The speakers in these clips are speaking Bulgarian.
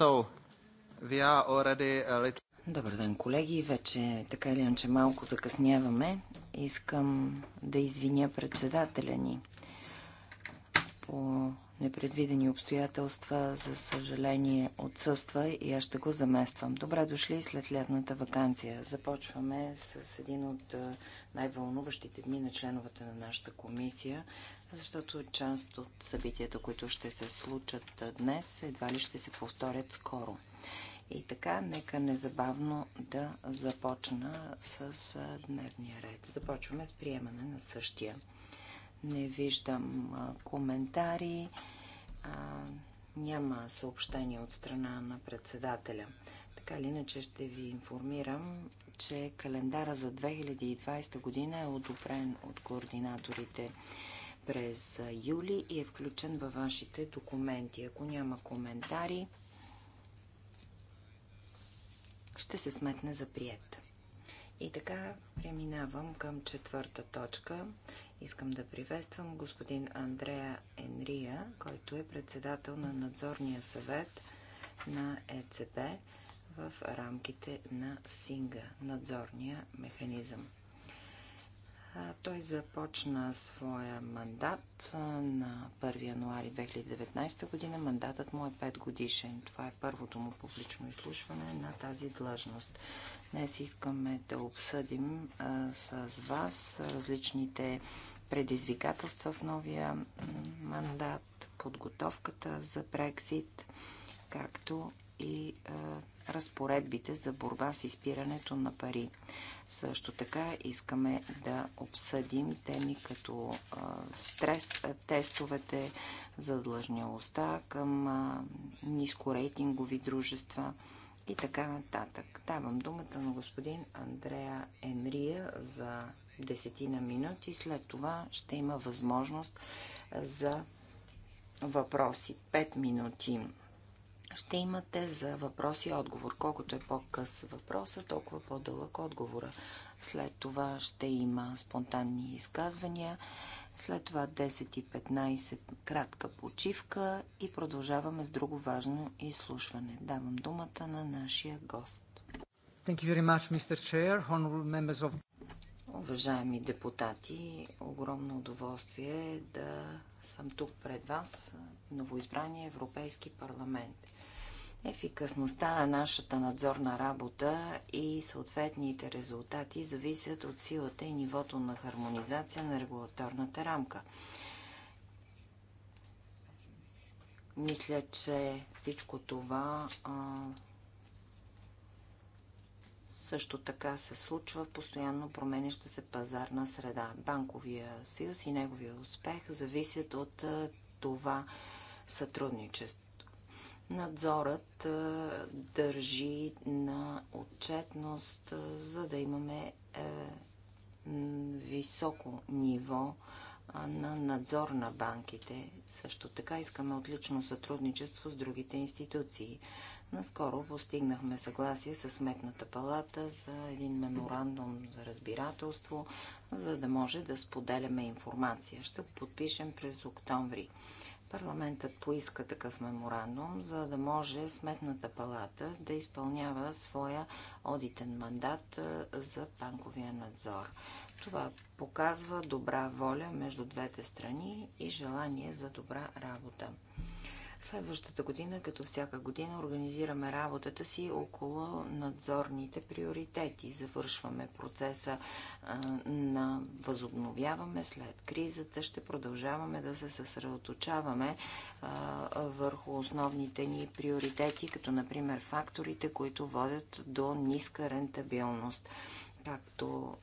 Uh, Добър ден, колеги. Вече така или иначе малко закъсняваме. Искам да извиня председателя ни по непредвидени обстоятелства, за съжаление, отсъства и аз ще го замествам. Добре дошли след лятната вакансия. Започваме с един от най-вълнуващите дни на членовете на нашата комисия, защото част от събитията, които ще се случат днес, едва ли ще се повторят скоро. И така, нека незабавно да започна с дневния ред. Започваме с приемане на същия. Не виждам коментари. Няма съобщение от страна на председателя. Така ли, иначе ще ви информирам, че календара за 2020 година е одобрен от координаторите през юли и е включен във вашите документи. Ако няма коментари, ще се сметне за приятел. И така преминавам към четвърта точка. Искам да приветствам господин Андрея Енрия, който е председател на надзорния съвет на ЕЦБ в рамките на СИНГА, надзорния механизъм. Той започна своя мандат на 1 януари 2019 година. Мандатът му е 5 годишен. Това е първото му публично изслушване на тази длъжност. Днес искаме да обсъдим а, с вас различните предизвикателства в новия мандат, подготовката за Брексит, както и а, разпоредбите за борба с изпирането на пари. Също така искаме да обсъдим теми като стрес тестовете, за длъжнялостта към нискорейтингови дружества и така нататък. Давам думата на господин Андрея Енрия за десетина минути. След това ще има възможност за въпроси. Пет минути ще имате за въпрос и отговор. Колкото е по-къс въпроса, толкова по-дълъг отговора. След това ще има спонтанни изказвания. След това 10 и 15 кратка почивка и продължаваме с друго важно изслушване. Давам думата на нашия гост. Thank you very much, Mr. Chair, honorable members of... Уважаеми депутати, огромно удоволствие е да съм тук пред вас, новоизбрания Европейски парламент. Ефикасността на нашата надзорна работа и съответните резултати зависят от силата и нивото на хармонизация на регулаторната рамка. Мисля, че всичко това а, също така се случва в постоянно променяща се пазарна среда. Банковия съюз и неговия успех зависят от това сътрудничество надзорът държи на отчетност, за да имаме е, високо ниво на надзор на банките. Също така искаме отлично сътрудничество с другите институции. Наскоро постигнахме съгласие с Сметната палата за един меморандум за разбирателство, за да може да споделяме информация. Ще го подпишем през октомври. Парламентът поиска такъв меморандум, за да може Сметната палата да изпълнява своя одитен мандат е, за банковия надзор. Това показва добра воля между двете страни и желание за добра работа. Следващата година, като всяка година, организираме работата си около надзорните приоритети. Завършваме процеса на възобновяваме след кризата. Ще продължаваме да се съсредоточаваме върху основните ни приоритети, като например факторите, които водят до ниска рентабилност както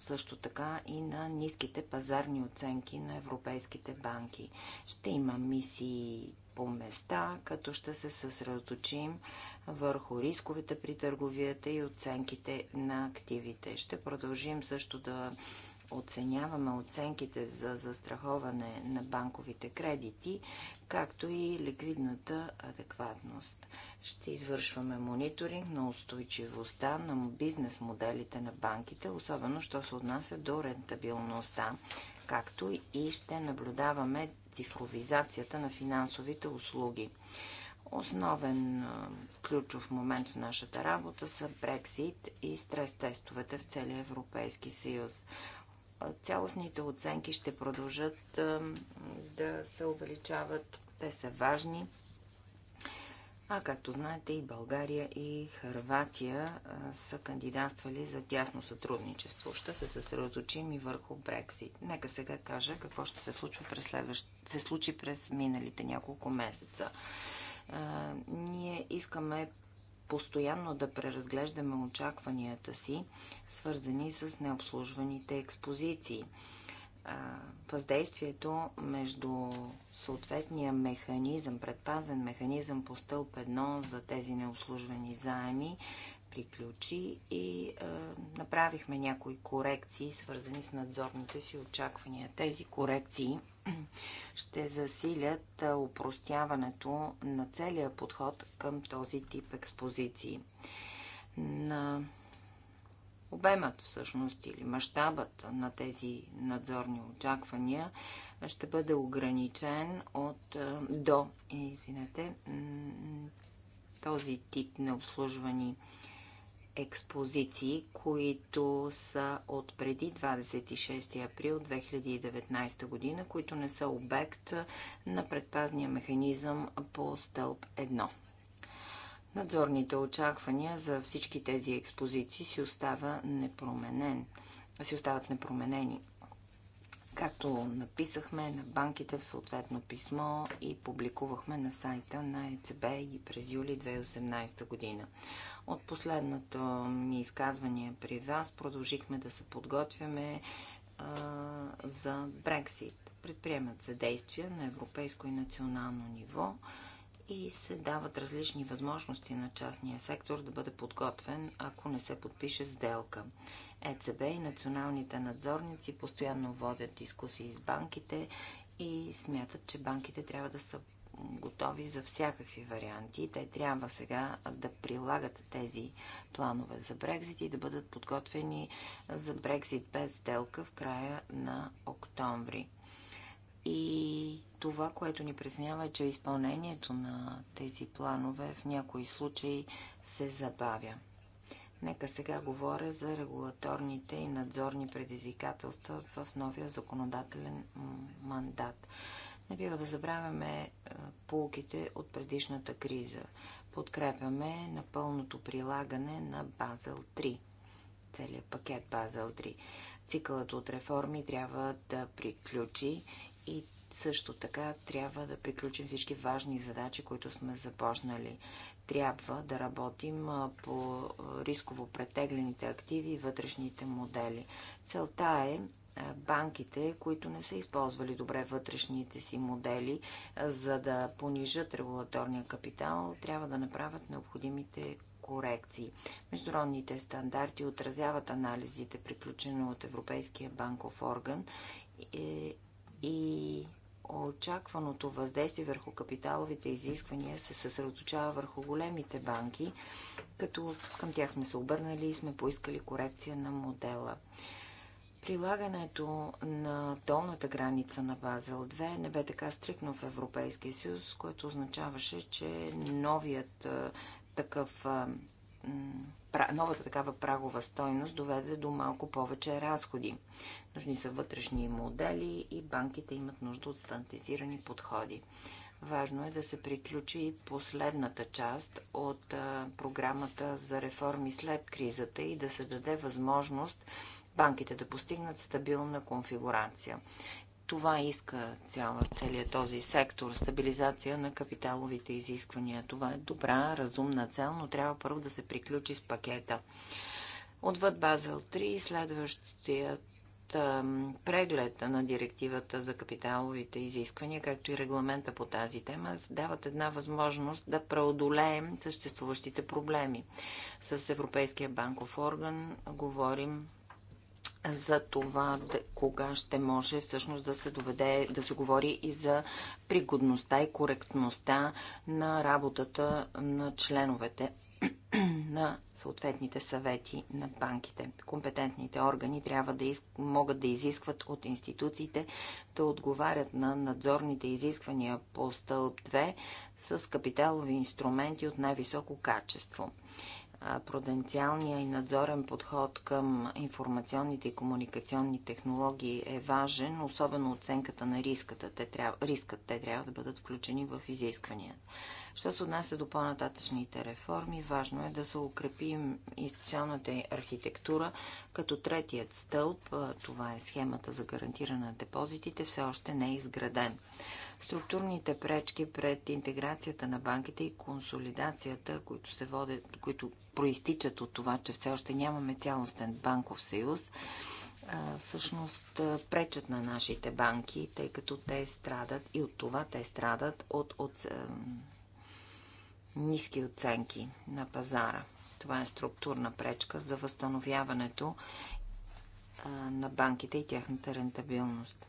също така и на ниските пазарни оценки на европейските банки. Ще има мисии по места, като ще се съсредоточим върху рисковете при търговията и оценките на активите. Ще продължим също да оценяваме оценките за застраховане на банковите кредити, както и ликвидната адекватност. Ще извършваме мониторинг на устойчивостта на бизнес моделите на банките, особено що се отнася до рентабилността, както и ще наблюдаваме цифровизацията на финансовите услуги. Основен ключов момент в нашата работа са Брексит и стрес-тестовете в целия Европейски съюз цялостните оценки ще продължат да се увеличават. Те са важни. А както знаете, и България, и Харватия са кандидатствали за тясно сътрудничество. Ще се съсредоточим и върху Брексит. Нека сега кажа какво ще се случва през следващ... се случи през миналите няколко месеца. А, ние искаме постоянно да преразглеждаме очакванията си, свързани с необслужваните експозиции. Въздействието между съответния механизъм, предпазен механизъм по стълб 1 за тези необслужвани заеми приключи и е, направихме някои корекции, свързани с надзорните си очаквания. Тези корекции ще засилят упростяването на целия подход към този тип експозиции. На обемът всъщност или мащабът на тези надзорни очаквания ще бъде ограничен от до, извинете, този тип необслужвани експозиции, които са от преди 26 април 2019 година, които не са обект на предпазния механизъм по стълб 1. Надзорните очаквания за всички тези експозиции си остава непроменен, си остават непроменени. Както написахме на банките в съответно писмо и публикувахме на сайта на ЕЦБ и през юли 2018 година. От последното ми изказване при вас продължихме да се подготвяме за Брексит. Предприемат се действия на европейско и национално ниво и се дават различни възможности на частния сектор да бъде подготвен, ако не се подпише сделка. ЕЦБ и националните надзорници постоянно водят дискусии с банките и смятат, че банките трябва да са готови за всякакви варианти. Те трябва сега да прилагат тези планове за Брекзит и да бъдат подготвени за Брекзит без сделка в края на октомври. И това, което ни преснява е, че изпълнението на тези планове в някои случаи се забавя. Нека сега говоря за регулаторните и надзорни предизвикателства в новия законодателен мандат. Не бива да забравяме е, полуките от предишната криза. Подкрепяме напълното прилагане на Базел 3, целият пакет Базел 3. Цикълът от реформи трябва да приключи и също така трябва да приключим всички важни задачи, които сме започнали. Трябва да работим по рисково претеглените активи и вътрешните модели. Целта е банките, които не са използвали добре вътрешните си модели, за да понижат регулаторния капитал, трябва да направят необходимите корекции. Международните стандарти отразяват анализите, приключени от Европейския банков орган и очакваното въздействие върху капиталовите изисквания се съсредоточава върху големите банки, като към тях сме се обърнали и сме поискали корекция на модела. Прилагането на долната граница на Базел 2 не бе така стрикно в Европейския съюз, което означаваше, че новият такъв новата такава прагова стойност доведе до малко повече разходи. Нужни са вътрешни модели и банките имат нужда от стандартизирани подходи. Важно е да се приключи последната част от програмата за реформи след кризата и да се даде възможност банките да постигнат стабилна конфигурация. Това иска цяла, целият този сектор. Стабилизация на капиталовите изисквания. Това е добра, разумна цел, но трябва първо да се приключи с пакета. Отвъд Базел 3, следващият преглед на директивата за капиталовите изисквания, както и регламента по тази тема, дават една възможност да преодолеем съществуващите проблеми. С Европейския банков орган говорим за това кога ще може всъщност да се доведе, да се говори и за пригодността и коректността на работата на членовете на съответните съвети на банките. Компетентните органи трябва да из... могат да изискват от институциите да отговарят на надзорните изисквания по стълб 2 с капиталови инструменти от най-високо качество пруденциалния и надзорен подход към информационните и комуникационни технологии е важен, особено оценката на риската. Те трябва, рискът. Те трябва да бъдат включени в изискванията. Що се отнася до по-нататъчните реформи, важно е да се укрепим институционната архитектура, като третият стълб, това е схемата за гарантиране на депозитите, все още не е изграден структурните пречки пред интеграцията на банките и консолидацията, които, се водят, които проистичат от това, че все още нямаме цялостен банков съюз, всъщност пречат на нашите банки, тъй като те страдат и от това те страдат от, от ниски оценки на пазара. Това е структурна пречка за възстановяването на банките и тяхната рентабилност.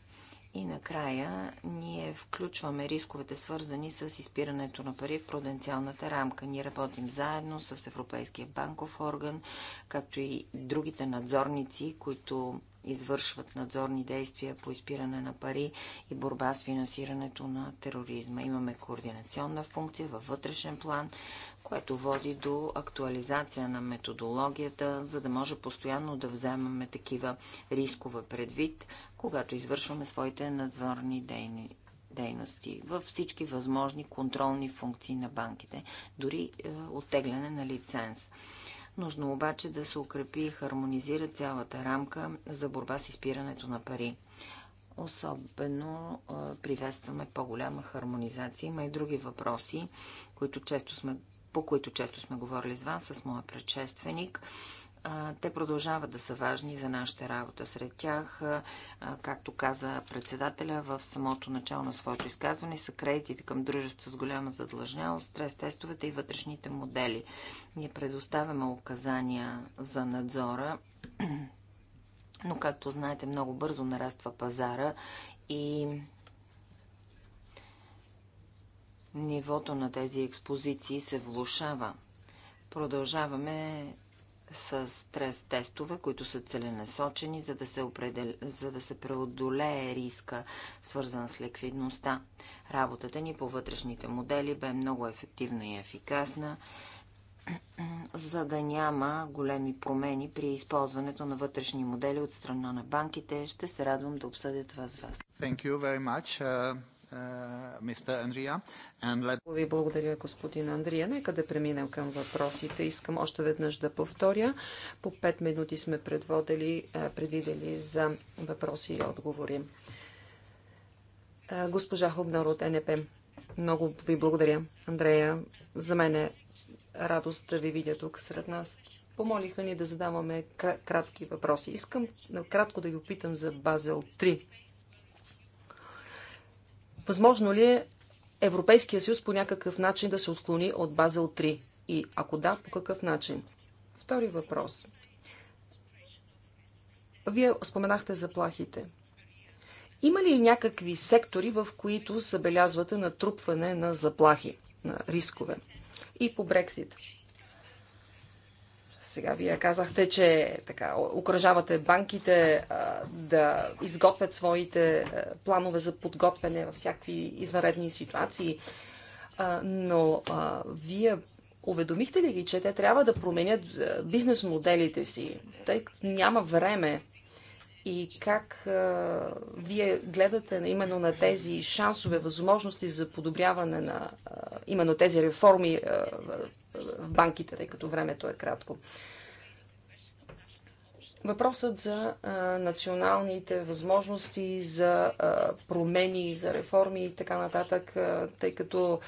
И накрая ние включваме рисковете свързани с изпирането на пари в пруденциалната рамка. Ние работим заедно с Европейския банков орган, както и другите надзорници, които извършват надзорни действия по изпиране на пари и борба с финансирането на тероризма. Имаме координационна функция във вътрешен план, което води до актуализация на методологията, за да може постоянно да вземаме такива рискове предвид, когато извършваме своите надзорни дейни, дейности във всички възможни контролни функции на банките, дори е, оттегляне на лиценз. Нужно обаче да се укрепи и хармонизира цялата рамка за борба с изпирането на пари. Особено е, приветстваме по-голяма хармонизация. Има и други въпроси, които често сме по които често сме говорили с вас, с моя предшественик. Те продължават да са важни за нашата работа. Сред тях, както каза председателя в самото начало на своето изказване, са кредитите към дружества с голяма задлъжнялост, стрес-тестовете и вътрешните модели. Ние предоставяме указания за надзора, но както знаете, много бързо нараства пазара и Нивото на тези експозиции се влушава. Продължаваме с стрес-тестове, които са целенасочени, за да, се определ... за да се преодолее риска, свързан с ликвидността. Работата ни по вътрешните модели бе много ефективна и ефикасна, за да няма големи промени при използването на вътрешни модели от страна на банките. Ще се радвам да обсъдя това с вас. Thank you very much. Uh... Uh, ви благодаря, господин Андрия. Нека да преминем към въпросите. Искам още веднъж да повторя. По 5 минути сме предводили, предвидели за въпроси и отговори. Госпожа Хубнар от НП. Много ви благодаря, Андрея. За мен е радост да ви видя тук сред нас. Помолиха ни да задаваме кратки въпроси. Искам кратко да ви опитам за Базел възможно ли е Европейския съюз по някакъв начин да се отклони от Базел 3? И ако да, по какъв начин? Втори въпрос. Вие споменахте заплахите. Има ли някакви сектори, в които забелязвате натрупване на заплахи, на рискове? И по Брексит. Сега вие казахте, че така, укражавате банките а, да изготвят своите а, планове за подготвяне във всякакви извънредни ситуации, а, но а, вие уведомихте ли ги, че те трябва да променят бизнес моделите си, тъй като няма време и как а, вие гледате именно на тези шансове, възможности за подобряване на а, именно тези реформи а, в, банките, тъй като времето е кратко. Въпросът за а, националните възможности за а, промени, за реформи и така нататък, а, тъй като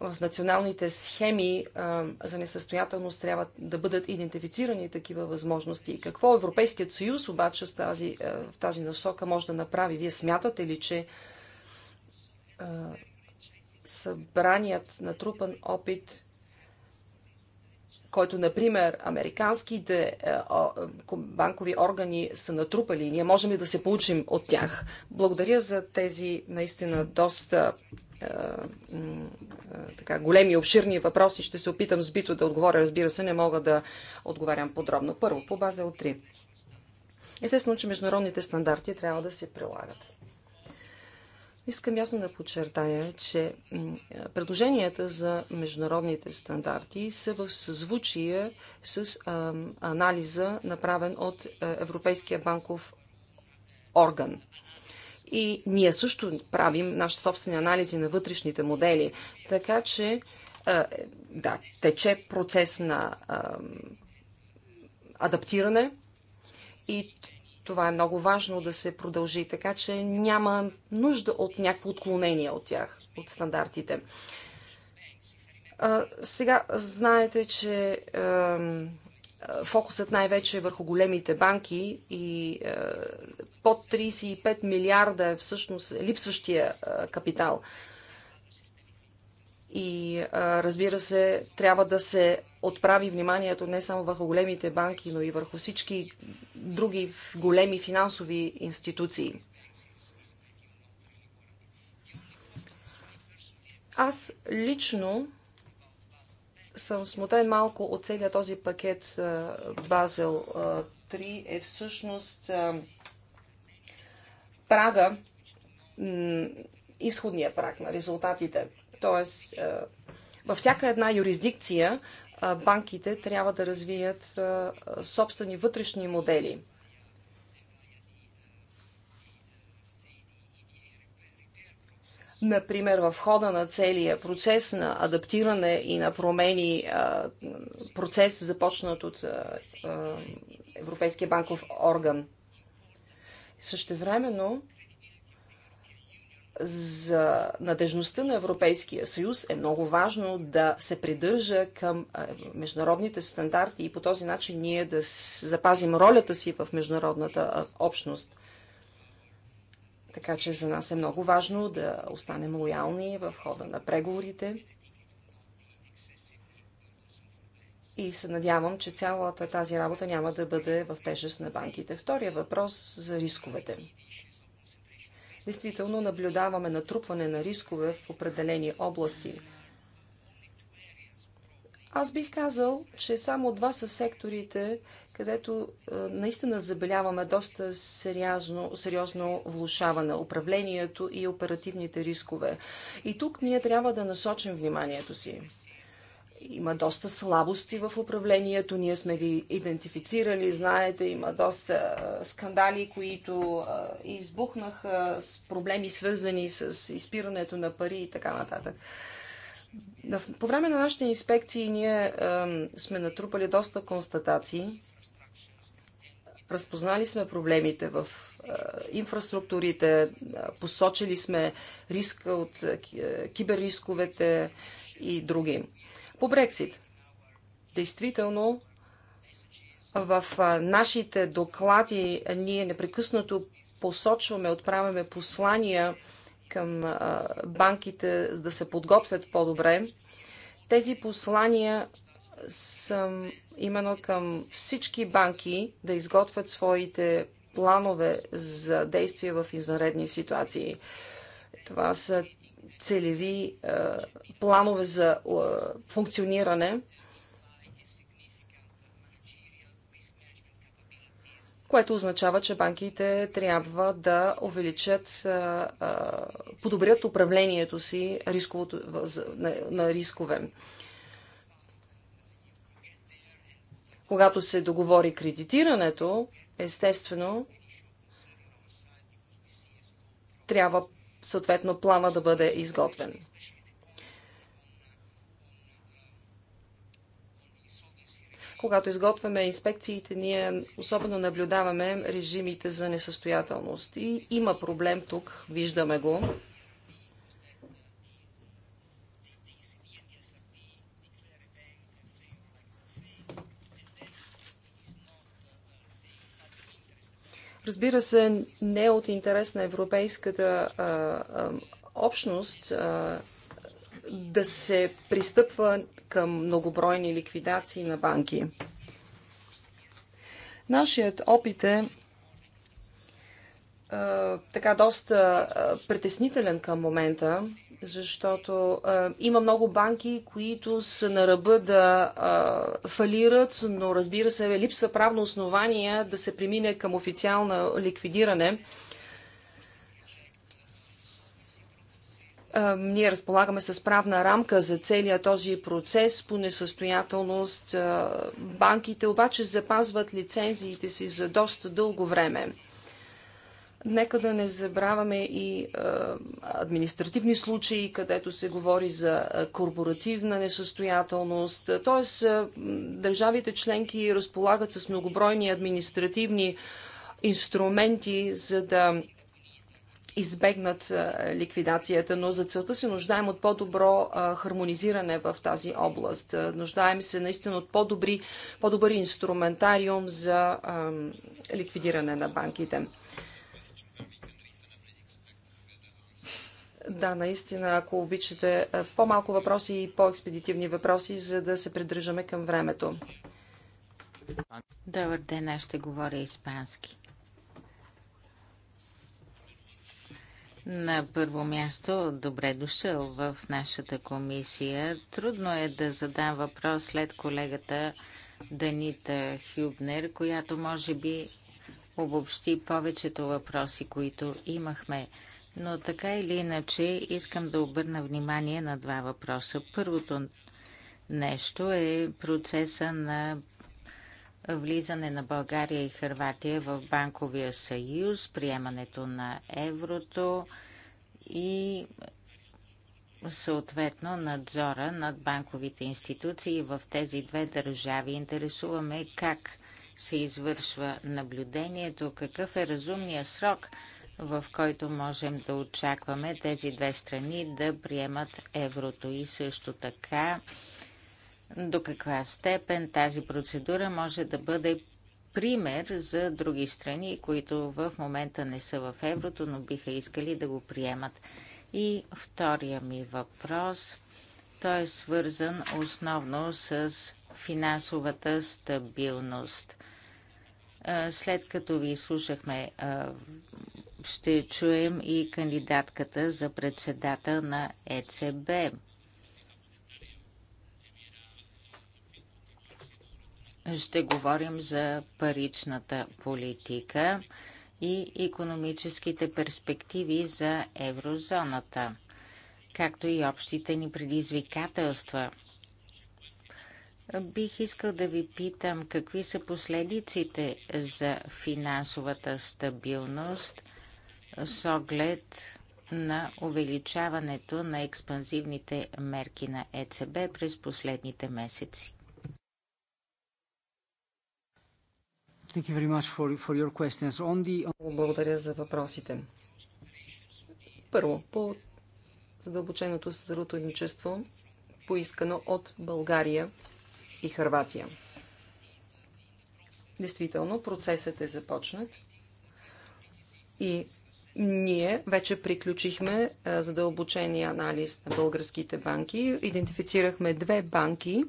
в националните схеми а, за несъстоятелност трябва да бъдат идентифицирани такива възможности. Какво Европейският съюз обаче с тази, а, в тази насока може да направи? Вие смятате ли, че а, събраният натрупан опит който, например, американските банкови органи са натрупали. Ние можем ли да се получим от тях? Благодаря за тези наистина доста така големи, обширни въпроси. Ще се опитам сбито да отговоря. Разбира се, не мога да отговарям подробно. Първо, по база от 3. Естествено, че международните стандарти трябва да се прилагат. Искам ясно да подчертая, че предложенията за международните стандарти са в съзвучие с а, анализа, направен от е, Европейския банков орган и ние също правим нашите собствени анализи на вътрешните модели. Така че, е, да, тече процес на е, адаптиране и това е много важно да се продължи, така че няма нужда от някакво отклонение от тях, от стандартите. Е, сега знаете, че фокусът най-вече е върху големите банки и под 35 милиарда е всъщност липсващия капитал. И разбира се, трябва да се отправи вниманието не само върху големите банки, но и върху всички други големи финансови институции. Аз лично съм смутен малко от целият този пакет Базел 3 е всъщност прага, изходния праг на резултатите. Тоест, е, във всяка една юрисдикция е, банките трябва да развият е, собствени вътрешни модели. Например, в хода на целия процес на адаптиране и на промени, процес започнат от Европейския банков орган – Същевременно, за надежността на Европейския съюз е много важно да се придържа към международните стандарти и по този начин ние да запазим ролята си в международната общност. Така че за нас е много важно да останем лоялни в хода на преговорите и се надявам, че цялата тази работа няма да бъде в тежест на банките. Втория въпрос за рисковете. Действително наблюдаваме натрупване на рискове в определени области. Аз бих казал, че само два са секторите, където е, наистина забеляваме доста сериозно, сериозно влушаване управлението и оперативните рискове. И тук ние трябва да насочим вниманието си. Има доста слабости в управлението, ние сме ги идентифицирали, знаете, има доста скандали, които избухнаха с проблеми свързани с изпирането на пари и така нататък. По време на нашите инспекции ние сме натрупали доста констатации. Разпознали сме проблемите в инфраструктурите, посочили сме риска от киберрисковете и други. По Брексит. Действително, в нашите доклади ние непрекъснато посочваме, отправяме послания към банките да се подготвят по-добре. Тези послания са именно към всички банки да изготвят своите планове за действие в извънредни ситуации. Това са целеви а, е, планове за а, е, функциониране, което означава, че банките трябва да увеличат, а, е, подобрят управлението си рисковото, на, на рискове. Когато се договори кредитирането, естествено, трябва съответно плана да бъде изготвен. Когато изготвяме инспекциите, ние особено наблюдаваме режимите за несъстоятелност. И има проблем тук, виждаме го. Разбира се, не е от интерес на европейската а, а, общност а, да се пристъпва към многобройни ликвидации на банки. Нашият опит е а, така доста а, притеснителен към момента защото а, има много банки, които са на ръба да а, фалират, но разбира се, липсва правно основание да се премине към официално ликвидиране. А, ние разполагаме с правна рамка за целия този процес по несъстоятелност. А, банките обаче запазват лицензиите си за доста дълго време. Нека да не забравяме и административни случаи, където се говори за корпоративна несъстоятелност. Тоест, държавите членки разполагат с многобройни административни инструменти, за да избегнат ликвидацията, но за целта се нуждаем от по-добро хармонизиране в тази област. нуждаем се наистина от по-добри, по-добър инструментариум за ликвидиране на банките. Да, наистина, ако обичате, е, по-малко въпроси и по-експедитивни въпроси, за да се придържаме към времето. Добър ден, аз ще говоря испански. На първо място, добре дошъл в нашата комисия. Трудно е да задам въпрос след колегата Данита Хюбнер, която може би обобщи повечето въпроси, които имахме. Но така или иначе искам да обърна внимание на два въпроса. Първото нещо е процеса на влизане на България и Хърватия в Банковия съюз, приемането на еврото и съответно надзора над банковите институции в тези две държави. Интересуваме как се извършва наблюдението, какъв е разумният срок – в който можем да очакваме тези две страни да приемат еврото и също така до каква степен тази процедура може да бъде пример за други страни, които в момента не са в еврото, но биха искали да го приемат. И втория ми въпрос, той е свързан основно с финансовата стабилност. Е, след като ви слушахме е, ще чуем и кандидатката за председател на ЕЦБ. Ще говорим за паричната политика и економическите перспективи за еврозоната, както и общите ни предизвикателства. Бих искал да ви питам какви са последиците за финансовата стабилност с оглед на увеличаването на експанзивните мерки на ЕЦБ през последните месеци. Благодаря за въпросите. Първо, по задълбоченото сътрудничество, поискано от България и Харватия. Действително, процесът е започнат и ние вече приключихме задълбочения анализ на българските банки. Идентифицирахме две банки,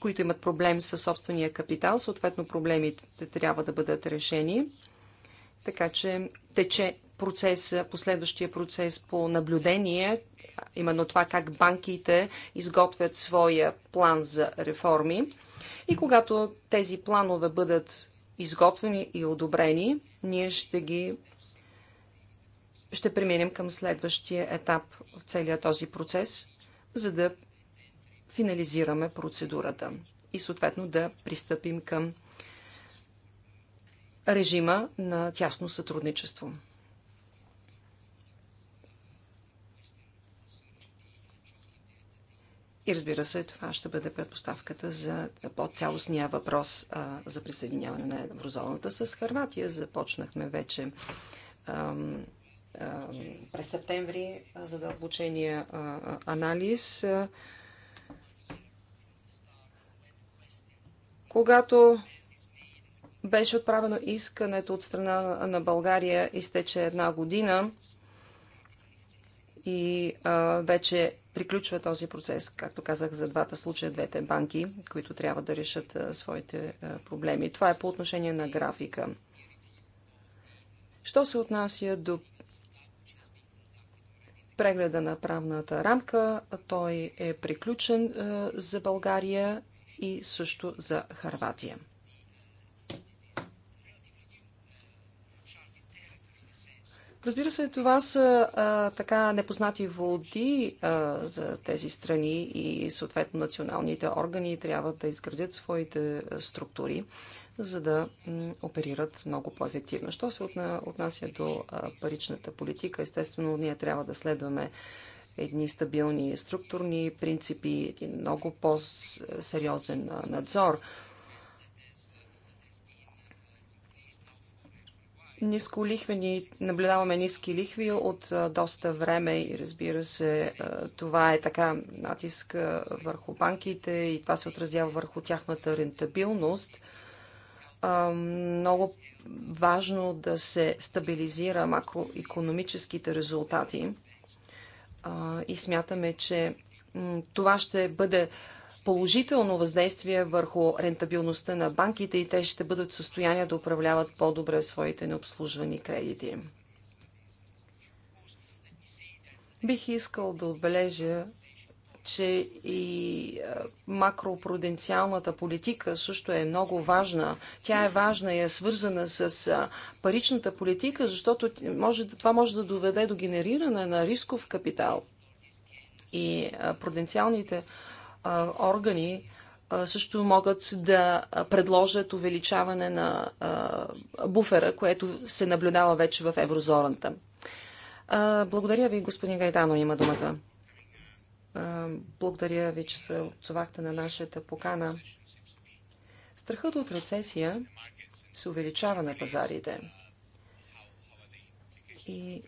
които имат проблем със собствения капитал. Съответно, проблемите трябва да бъдат решени. Така че тече процес, последващия процес по наблюдение, именно това как банките изготвят своя план за реформи. И когато тези планове бъдат изготвени и одобрени, ние ще ги ще преминем към следващия етап в целия този процес, за да финализираме процедурата и съответно да пристъпим към режима на тясно сътрудничество. И разбира се, това ще бъде предпоставката за по-цялостния въпрос а, за присъединяване на еврозоната с Харватия. Започнахме вече ам, ам, през септември задълбочения да анализ. А, когато беше отправено искането от страна на България, изтече една година и а, вече приключва този процес. Както казах, за двата случая, двете банки, които трябва да решат своите проблеми. Това е по отношение на графика. Що се отнася до прегледа на правната рамка, той е приключен за България и също за Харватия. Разбира се, това са а, така непознати води а, за тези страни и съответно националните органи трябва да изградят своите структури, за да оперират много по-ефективно. Що се отнася до а, паричната политика, естествено, ние трябва да следваме едни стабилни структурни принципи, един много по-сериозен надзор Ниско лихвени, наблюдаваме ниски лихви от доста време и разбира се, това е така натиск върху банките и това се отразява върху тяхната рентабилност. Много важно да се стабилизира макроекономическите резултати и смятаме, че това ще бъде положително въздействие върху рентабилността на банките и те ще бъдат в състояние да управляват по-добре своите необслужвани кредити. Бих искал да отбележа, че и макропруденциалната политика също е много важна. Тя е важна и е свързана с паричната политика, защото може, това може да доведе до генериране на рисков капитал. И пруденциалните органи също могат да предложат увеличаване на буфера, което се наблюдава вече в еврозоната. Благодаря ви, господин Гайдано, има думата. Благодаря ви, че се отзовахте на нашата покана. Страхът от рецесия се увеличава на пазарите. И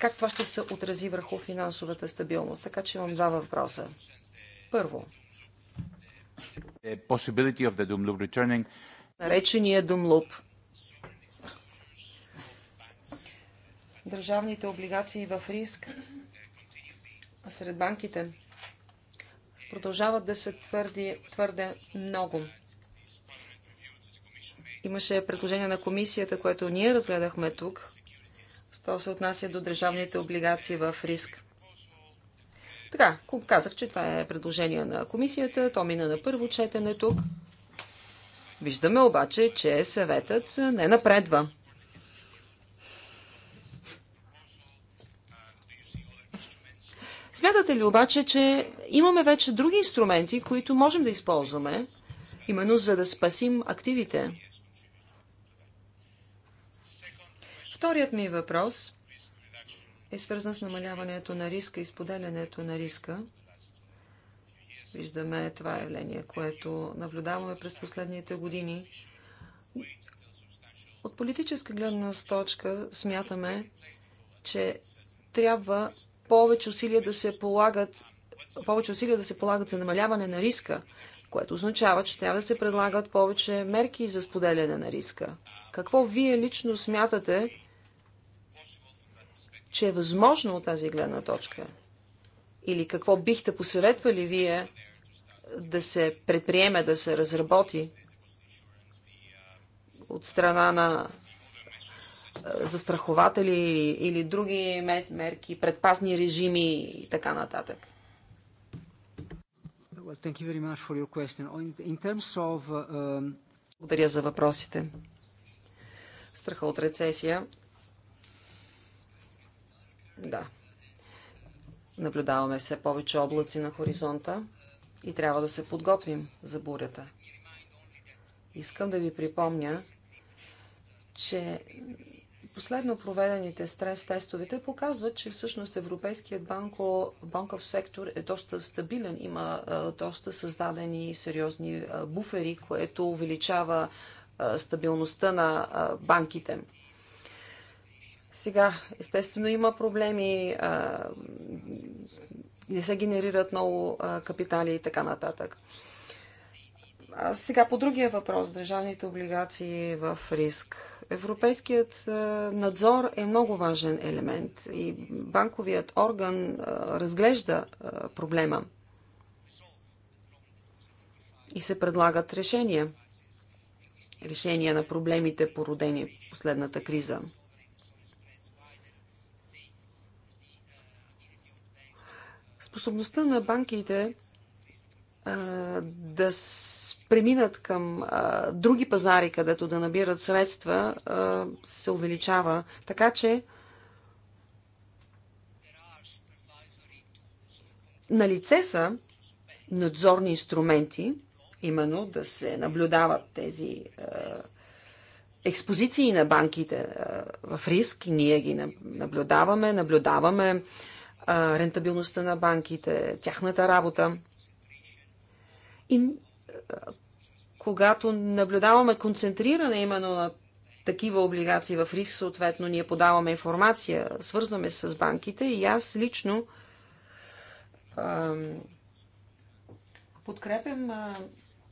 как това ще се отрази върху финансовата стабилност. Така че имам два въпроса. Първо. Наречения Думлуп. Държавните облигации в риск а сред банките продължават да се твърди, твърде много. Имаше предложение на комисията, което ние разгледахме тук, що се отнася до държавните облигации в риск. Така, казах, че това е предложение на комисията, то мина на първо четене тук. Виждаме обаче, че съветът не напредва. Смятате ли обаче, че имаме вече други инструменти, които можем да използваме, именно за да спасим активите? Вторият ми въпрос е свързан с намаляването на риска и споделянето на риска. Виждаме това явление, което наблюдаваме през последните години. От политическа гледна точка смятаме, че трябва повече усилия да се полагат повече усилия да се полагат за намаляване на риска, което означава, че трябва да се предлагат повече мерки за споделяне на риска. Какво вие лично смятате че е възможно от тази гледна точка? Или какво бихте посъветвали вие да се предприеме, да се разработи от страна на застрахователи или други мерки, предпазни режими и така нататък? Благодаря за въпросите. Страха от рецесия да. Наблюдаваме все повече облаци на хоризонта и трябва да се подготвим за бурята. Искам да ви припомня, че последно проведените стрес-тестовете показват, че всъщност европейският банко, банков сектор е доста стабилен, има а, доста създадени сериозни а, буфери, което увеличава а, стабилността на банките. Сега, естествено, има проблеми, а, не се генерират много а, капитали и така нататък. А сега по другия въпрос, държавните облигации в риск. Европейският надзор е много важен елемент и банковият орган разглежда проблема и се предлагат решения. Решения на проблемите, породени последната криза. Способността на банките да преминат към други пазари, където да набират средства, се увеличава. Така че на лице са надзорни инструменти, именно да се наблюдават тези експозиции на банките в риск. Ние ги наблюдаваме, наблюдаваме рентабилността на банките, тяхната работа. И когато наблюдаваме концентриране именно на такива облигации в риск, съответно ние подаваме информация, свързваме с банките и аз лично а, подкрепям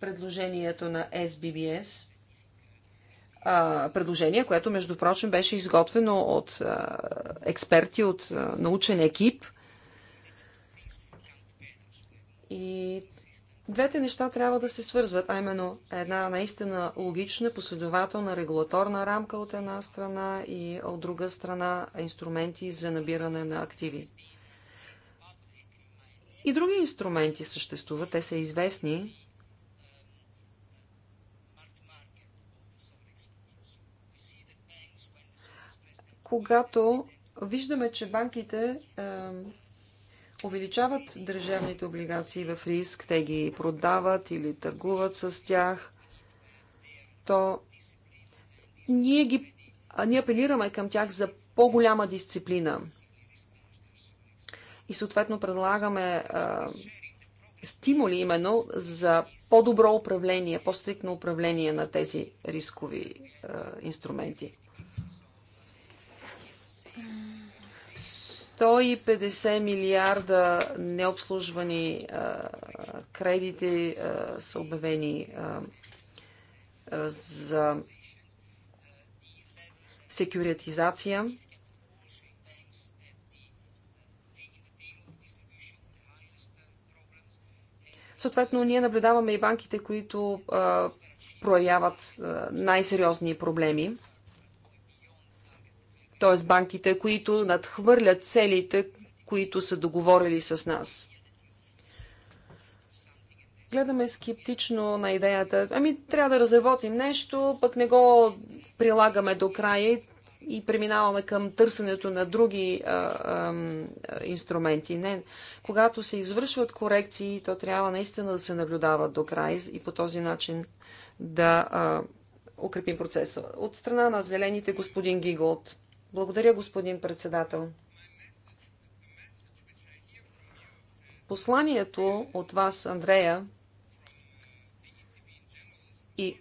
предложението на SBBS – предложение, което между прочим беше изготвено от експерти, от научен екип. И двете неща трябва да се свързват, а именно една наистина логична, последователна регулаторна рамка от една страна и от друга страна инструменти за набиране на активи. И други инструменти съществуват, те са известни, когато виждаме, че банките е, увеличават държавните облигации в риск, те ги продават или търгуват с тях, то ние, ги, ние апелираме към тях за по-голяма дисциплина. И съответно предлагаме а, е, стимули именно за по-добро управление, по-стрикно управление на тези рискови а, е, инструменти. 150 милиарда необслужвани а, кредити а, са обявени а, за секюритизация. Съответно, ние наблюдаваме и банките, които проявяват най-сериозни проблеми т.е. банките, които надхвърлят целите, които са договорили с нас. Гледаме скептично на идеята, ами трябва да разработим нещо, пък не го прилагаме до края и преминаваме към търсенето на други а, а, инструменти. Не. Когато се извършват корекции, то трябва наистина да се наблюдават до край и по този начин да а, укрепим процеса. От страна на зелените господин Гиголт. Благодаря, господин председател. Посланието от вас, Андрея, и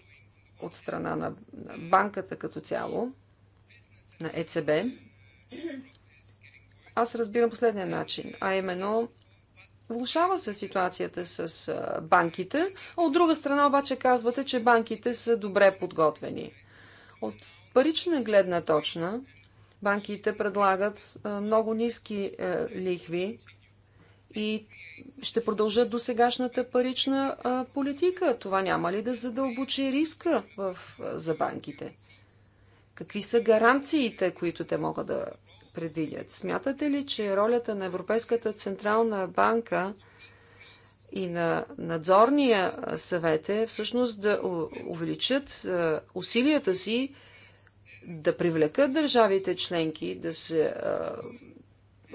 от страна на банката като цяло, на ЕЦБ, аз разбирам последния начин, а именно влушава се ситуацията с банките, а от друга страна обаче казвате, че банките са добре подготвени. От парична гледна точна, банките предлагат много ниски е, лихви и ще продължат до сегашната парична политика. Това няма ли да задълбочи риска в, за банките? Какви са гаранциите, които те могат да предвидят? Смятате ли, че ролята на Европейската централна банка и на надзорния съвет е всъщност да увеличат усилията си да привлекат държавите членки да се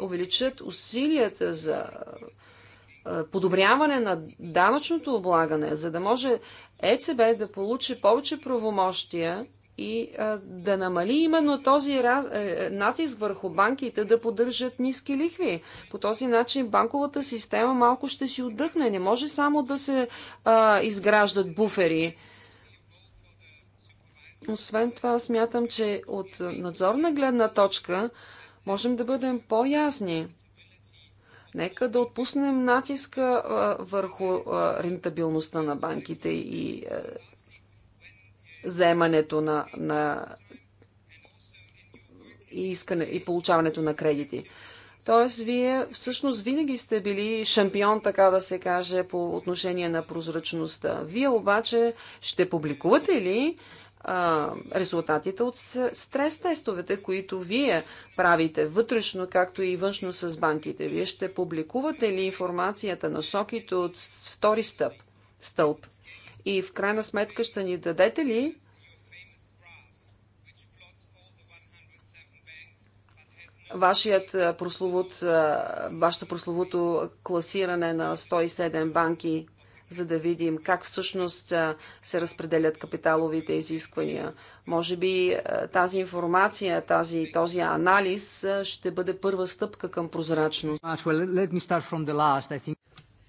увеличат усилията за подобряване на данъчното облагане, за да може ЕЦБ да получи повече правомощия и да намали именно този е, е, натиск върху банките да поддържат ниски лихви. По този начин банковата система малко ще си отдъхне. Не може само да се изграждат буфери освен това, смятам, че от надзорна гледна точка можем да бъдем по-ясни. Нека да отпуснем натиска върху рентабилността на банките и вземането на, на и, искане, и получаването на кредити. Тоест, вие всъщност винаги сте били шампион, така да се каже, по отношение на прозрачността. Вие обаче ще публикувате ли резултатите от стрес тестовете, които вие правите вътрешно, както и външно с банките. Вие ще публикувате ли информацията на соките от втори стъп, стълб? И в крайна сметка ще ни дадете ли вашият прословут, вашето прословото класиране на 107 банки за да видим как всъщност се разпределят капиталовите изисквания. Може би тази информация, тази, този анализ ще бъде първа стъпка към прозрачност.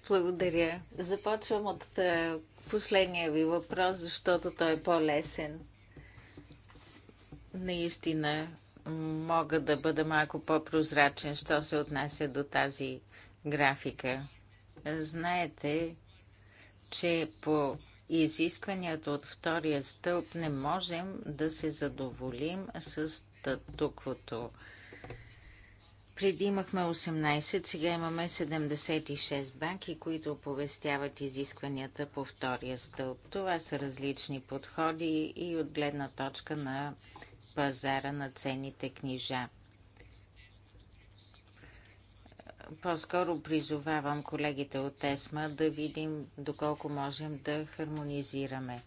Благодаря. Започвам от последния ви въпрос, защото той е по-лесен. Наистина мога да бъда малко по-прозрачен, що се отнася до тази графика. Знаете, че по изискванията от втория стълб не можем да се задоволим с статуквото. Преди имахме 18, сега имаме 76 банки, които оповестяват изискванията по втория стълб. Това са различни подходи и от гледна точка на пазара на ценните книжа. По-скоро призовавам колегите от ЕСМА да видим доколко можем да хармонизираме.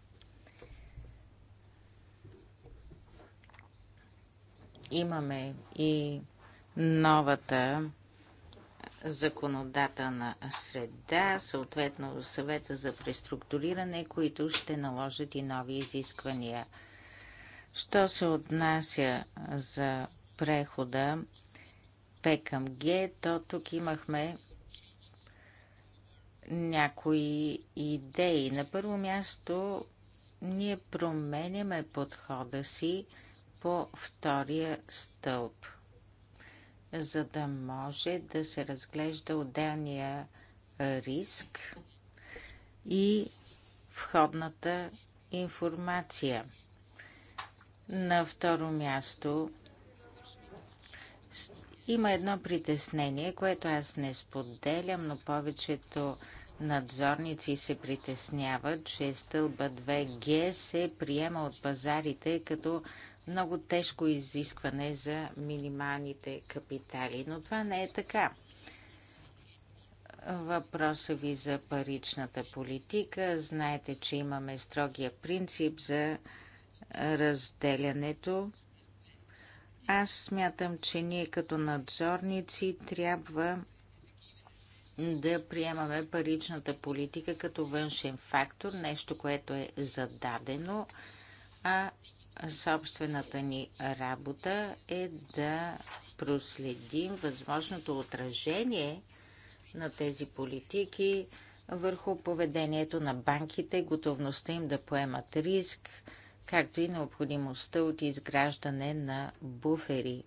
Имаме и новата законодателна среда, съответно съвета за преструктуриране, които ще наложат и нови изисквания. Що се отнася за прехода, П към Г, то тук имахме някои идеи. На първо място ние променяме подхода си по втория стълб, за да може да се разглежда отделния риск и входната информация. На второ място има едно притеснение, което аз не споделям, но повечето надзорници се притесняват, че стълба 2G се приема от пазарите като много тежко изискване за минималните капитали. Но това не е така. Въпроса ви за паричната политика. Знаете, че имаме строгия принцип за разделянето аз смятам, че ние като надзорници трябва да приемаме паричната политика като външен фактор, нещо, което е зададено, а собствената ни работа е да проследим възможното отражение на тези политики върху поведението на банките, готовността им да поемат риск, както и необходимостта от изграждане на буфери.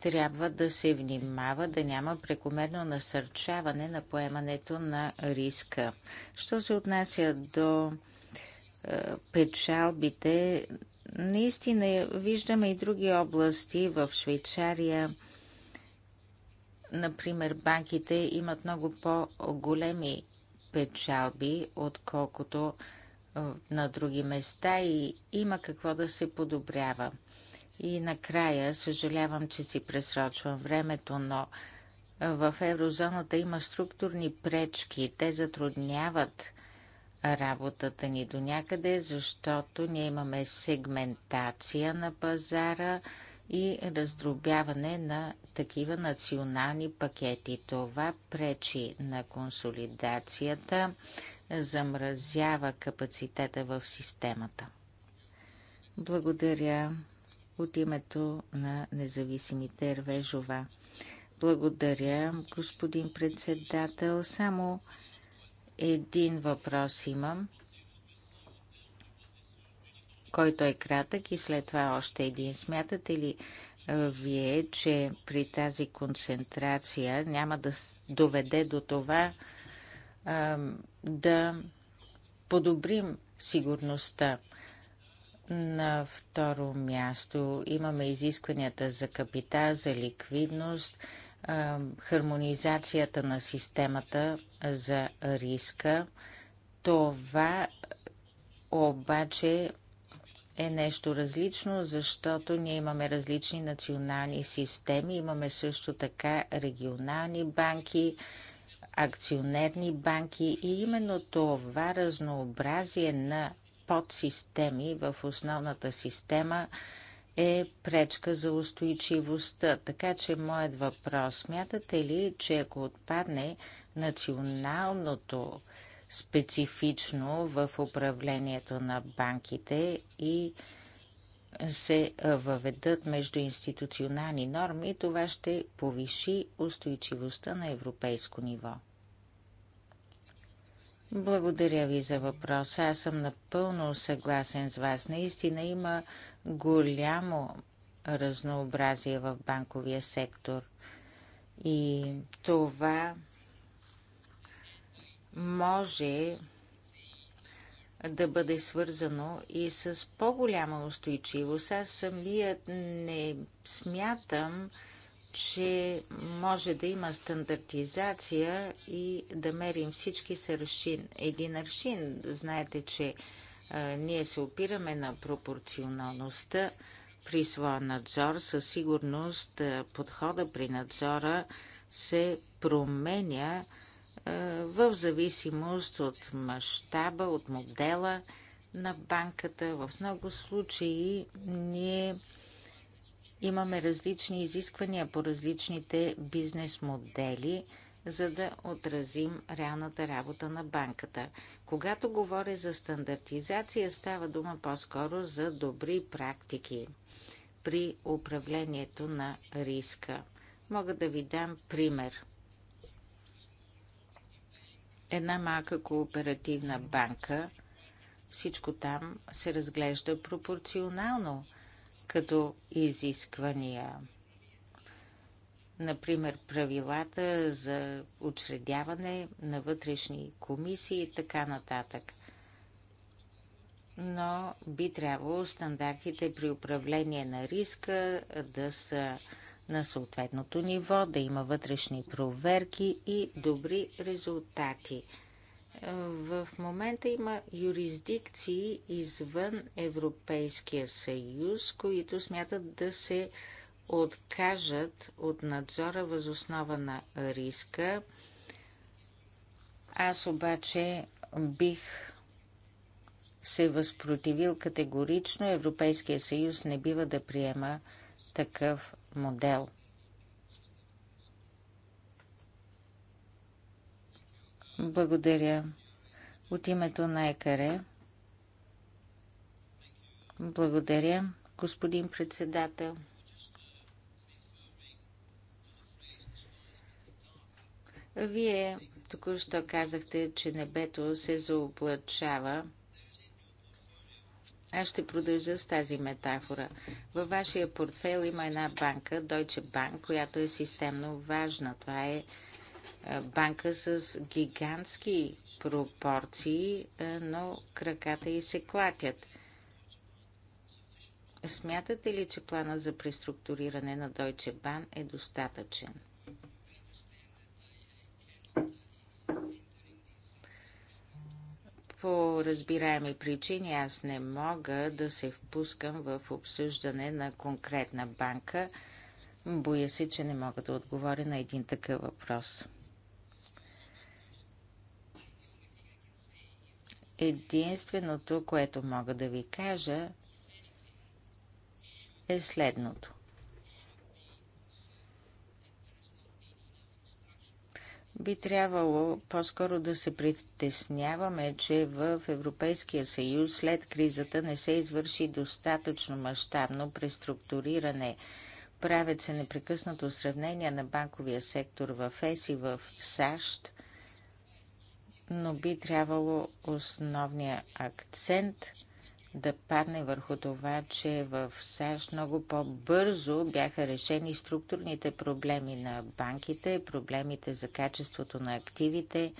Трябва да се внимава да няма прекомерно насърчаване на поемането на риска. Що се отнася до е, печалбите, наистина виждаме и други области в Швейцария. Например, банките имат много по-големи печалби, отколкото на други места и има какво да се подобрява. И накрая, съжалявам, че си пресрочвам времето, но в еврозоната има структурни пречки. Те затрудняват работата ни до някъде, защото ние имаме сегментация на пазара и раздробяване на такива национални пакети. Това пречи на консолидацията, замразява капацитета в системата. Благодаря от името на независимите Рвежова. Благодаря, господин председател. Само един въпрос имам, който е кратък и след това още един. Смятате ли вие, че при тази концентрация няма да доведе до това, а, да подобрим сигурността. На второ място имаме изискванията за капита, за ликвидност, а, хармонизацията на системата за риска. Това обаче е нещо различно, защото ние имаме различни национални системи, имаме също така регионални банки, акционерни банки и именно това разнообразие на подсистеми в основната система е пречка за устойчивостта. Така че моят въпрос, смятате ли, че ако отпадне националното специфично в управлението на банките и се въведат между институционални норми, това ще повиши устойчивостта на европейско ниво. Благодаря ви за въпроса. Аз съм напълно съгласен с вас. Наистина има голямо разнообразие в банковия сектор. И това може да бъде свързано и с по-голяма устойчивост. Аз самият не смятам, че може да има стандартизация и да мерим всички с аршин. Един аршин, знаете, че а, ние се опираме на пропорционалността при своя надзор. Със сигурност подхода при надзора се променя а, в зависимост от мащаба, от модела на банката. В много случаи ние Имаме различни изисквания по различните бизнес модели, за да отразим реалната работа на банката. Когато говоря за стандартизация, става дума по-скоро за добри практики при управлението на риска. Мога да ви дам пример. Една малка кооперативна банка, всичко там се разглежда пропорционално – като изисквания. Например, правилата за учредяване на вътрешни комисии и така нататък. Но би трябвало стандартите при управление на риска да са на съответното ниво, да има вътрешни проверки и добри резултати – в момента има юрисдикции извън Европейския съюз, които смятат да се откажат от надзора възоснова на риска. Аз обаче бих се възпротивил категорично. Европейския съюз не бива да приема такъв модел – Благодаря. От името на ЕКАРЕ. Благодаря, господин председател. Вие току-що казахте, че небето се заоблачава. Аз ще продължа с тази метафора. Във вашия портфел има една банка, Deutsche Bank, която е системно важна. Това е банка с гигантски пропорции, но краката й се клатят. Смятате ли, че планът за преструктуриране на Deutsche Bahn е достатъчен? По разбираеми причини аз не мога да се впускам в обсъждане на конкретна банка. Боя се, че не мога да отговоря на един такъв въпрос. Единственото, което мога да ви кажа, е следното. би трябвало по-скоро да се притесняваме, че в Европейския съюз след кризата не се извърши достатъчно мащабно преструктуриране. Правят се непрекъснато сравнения на банковия сектор в ЕС и в САЩ, но би трябвало основният акцент да падне върху това, че в САЩ много по-бързо бяха решени структурните проблеми на банките, проблемите за качеството на активите.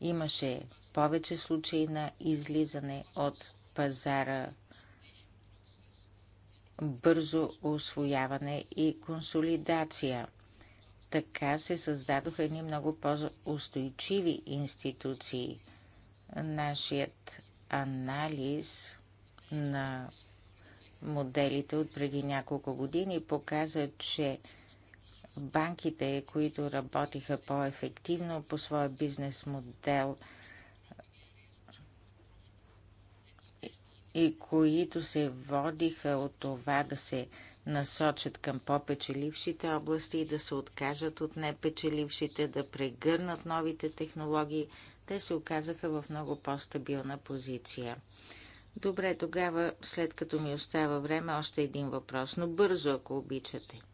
Имаше повече случаи на излизане от пазара, бързо освояване и консолидация. Така се създадоха едни много по-устойчиви институции. Нашият анализ на моделите от преди няколко години показа, че банките, които работиха по-ефективно по своя бизнес модел и които се водиха от това да се насочат към по-печелившите области и да се откажат от непечелившите, да прегърнат новите технологии, те се оказаха в много по-стабилна позиция. Добре, тогава, след като ми остава време, още един въпрос, но бързо, ако обичате –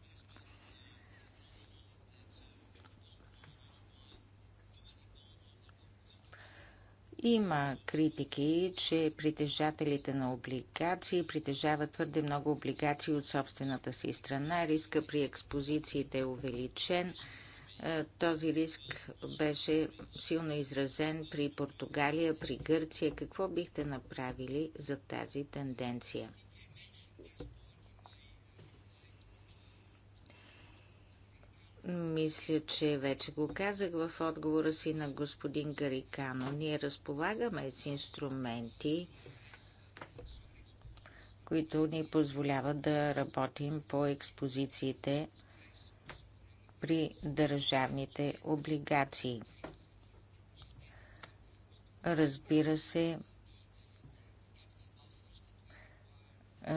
Има критики, че притежателите на облигации притежават твърде много облигации от собствената си страна. Риска при експозициите е увеличен. Е, този риск беше силно изразен при Португалия, при Гърция. Какво бихте направили за тази тенденция? Мисля, че вече го казах в отговора си на господин Гарикано. Ние разполагаме с инструменти, които ни позволяват да работим по експозициите при държавните облигации. Разбира се,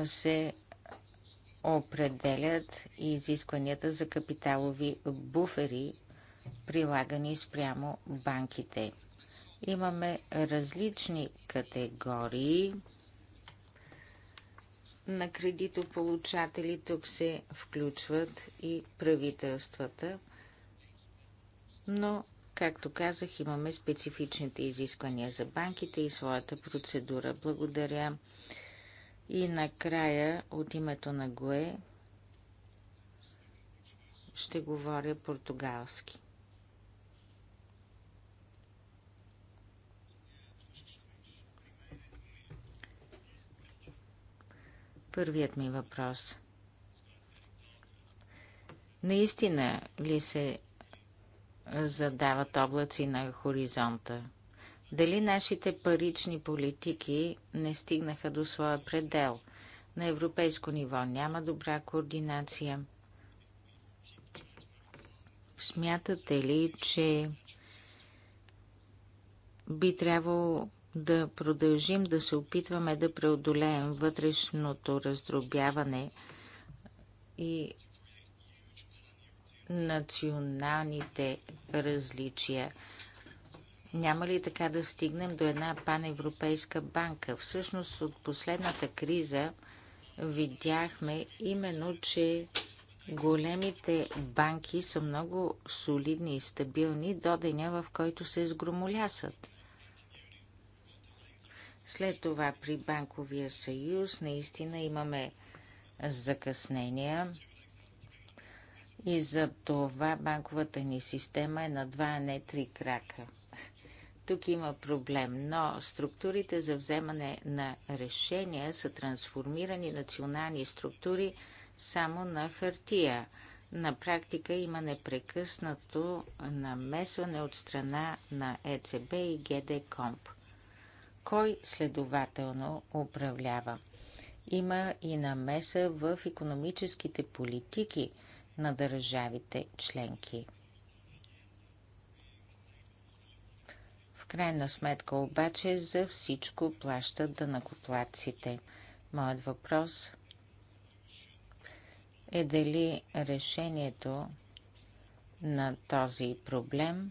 се определят изискванията за капиталови буфери, прилагани спрямо банките. Имаме различни категории на кредитополучатели. Тук се включват и правителствата, но, както казах, имаме специфичните изисквания за банките и своята процедура. Благодаря. И накрая от името на Гуе ще говоря португалски. Първият ми въпрос. Наистина ли се задават облаци на хоризонта? Дали нашите парични политики не стигнаха до своя предел? На европейско ниво няма добра координация. Смятате ли, че би трябвало да продължим да се опитваме да преодолеем вътрешното раздробяване и националните различия? Няма ли така да стигнем до една паневропейска банка? Всъщност от последната криза видяхме именно, че големите банки са много солидни и стабилни до деня, в който се сгромолясат. След това при Банковия съюз наистина имаме закъснения и за това банковата ни система е на два, а не три крака. Тук има проблем, но структурите за вземане на решения са трансформирани национални структури само на хартия. На практика има непрекъснато намесване от страна на ЕЦБ и ГД Комп. Кой следователно управлява? Има и намеса в економическите политики на държавите членки. крайна сметка обаче за всичко плащат данъкоплатците. Моят въпрос е дали решението на този проблем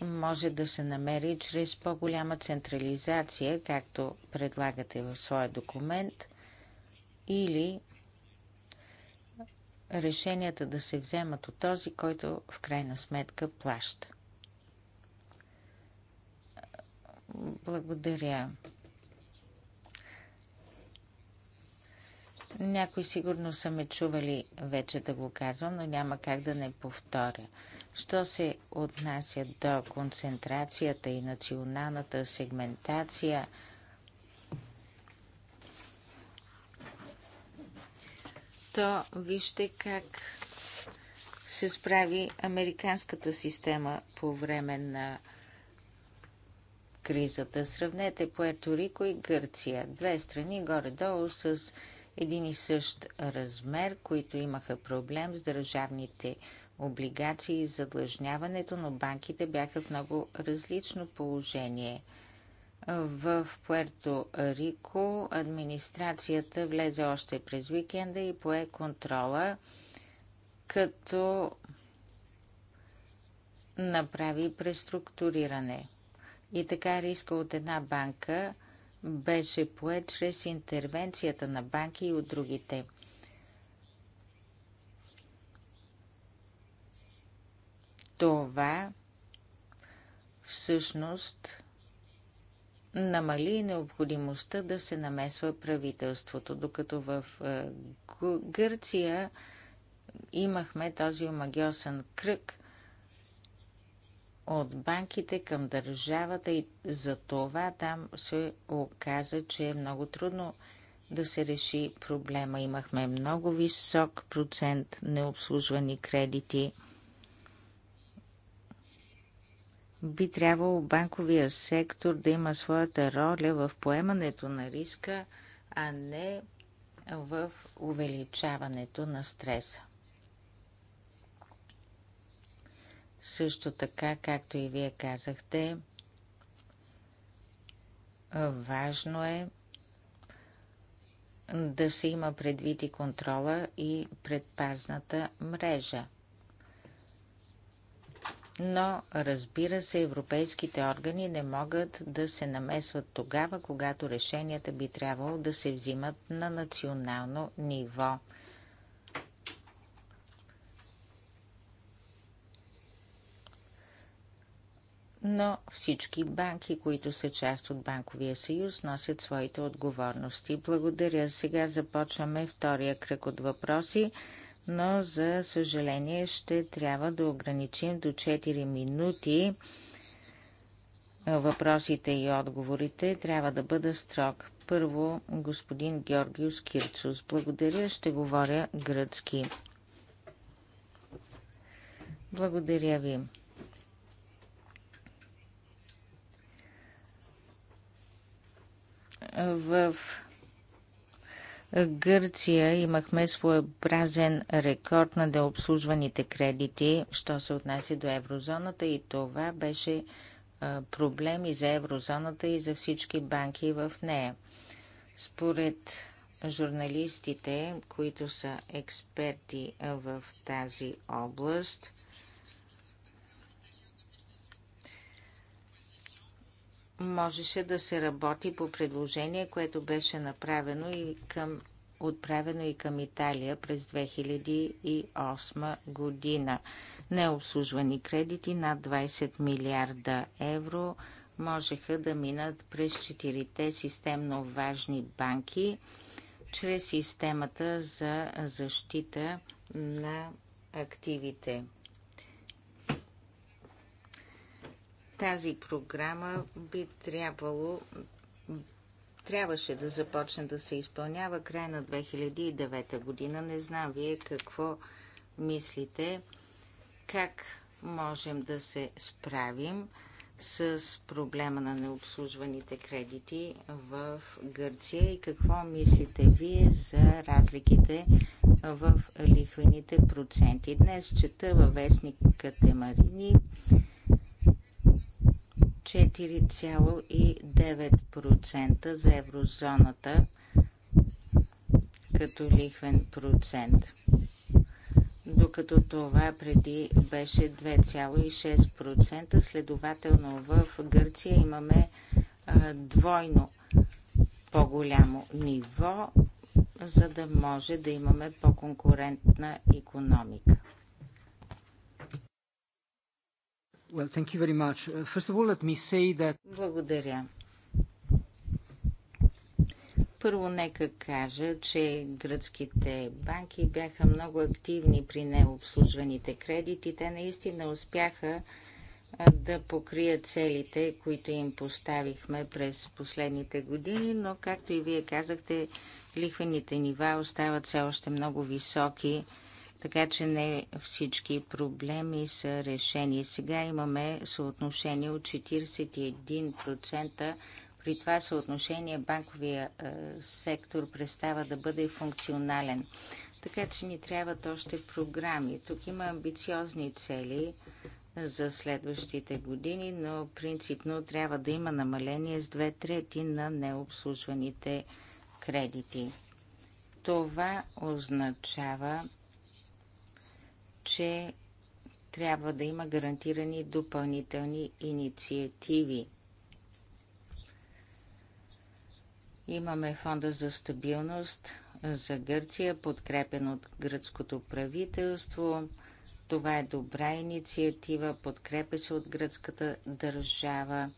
може да се намери чрез по-голяма централизация, както предлагате в своя документ, или решенията да се вземат от този, който в крайна сметка плаща. Благодаря. Някои сигурно са ме чували вече да го казвам, но няма как да не повторя. Що се отнася до концентрацията и националната сегментация, то вижте как се справи американската система по време на кризата. Сравнете Пуерто Рико и Гърция. Две страни горе-долу с един и същ размер, които имаха проблем с държавните облигации и задлъжняването, но банките бяха в много различно положение. В Пуерто Рико администрацията влезе още през уикенда и пое контрола, като направи преструктуриране. И така риска от една банка беше поет чрез интервенцията на банки и от другите. Това всъщност намали необходимостта да се намесва правителството, докато в е, Гърция имахме този омагиосен кръг от банките към държавата и за това там се оказа, че е много трудно да се реши проблема. Имахме много висок процент необслужвани кредити. Би трябвало банковия сектор да има своята роля в поемането на риска, а не в увеличаването на стреса. Също така, както и вие казахте, важно е да се има предвид и контрола и предпазната мрежа. Но, разбира се, европейските органи не могат да се намесват тогава, когато решенията би трябвало да се взимат на национално ниво – но всички банки, които са част от Банковия съюз, носят своите отговорности. Благодаря. Сега започваме втория кръг от въпроси, но за съжаление ще трябва да ограничим до 4 минути. Въпросите и отговорите трябва да бъда строг. Първо, господин Георгиус Кирцус. Благодаря, ще говоря гръцки. Благодаря ви. В Гърция имахме своеобразен рекорд на необслужваните кредити, що се отнася до еврозоната и това беше проблем и за еврозоната и за всички банки в нея. Според журналистите, които са експерти в тази област, можеше да се работи по предложение, което беше направено и към, отправено и към Италия през 2008 година. Необслужвани кредити над 20 милиарда евро можеха да минат през четирите системно важни банки чрез системата за защита на активите. Тази програма би трябвало трябваше да започне да се изпълнява края на 2009 година. Не знам вие какво мислите, как можем да се справим с проблема на необслужваните кредити в Гърция и какво мислите вие за разликите в лихвените проценти. Днес чета във вестник Катемарини. 4,9% за еврозоната като лихвен процент, докато това преди беше 2,6%. Следователно в Гърция имаме двойно по-голямо ниво, за да може да имаме по-конкурентна економика. Well, thank you very much. Uh, first of all, let me say that... Благодаря. Първо нека кажа, че гръцките банки бяха много активни при необслужваните кредити. Те наистина успяха да покрият целите, които им поставихме през последните години, но както и вие казахте, лихвените нива остават все още много високи така че не всички проблеми са решени. Сега имаме съотношение от 41%. При това съотношение банковия сектор представа да бъде функционален. Така че ни трябват още програми. Тук има амбициозни цели за следващите години, но принципно трябва да има намаление с две трети на необслужваните кредити. Това означава че трябва да има гарантирани допълнителни инициативи. Имаме фонда за стабилност за Гърция, подкрепен от гръцкото правителство. Това е добра инициатива, подкрепя се от гръцката държава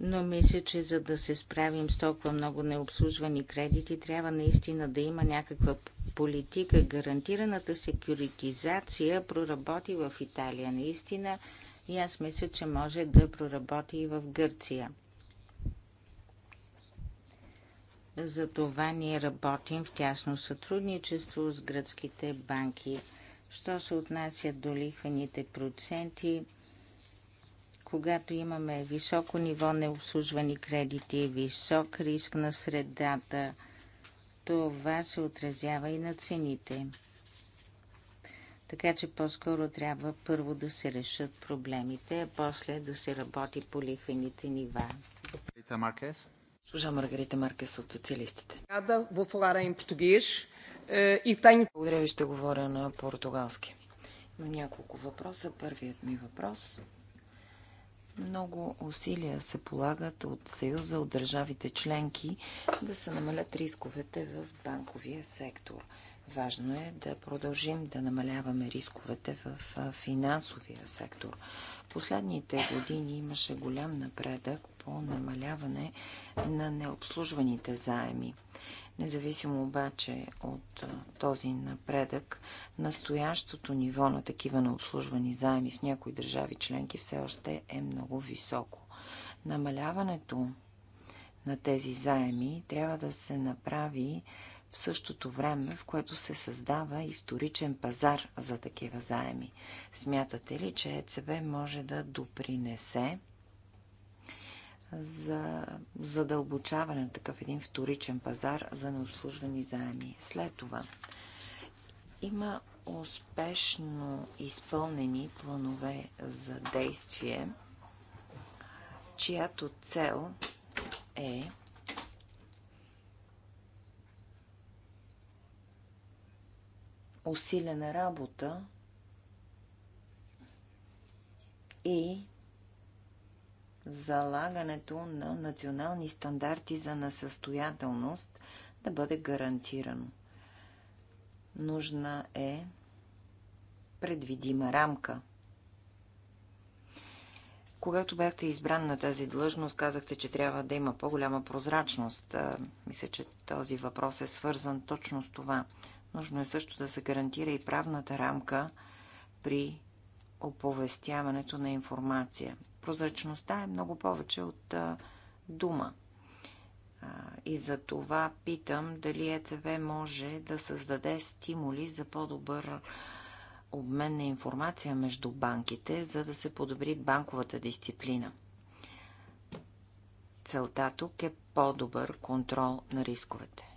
но мисля, че за да се справим с толкова много необслужвани кредити, трябва наистина да има някаква политика. Гарантираната секюритизация проработи в Италия наистина и аз мисля, че може да проработи и в Гърция. За това ние работим в тясно сътрудничество с гръцките банки. Що се отнася до лихвените проценти – когато имаме високо ниво необслужвани кредити, висок риск на средата, това се отразява и на цените. Така че по-скоро трябва първо да се решат проблемите, а после да се работи по лихвените нива. Служа Маргарита Маркес от социалистите. Е, Благодаря ви, ще говоря на португалски. Имам няколко въпроса. Първият ми въпрос много усилия се полагат от Съюза, от държавите членки да се намалят рисковете в банковия сектор. Важно е да продължим да намаляваме рисковете в финансовия сектор. Последните години имаше голям напредък по намаляване на необслужваните заеми. Независимо обаче от този напредък, настоящото ниво на такива необслужвани заеми в някои държави членки все още е много високо. Намаляването на тези заеми трябва да се направи в същото време, в което се създава и вторичен пазар за такива заеми. Смятате ли, че ЕЦБ може да допринесе за задълбочаване на такъв един вторичен пазар за необслужвани заеми. След това има успешно изпълнени планове за действие, чиято цел е усилена работа и залагането на национални стандарти за несъстоятелност да бъде гарантирано. Нужна е предвидима рамка. Когато бяхте избран на тази длъжност, казахте, че трябва да има по-голяма прозрачност. Мисля, че този въпрос е свързан точно с това. Нужно е също да се гарантира и правната рамка при оповестяването на информация прозрачността е много повече от дума. И за това питам дали ЕЦВ може да създаде стимули за по-добър обмен на информация между банките, за да се подобри банковата дисциплина. Целта тук е по-добър контрол на рисковете.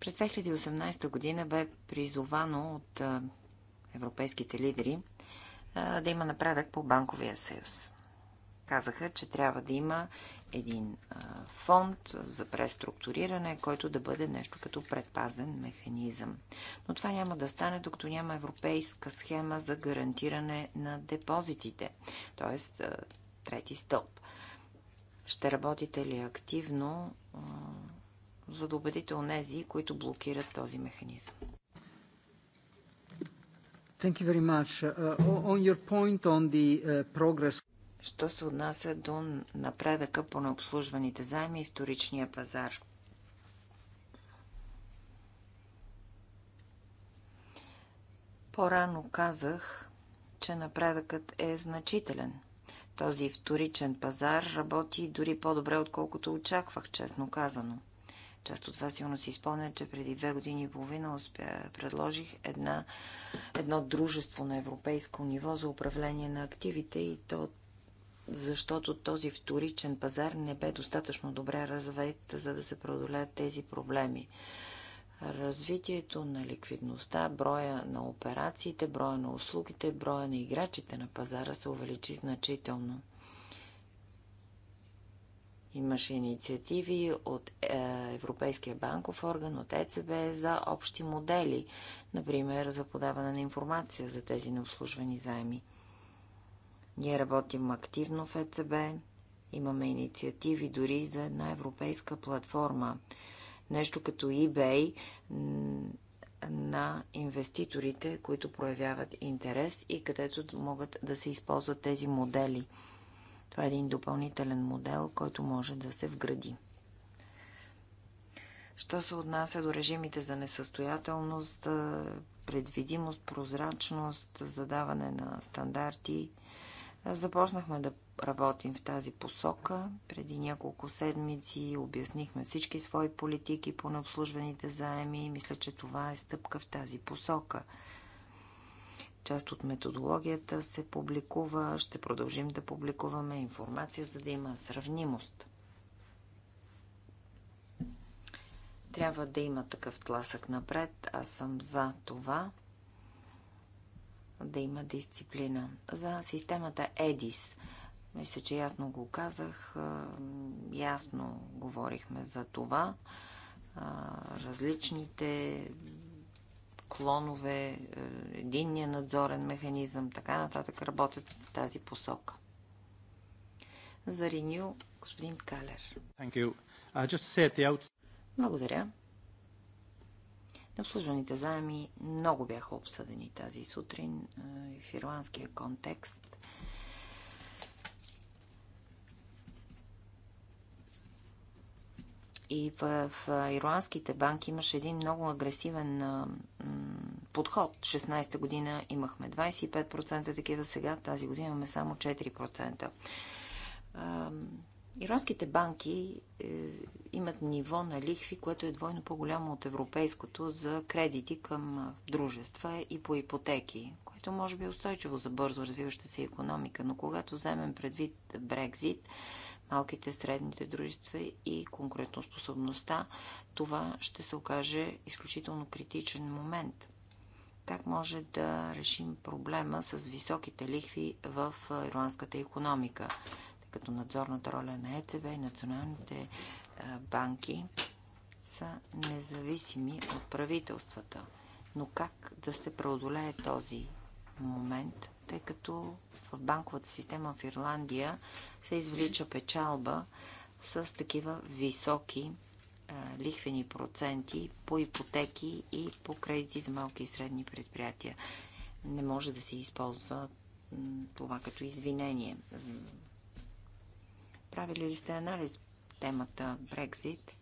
През 2018 година бе призовано от европейските лидери да има напредък по банковия съюз. Казаха, че трябва да има един фонд за преструктуриране, който да бъде нещо като предпазен механизъм. Но това няма да стане, докато няма европейска схема за гарантиране на депозитите, т.е. трети стълб. Ще работите ли активно за да убедите онези, които блокират този механизъм. Thank you very much. Uh, on your point on the uh, progress що се отнася до напредъка по необслужваните заеми и вторичния пазар. По-рано казах, че напредъкът е значителен. Този вторичен пазар работи дори по-добре, отколкото очаквах, честно казано. Част от вас сигурно си спомнят, че преди две години и половина успя, предложих една, едно дружество на европейско ниво за управление на активите и то защото този вторичен пазар не бе достатъчно добре развит, за да се преодолеят тези проблеми. Развитието на ликвидността, броя на операциите, броя на услугите, броя на играчите на пазара се увеличи значително. Имаше инициативи от е, Европейския банков орган, от ЕЦБ за общи модели, например за подаване на информация за тези необслужвани заеми. Ние работим активно в ЕЦБ, имаме инициативи дори за една европейска платформа, нещо като eBay на инвеститорите, които проявяват интерес и където могат да се използват тези модели – това е един допълнителен модел, който може да се вгради. Що се отнася до режимите за несъстоятелност, предвидимост, прозрачност, задаване на стандарти, започнахме да работим в тази посока. Преди няколко седмици обяснихме всички свои политики по необслужваните заеми и мисля, че това е стъпка в тази посока – Част от методологията се публикува, ще продължим да публикуваме информация, за да има сравнимост. Трябва да има такъв тласък напред. Аз съм за това да има дисциплина. За системата ЕДИС. Мисля, че ясно го казах. Ясно говорихме за това. Различните клонове, е, единния надзорен механизъм, така нататък работят с тази посока. За Реню, господин Калер. Uh, Благодаря. Обслужваните заеми много бяха обсъдени тази сутрин е, в ирландския контекст. И в ирландските банки имаше един много агресивен подход. 16-та година имахме 25% такива, сега тази година имаме само 4%. Ирландските банки е, имат ниво на лихви, което е двойно по-голямо от европейското за кредити към дружества и по ипотеки, което може би е устойчиво за бързо развиваща се економика, но когато вземем предвид Брекзит, малките, средните дружества и конкурентоспособността, това ще се окаже изключително критичен момент. Как може да решим проблема с високите лихви в ирландската економика? Като надзорната роля на ЕЦБ и националните банки са независими от правителствата. Но как да се преодолее този момент, тъй като в банковата система в Ирландия се извлича печалба с такива високи е, лихвени проценти по ипотеки и по кредити за малки и средни предприятия. Не може да се използва това като извинение. Правили ли сте анализ темата Брекзит?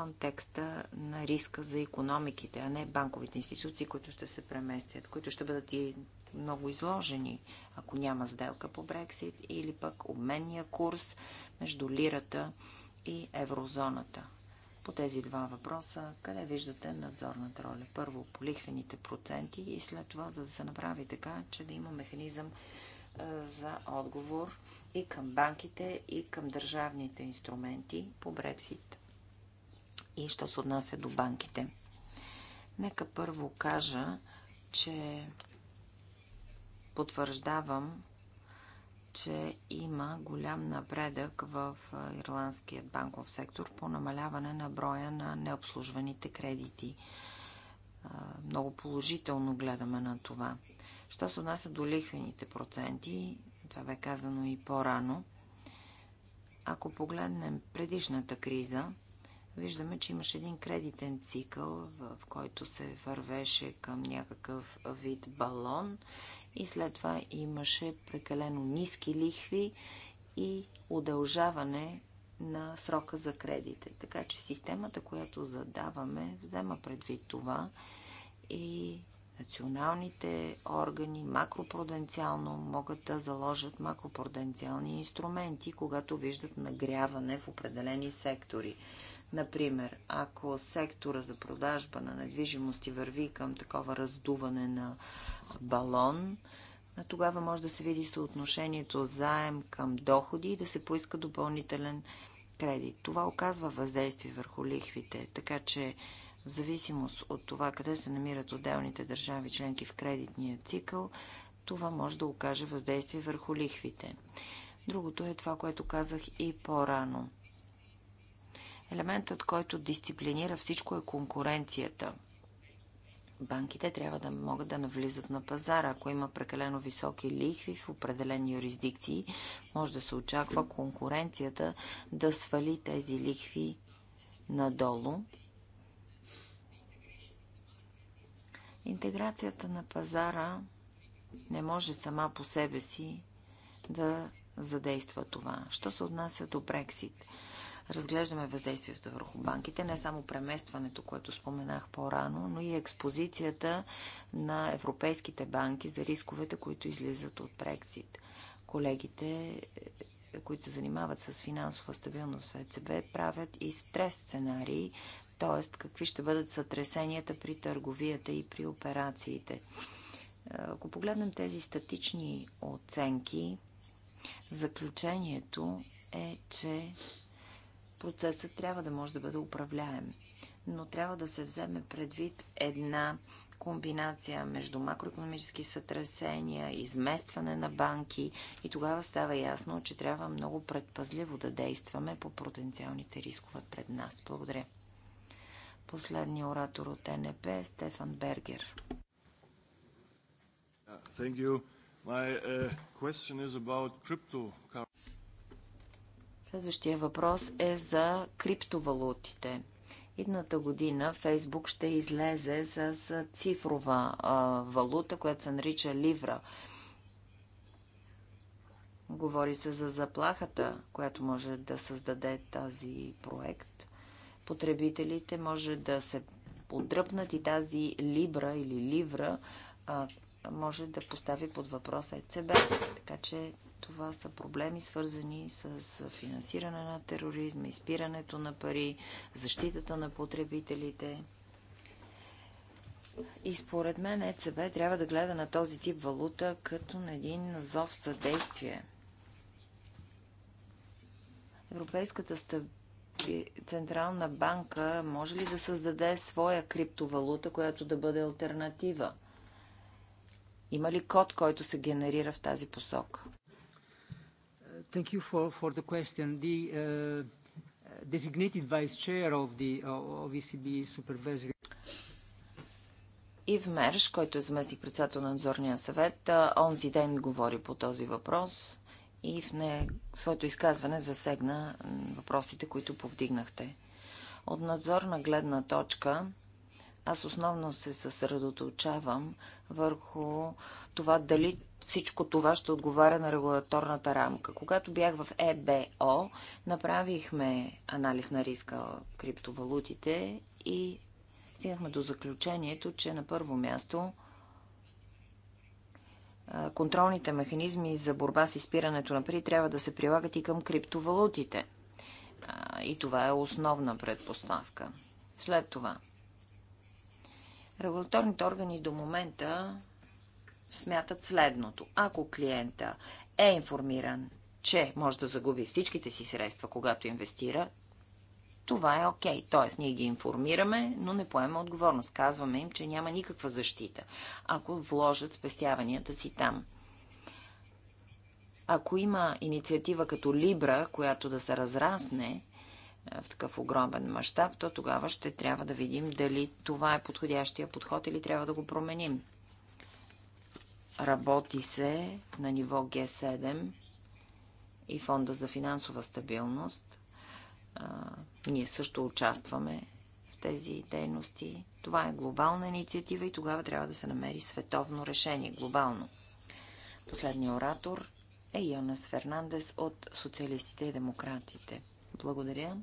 контекста на риска за економиките, а не банковите институции, които ще се преместят, които ще бъдат и много изложени, ако няма сделка по Брексит или пък обменния курс между лирата и еврозоната. По тези два въпроса, къде виждате надзорната роля? Първо, по лихвените проценти и след това, за да се направи така, че да има механизъм е, за отговор и към банките, и към държавните инструменти по Брексит и що се отнася до банките. Нека първо кажа, че потвърждавам, че има голям напредък в ирландския банков сектор по намаляване на броя на необслужваните кредити. Много положително гледаме на това. Що се отнася до лихвените проценти, това бе казано и по-рано, ако погледнем предишната криза, виждаме, че имаш един кредитен цикъл, в който се вървеше към някакъв вид балон и след това имаше прекалено ниски лихви и удължаване на срока за кредите. Така че системата, която задаваме, взема предвид това и националните органи макропруденциално могат да заложат макропруденциални инструменти, когато виждат нагряване в определени сектори. Например, ако сектора за продажба на недвижимости върви към такова раздуване на балон, тогава може да се види съотношението заем към доходи и да се поиска допълнителен кредит. Това оказва въздействие върху лихвите, така че в зависимост от това къде се намират отделните държави членки в кредитния цикъл, това може да окаже въздействие върху лихвите. Другото е това, което казах и по-рано. Елементът, който дисциплинира всичко е конкуренцията. Банките трябва да могат да навлизат на пазара. Ако има прекалено високи лихви в определени юрисдикции, може да се очаква конкуренцията да свали тези лихви надолу. Интеграцията на пазара не може сама по себе си да задейства това. Що се отнася до Брексит? разглеждаме въздействието върху банките, не само преместването, което споменах по-рано, но и експозицията на европейските банки за рисковете, които излизат от Брексит. Колегите, е, които се занимават с финансова стабилност в ЕЦБ, правят и стрес сценарии, т.е. какви ще бъдат сътресенията при търговията и при операциите. Е, ако погледнем тези статични оценки, заключението е, че процесът трябва да може да бъде управляем. Но трябва да се вземе предвид една комбинация между макроекономически сътресения, изместване на банки и тогава става ясно, че трябва много предпазливо да действаме по потенциалните рискове пред нас. Благодаря. Последният оратор от НП е Стефан Бергер. Благодаря. Следващия въпрос е за криптовалутите. Идната година Фейсбук ще излезе с цифрова а, валута, която се нарича Ливра. Говори се за заплахата, която може да създаде тази проект. Потребителите може да се отдръпнат и тази Либра или Ливра а, може да постави под въпрос ЕЦБ. Така че това са проблеми свързани с финансиране на тероризма, изпирането на пари, защитата на потребителите. И според мен ЕЦБ трябва да гледа на този тип валута като на един зов съдействие. Европейската Централна банка може ли да създаде своя криптовалута, която да бъде альтернатива? Има ли код, който се генерира в тази посока? Thank you for, the question. The uh, designated vice chair of the ECB supervisory Ив Мерш, който е заместник председател на надзорния съвет, онзи ден говори по този въпрос и в своето изказване засегна въпросите, които повдигнахте. От надзорна гледна точка, аз основно се съсредоточавам върху това дали всичко това ще отговаря на регулаторната рамка. Когато бях в ЕБО, направихме анализ на риска криптовалутите и стигнахме до заключението, че на първо място контролните механизми за борба с изпирането на пари трябва да се прилагат и към криптовалутите. И това е основна предпоставка. След това. Регулаторните органи до момента смятат следното. Ако клиента е информиран, че може да загуби всичките си средства, когато инвестира, това е окей. Okay. Тоест, ние ги информираме, но не поема отговорност. Казваме им, че няма никаква защита, ако вложат спестяванията си там. Ако има инициатива като Либра, която да се разрасне е, в такъв огромен мащаб, то тогава ще трябва да видим дали това е подходящия подход или трябва да го променим. Работи се на ниво Г7 и Фонда за финансова стабилност. ние също участваме в тези дейности. Това е глобална инициатива и тогава трябва да се намери световно решение, глобално. Последният оратор е Йонас Фернандес от Социалистите и Демократите. Благодаря.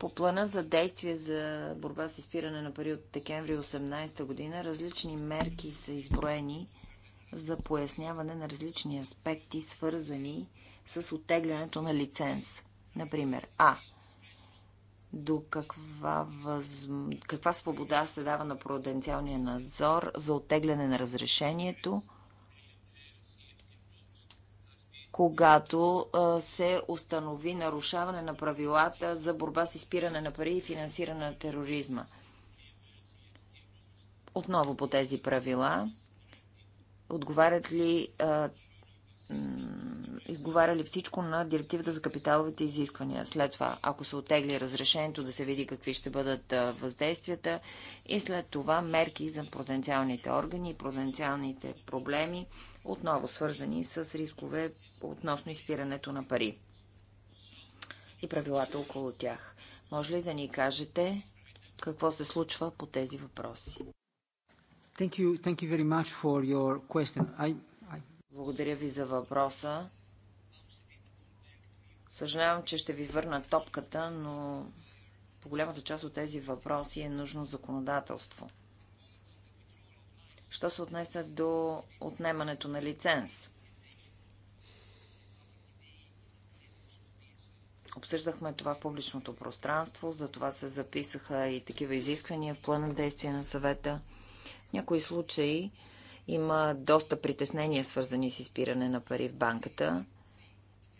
По плана за действие за борба с изпиране на пари от декември 2018 година различни мерки са изброени за поясняване на различни аспекти, свързани с оттеглянето на лиценз. Например, А. До каква, въз... каква свобода се дава на проденциалния надзор за оттегляне на разрешението – когато се установи нарушаване на правилата за борба с изпиране на пари и финансиране на тероризма. Отново по тези правила, отговарят ли изговаря ли всичко на директивата за капиталовите изисквания. След това, ако се отегли разрешението, да се види какви ще бъдат въздействията и след това мерки за потенциалните органи и потенциалните проблеми, отново свързани с рискове относно изпирането на пари и правилата около тях. Може ли да ни кажете какво се случва по тези въпроси? Thank you, thank you very much for your question. I, I... Благодаря ви за въпроса. Съжалявам, че ще ви върна топката, но по голямата част от тези въпроси е нужно законодателство. Що се отнесе до отнемането на лиценз? Обсъждахме това в публичното пространство, за това се записаха и такива изисквания в плана действие на съвета. В някои случаи има доста притеснения, свързани с изпиране на пари в банката.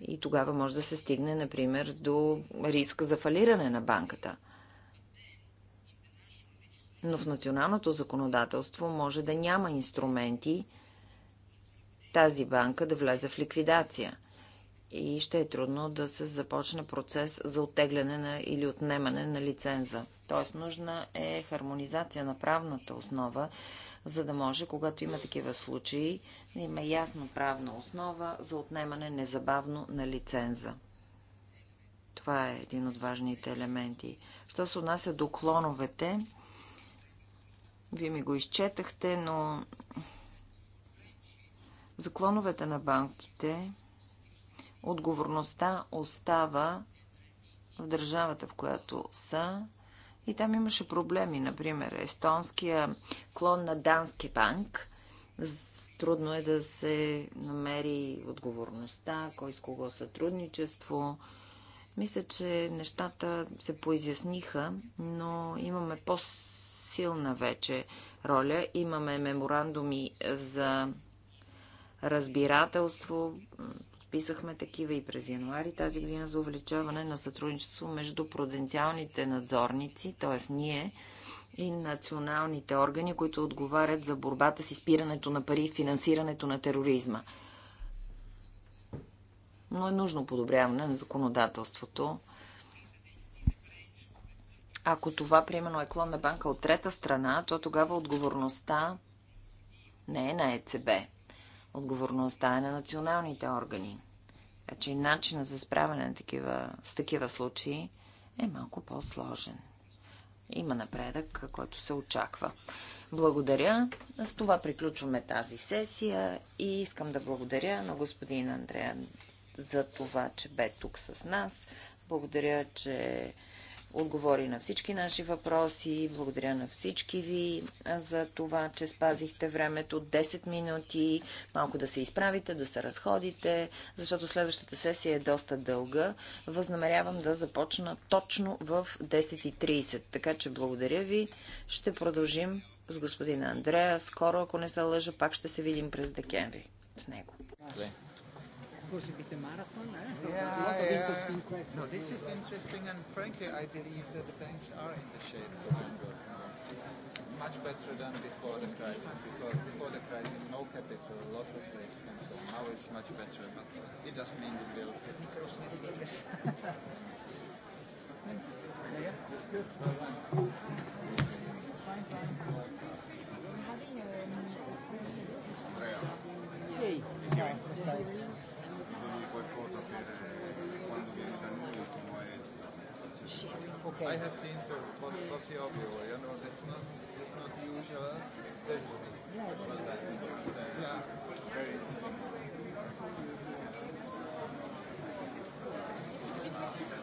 И тогава може да се стигне, например, до риска за фалиране на банката. Но в националното законодателство може да няма инструменти тази банка да влезе в ликвидация – и ще е трудно да се започне процес за оттегляне на или отнемане на лиценза. Тоест нужна е хармонизация на правната основа, за да може, когато има такива случаи, да има ясно правна основа за отнемане незабавно на лиценза. Това е един от важните елементи. Що се отнася до клоновете, вие ми го изчетахте, но за клоновете на банките Отговорността остава в държавата, в която са. И там имаше проблеми. Например, естонския клон на Дански банк. Трудно е да се намери отговорността, кой с кого сътрудничество. Мисля, че нещата се поизясниха, но имаме по-силна вече роля. Имаме меморандуми за разбирателство, Подписахме такива и през януари тази година за увеличаване на сътрудничество между пруденциалните надзорници, т.е. ние и националните органи, които отговарят за борбата с изпирането на пари и финансирането на тероризма. Но е нужно подобряване на законодателството. Ако това, примерно, е клонна банка от трета страна, то тогава отговорността не е на ЕЦБ. Отговорността е на националните органи. А че начинът за справяне на такива, с такива случаи е малко по-сложен. Има напредък, който се очаква. Благодаря. С това приключваме тази сесия и искам да благодаря на господин Андрея за това, че бе тук с нас. Благодаря, че отговори на всички наши въпроси. Благодаря на всички ви за това, че спазихте времето 10 минути, малко да се изправите, да се разходите, защото следващата сесия е доста дълга. Възнамерявам да започна точно в 10.30. Така че благодаря ви. Ще продължим с господина Андрея. Скоро, ако не се лъжа, пак ще се видим през декември с него course a bit a marathon, eh? Yeah, a lot of yeah. interesting questions. No, this is interesting, and frankly, I believe that the banks are in the shape of the much better than before the crisis, because before the crisis, no capital, a lot of risk, and so now it's much better, but it doesn't mean it will get Thank you. Yeah, that's good. Fine, fine. We're having a... Hey, yeah, cosa per quando viene da noi Okay. I have seen so what, what's the audio? You know, it's not it's not usual. yeah. Very interesting.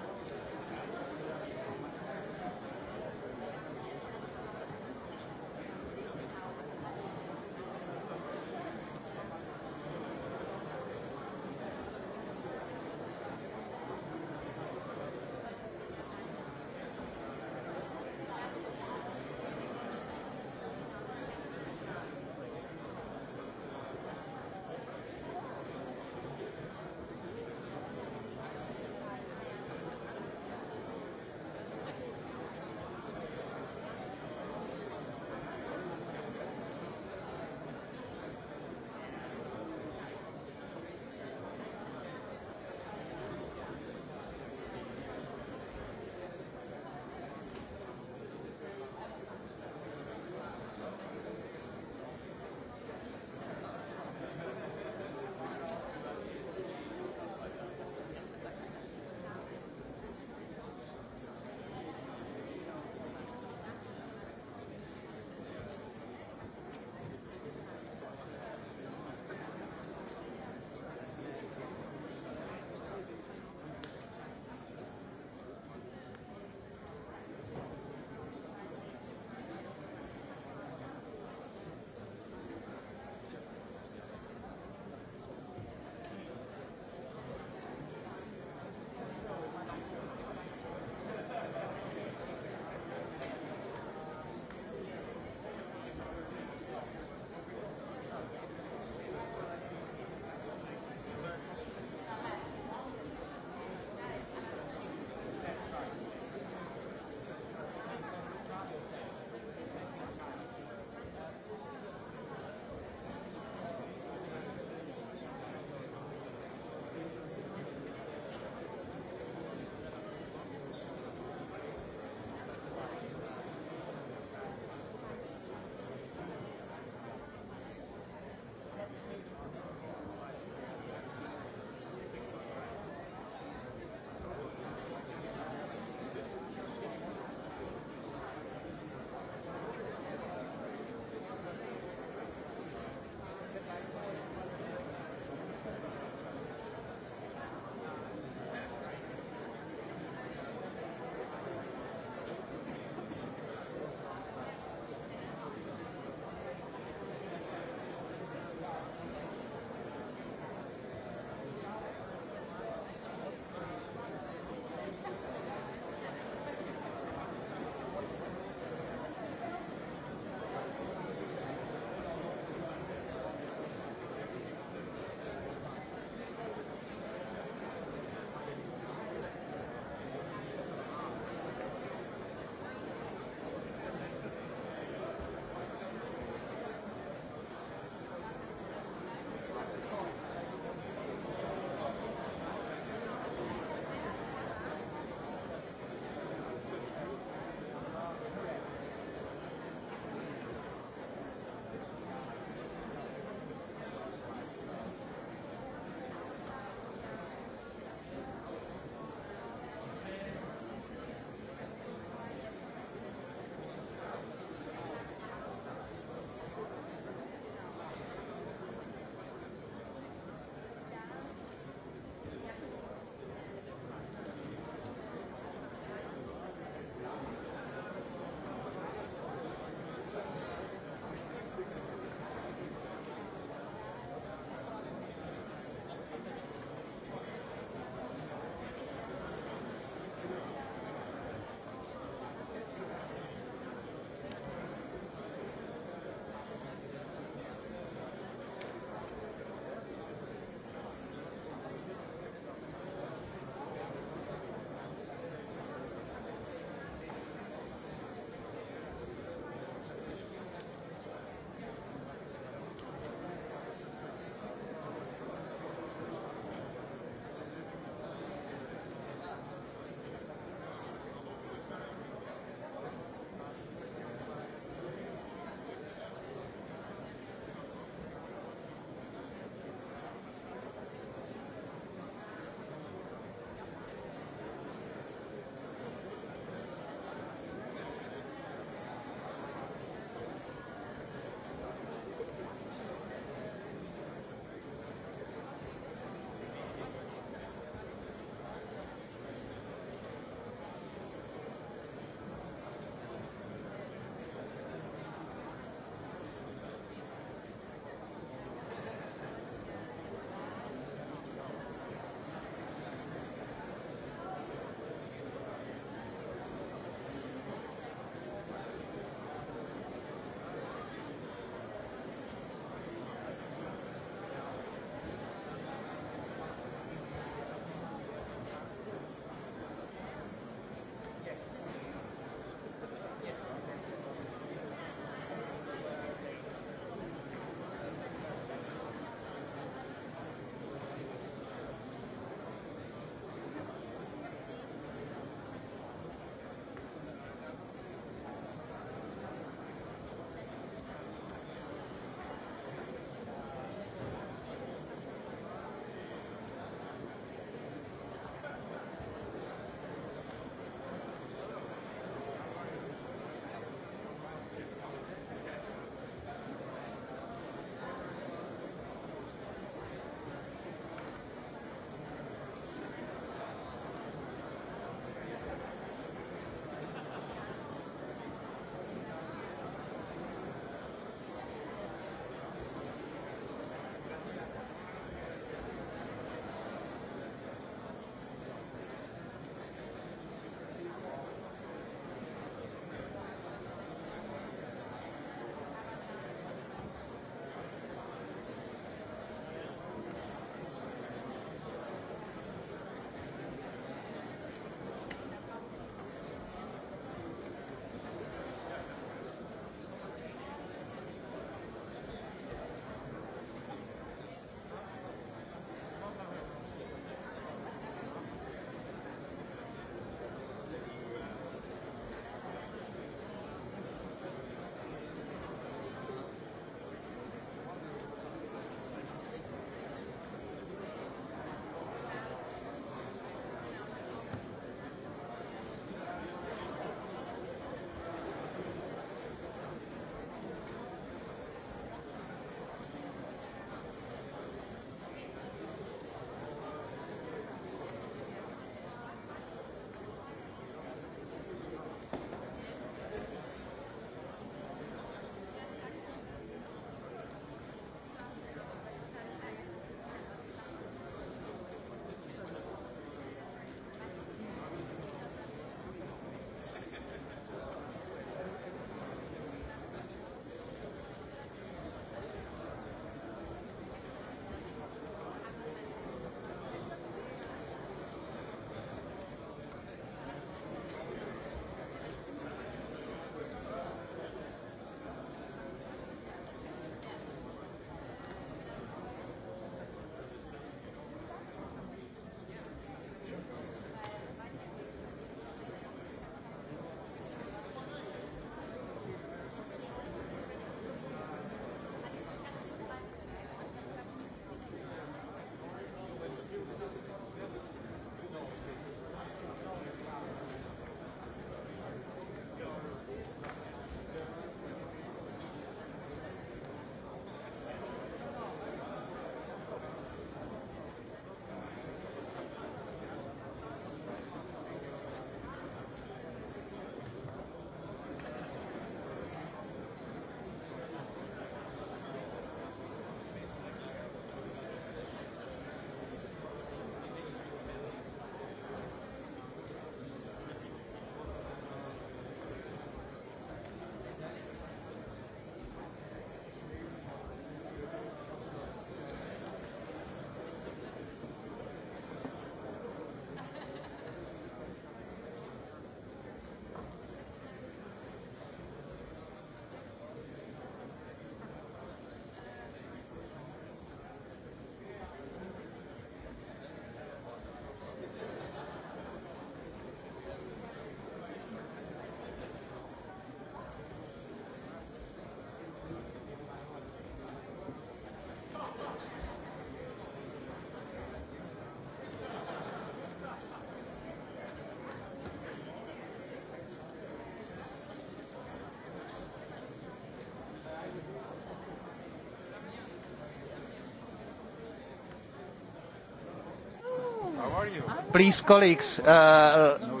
Please, colleagues, uh, uh,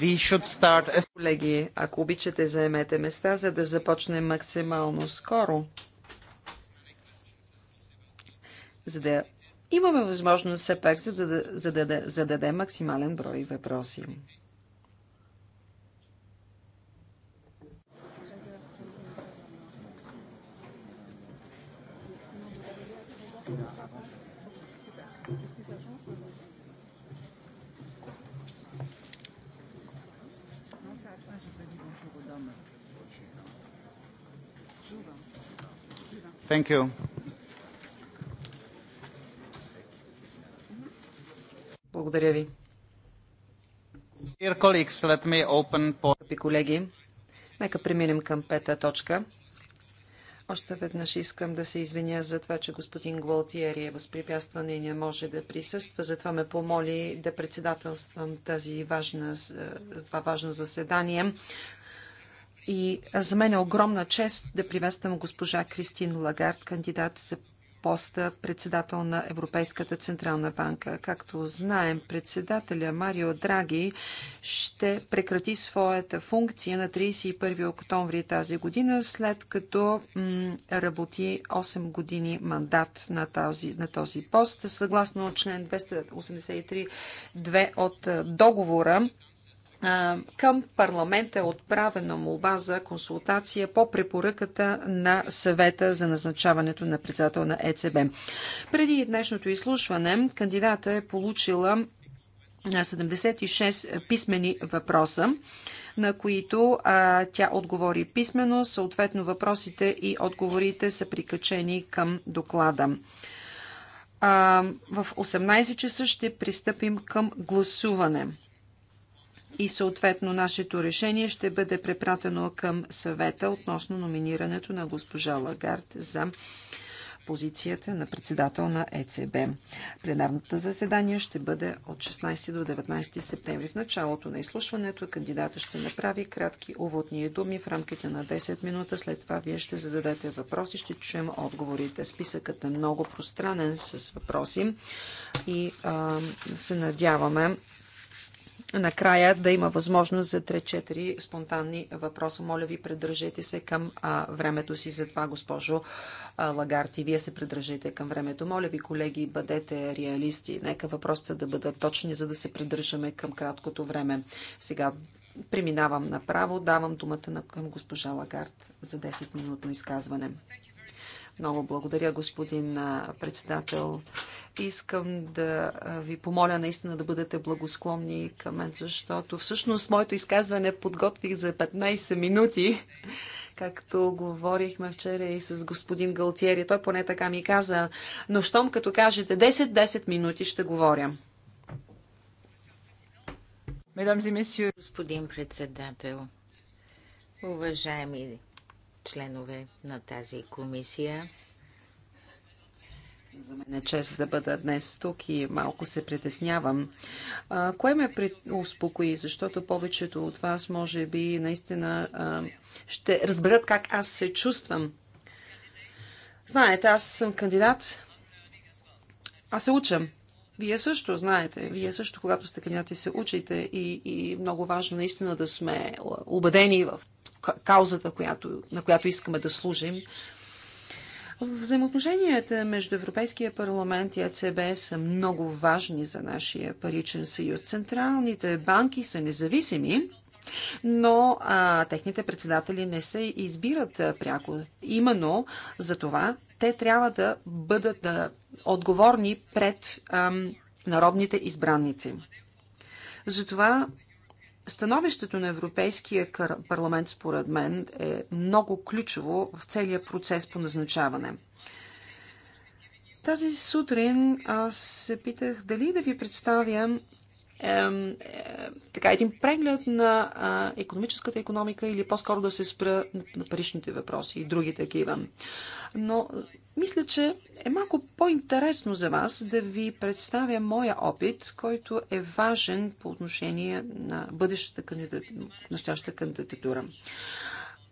we should start... Колеги, ако обичате, заемете места, за да започнем максимално скоро. За да имаме възможност все пак за да, за да, да зададем максимален брой въпроси. Thank you. Благодаря ви. Скъпи колеги, нека преминем към пета точка. Още веднъж искам да се извиня за това, че господин Гвалтиери е възпрепятстван и не може да присъства. Затова ме помоли да председателствам тази важна, е, това важно заседание. И за мен е огромна чест да приветствам госпожа Кристин Лагард, кандидат за поста председател на Европейската Централна банка. Както знаем, председателя Марио Драги ще прекрати своята функция на 31 октомври тази година, след като работи 8 години мандат на този, на този пост. Съгласно член 283.2 от договора, към парламента е отправена молба за консултация по препоръката на съвета за назначаването на председател на ЕЦБ. Преди днешното изслушване кандидата е получила 76 писмени въпроса, на които а, тя отговори писмено. Съответно, въпросите и отговорите са прикачени към доклада. А, в 18 часа ще пристъпим към гласуване и съответно нашето решение ще бъде препратено към съвета относно номинирането на госпожа Лагард за позицията на председател на ЕЦБ. Пленарното заседание ще бъде от 16 до 19 септември. В началото на изслушването кандидата ще направи кратки уводни думи в рамките на 10 минута. След това вие ще зададете въпроси, ще чуем отговорите. Списъкът е много пространен с въпроси и а, се надяваме накрая да има възможност за 3-4 спонтанни въпроса. Моля ви, придържайте се към а, времето си за това, госпожо а, Лагарти. Вие се придържайте към времето. Моля ви, колеги, бъдете реалисти. Нека въпросите да бъдат точни, за да се придържаме към краткото време. Сега преминавам направо. Давам думата на, към госпожа Лагард за 10-минутно изказване. Thank много благодаря, господин председател. Искам да ви помоля наистина да бъдете благосклонни към мен, защото всъщност моето изказване подготвих за 15 минути, както говорихме вчера и с господин Галтиери. Той поне така ми каза, но щом като кажете 10-10 минути ще говоря. Господин председател, уважаеми членове на тази комисия. За мен е чест да бъда днес тук и малко се притеснявам. кое ме успокои, защото повечето от вас, може би, наистина ще разберат как аз се чувствам. Знаете, аз съм кандидат. Аз се учам. Вие също знаете, вие също, когато сте кандидати, се учите и, и много важно наистина да сме убедени в каузата, която, на която искаме да служим. Взаимоотношенията между Европейския парламент и ЕЦБ са много важни за нашия паричен съюз. Централните банки са независими, но а, техните председатели не се избират а, пряко. Именно за това те трябва да бъдат а, отговорни пред а, народните избранници. Затова Становището на Европейския парламент, според мен, е много ключово в целия процес по назначаване. Тази сутрин аз се питах дали да ви представя е, е, така, един преглед на е, економическата економика или по-скоро да се спра на, на паричните въпроси и други такива. Но мисля, че е малко по-интересно за вас да ви представя моя опит, който е важен по отношение на бъдещата кандидат, настоящата кандидатура.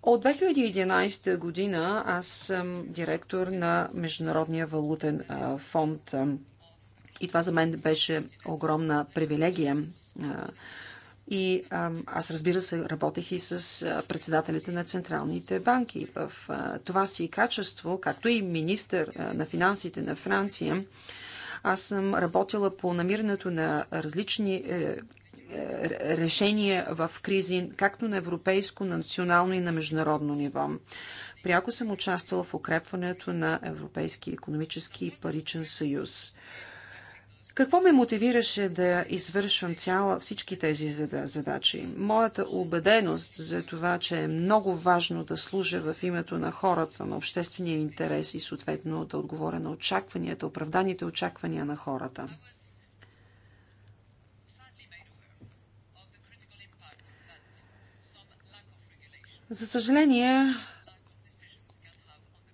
От 2011 година аз съм директор на Международния валутен фонд и това за мен беше огромна привилегия и аз разбира се работех и с председателите на централните банки. В това си качество, както и министър на финансите на Франция, аз съм работила по намирането на различни е, е, решения в кризи, както на европейско, на национално и на международно ниво. Пряко съм участвала в укрепването на Европейския економически и паричен съюз. Какво ме мотивираше да извършвам цяла всички тези задачи? Моята убеденост за това, че е много важно да служа в името на хората, на обществения интерес и съответно да отговоря на очакванията, оправданите очаквания на хората. За съжаление,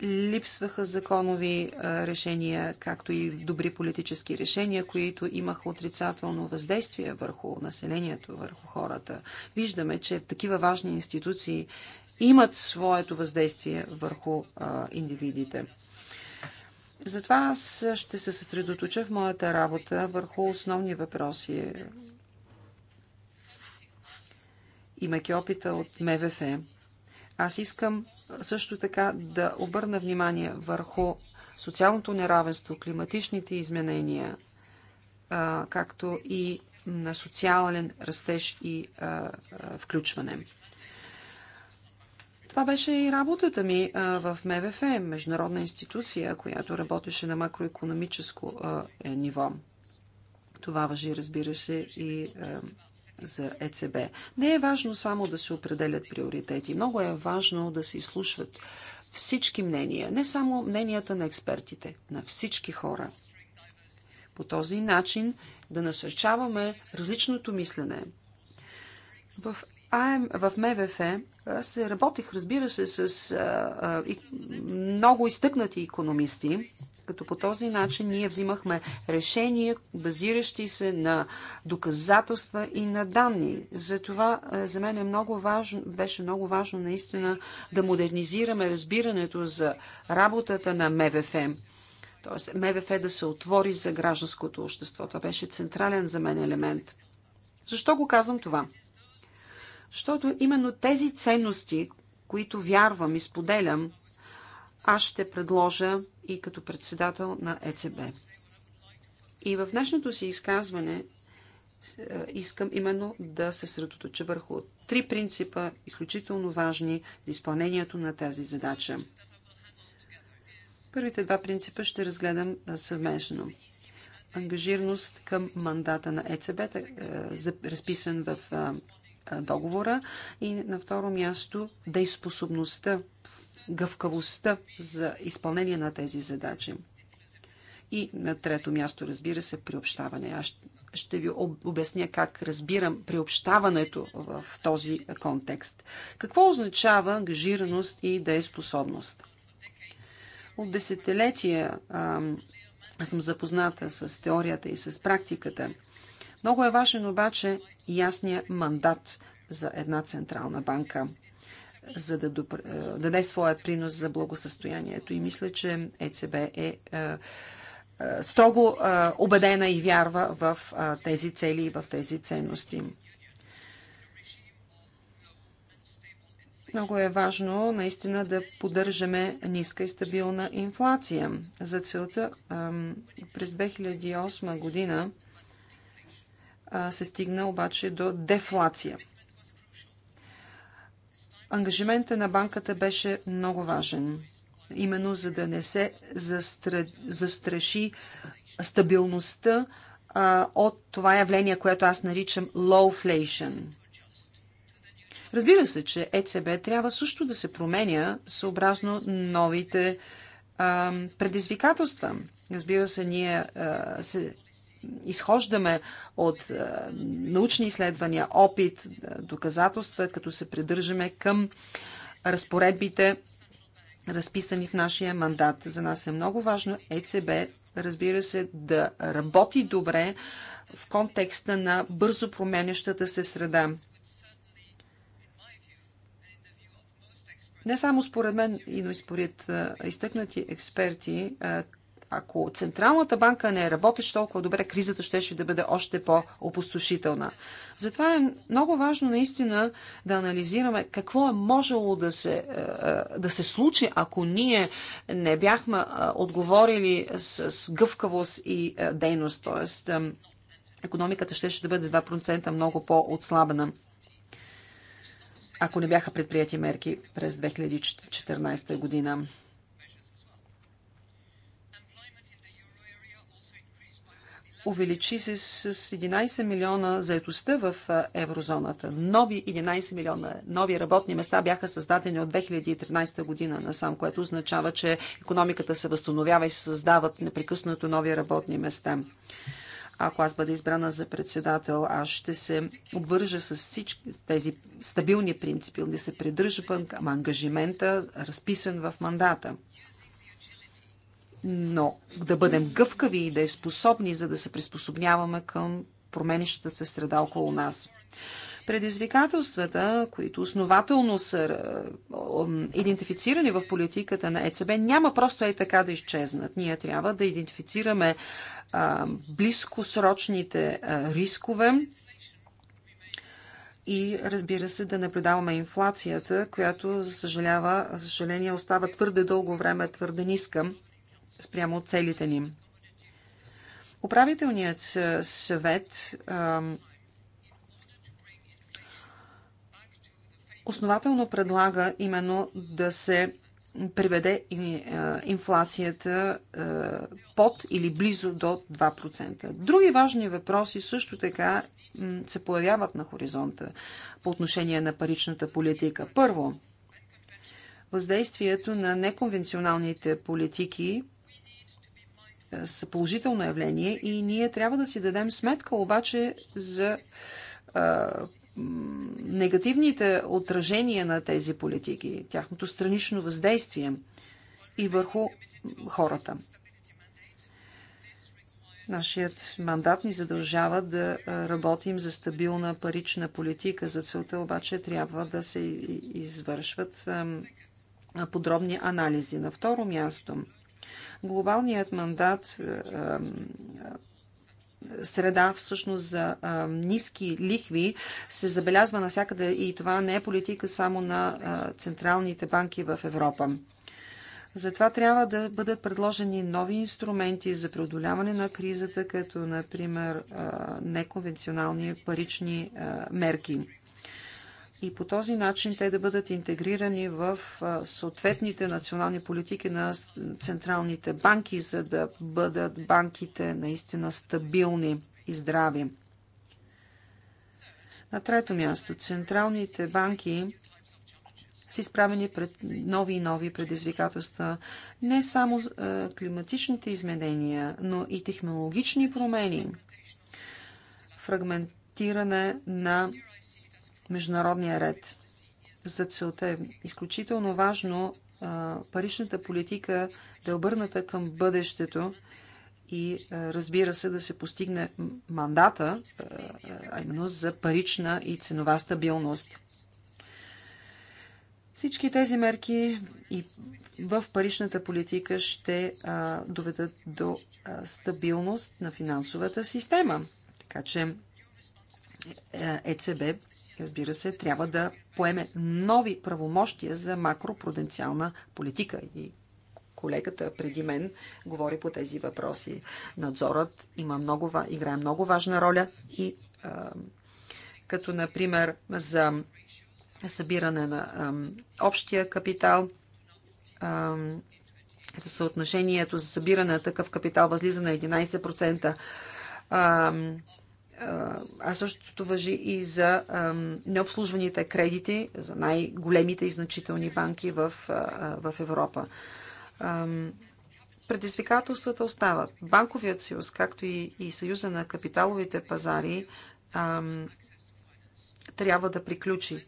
липсваха законови решения, както и добри политически решения, които имаха отрицателно въздействие върху населението, върху хората. Виждаме, че такива важни институции имат своето въздействие върху индивидите. Затова аз ще се съсредоточа в моята работа върху основни въпроси, имайки опита от МВФ аз искам също така да обърна внимание върху социалното неравенство, климатичните изменения, както и на социален растеж и включване. Това беше и работата ми в МВФ, международна институция, която работеше на макроекономическо е ниво. Това въжи, разбира се, и за ЕЦБ. Не е важно само да се определят приоритети. Много е важно да се изслушват всички мнения, не само мненията на експертите, на всички хора. По този начин да насърчаваме различното мислене. В АМ, в МВФ аз работих, разбира се, с а, а, и, много изтъкнати економисти, като по този начин ние взимахме решения, базиращи се на доказателства и на данни. Затова за мен е много важно, беше много важно наистина да модернизираме разбирането за работата на МВФ. Тоест МВФ да се отвори за гражданското общество. Това беше централен за мен елемент. Защо го казвам това? Защото именно тези ценности, които вярвам и споделям, аз ще предложа и като председател на ЕЦБ. И в днешното си изказване е, искам именно да се средоточа върху три принципа, изключително важни за изпълнението на тази задача. Първите два принципа ще разгледам е, съвместно. Ангажираност към мандата на ЕЦБ, е, разписан в договора и на второ място дейспособността, гъвкавостта за изпълнение на тези задачи. И на трето място, разбира се, приобщаване. Аз ще ви обясня как разбирам приобщаването в този контекст. Какво означава ангажираност и дееспособност? От десетилетия аз съм запозната с теорията и с практиката много е важен обаче ясния мандат за една централна банка, за да е, даде своя принос за благосъстоянието. И мисля, че ЕЦБ е, е, е строго убедена и вярва в тези цели и в тези ценности. Много е важно наистина да поддържаме ниска и стабилна инфлация. За целта през 2008 година се стигна обаче до дефлация. Ангажиментът на банката беше много важен, именно за да не се застраши стабилността от това явление, което аз наричам lowflation. Разбира се, че ЕЦБ трябва също да се променя съобразно новите предизвикателства. Разбира се, ние се изхождаме от е, научни изследвания, опит, е, доказателства, като се придържаме към разпоредбите, разписани в нашия мандат. За нас е много важно ЕЦБ, разбира се, да работи добре в контекста на бързо променящата се среда. Не само според мен, но и според е, изтъкнати експерти, ако Централната банка не работеше толкова добре, кризата щеше да бъде още по-опустошителна. Затова е много важно наистина да анализираме какво е можело да се, е, е, да се случи, ако ние не бяхме е, отговорили с гъвкавост и дейност. Тоест, економиката щеше да бъде 2% много по-отслабена ако не бяха предприяти мерки през 2014 година. увеличи се с 11 милиона заетостта в еврозоната. Нови 11 милиона нови работни места бяха създадени от 2013 година насам, което означава, че економиката се възстановява и се създават непрекъснато нови работни места. Ако аз бъда избрана за председател, аз ще се обвържа с всички тези стабилни принципи, да се придържам към ангажимента, разписан в мандата но да бъдем гъвкави и да е способни, за да се приспособняваме към променещата се среда около нас. Предизвикателствата, които основателно са е, идентифицирани в политиката на ЕЦБ, няма просто е така да изчезнат. Ние трябва да идентифицираме е, близкосрочните е, рискове и разбира се да наблюдаваме инфлацията, която, за съжалява, съжаление, остава твърде дълго време, твърде ниска спрямо целите ни. Управителният съвет основателно предлага именно да се приведе инфлацията под или близо до 2%. Други важни въпроси също така се появяват на хоризонта по отношение на паричната политика. Първо, въздействието на неконвенционалните политики са положително явление и ние трябва да си дадем сметка обаче за а, негативните отражения на тези политики, тяхното странично въздействие и върху хората. Нашият мандат ни задължава да работим за стабилна парична политика. За целта обаче трябва да се извършват подробни анализи. На второ място – глобалният мандат е, е, среда всъщност за а, е, ниски лихви се забелязва навсякъде и това не е политика само на а, централните банки в Европа. Затова трябва да бъдат предложени нови инструменти за преодоляване на кризата, като например а, неконвенционални парични мерки и по този начин те да бъдат интегрирани в съответните национални политики на централните банки, за да бъдат банките наистина стабилни и здрави. На трето място, централните банки са изправени пред нови и нови предизвикателства. Не само климатичните изменения, но и технологични промени, фрагментиране на международния ред. За целта е изключително важно паричната политика да е обърната към бъдещето и разбира се да се постигне мандата, а именно за парична и ценова стабилност. Всички тези мерки и в паричната политика ще доведат до стабилност на финансовата система. Така че е, е, ЕЦБ разбира се, трябва да поеме нови правомощия за макропруденциална политика. И колегата преди мен говори по тези въпроси. Надзорът има много, играе много важна роля и а, като, например, за събиране на а, общия капитал, а, съотношението за събиране на такъв капитал възлиза на 11%. А, а същото въжи и за необслужваните кредити за най-големите и значителни банки в, в Европа. Предизвикателствата остават. Банковият съюз, както и, и съюза на капиталовите пазари, трябва да приключи.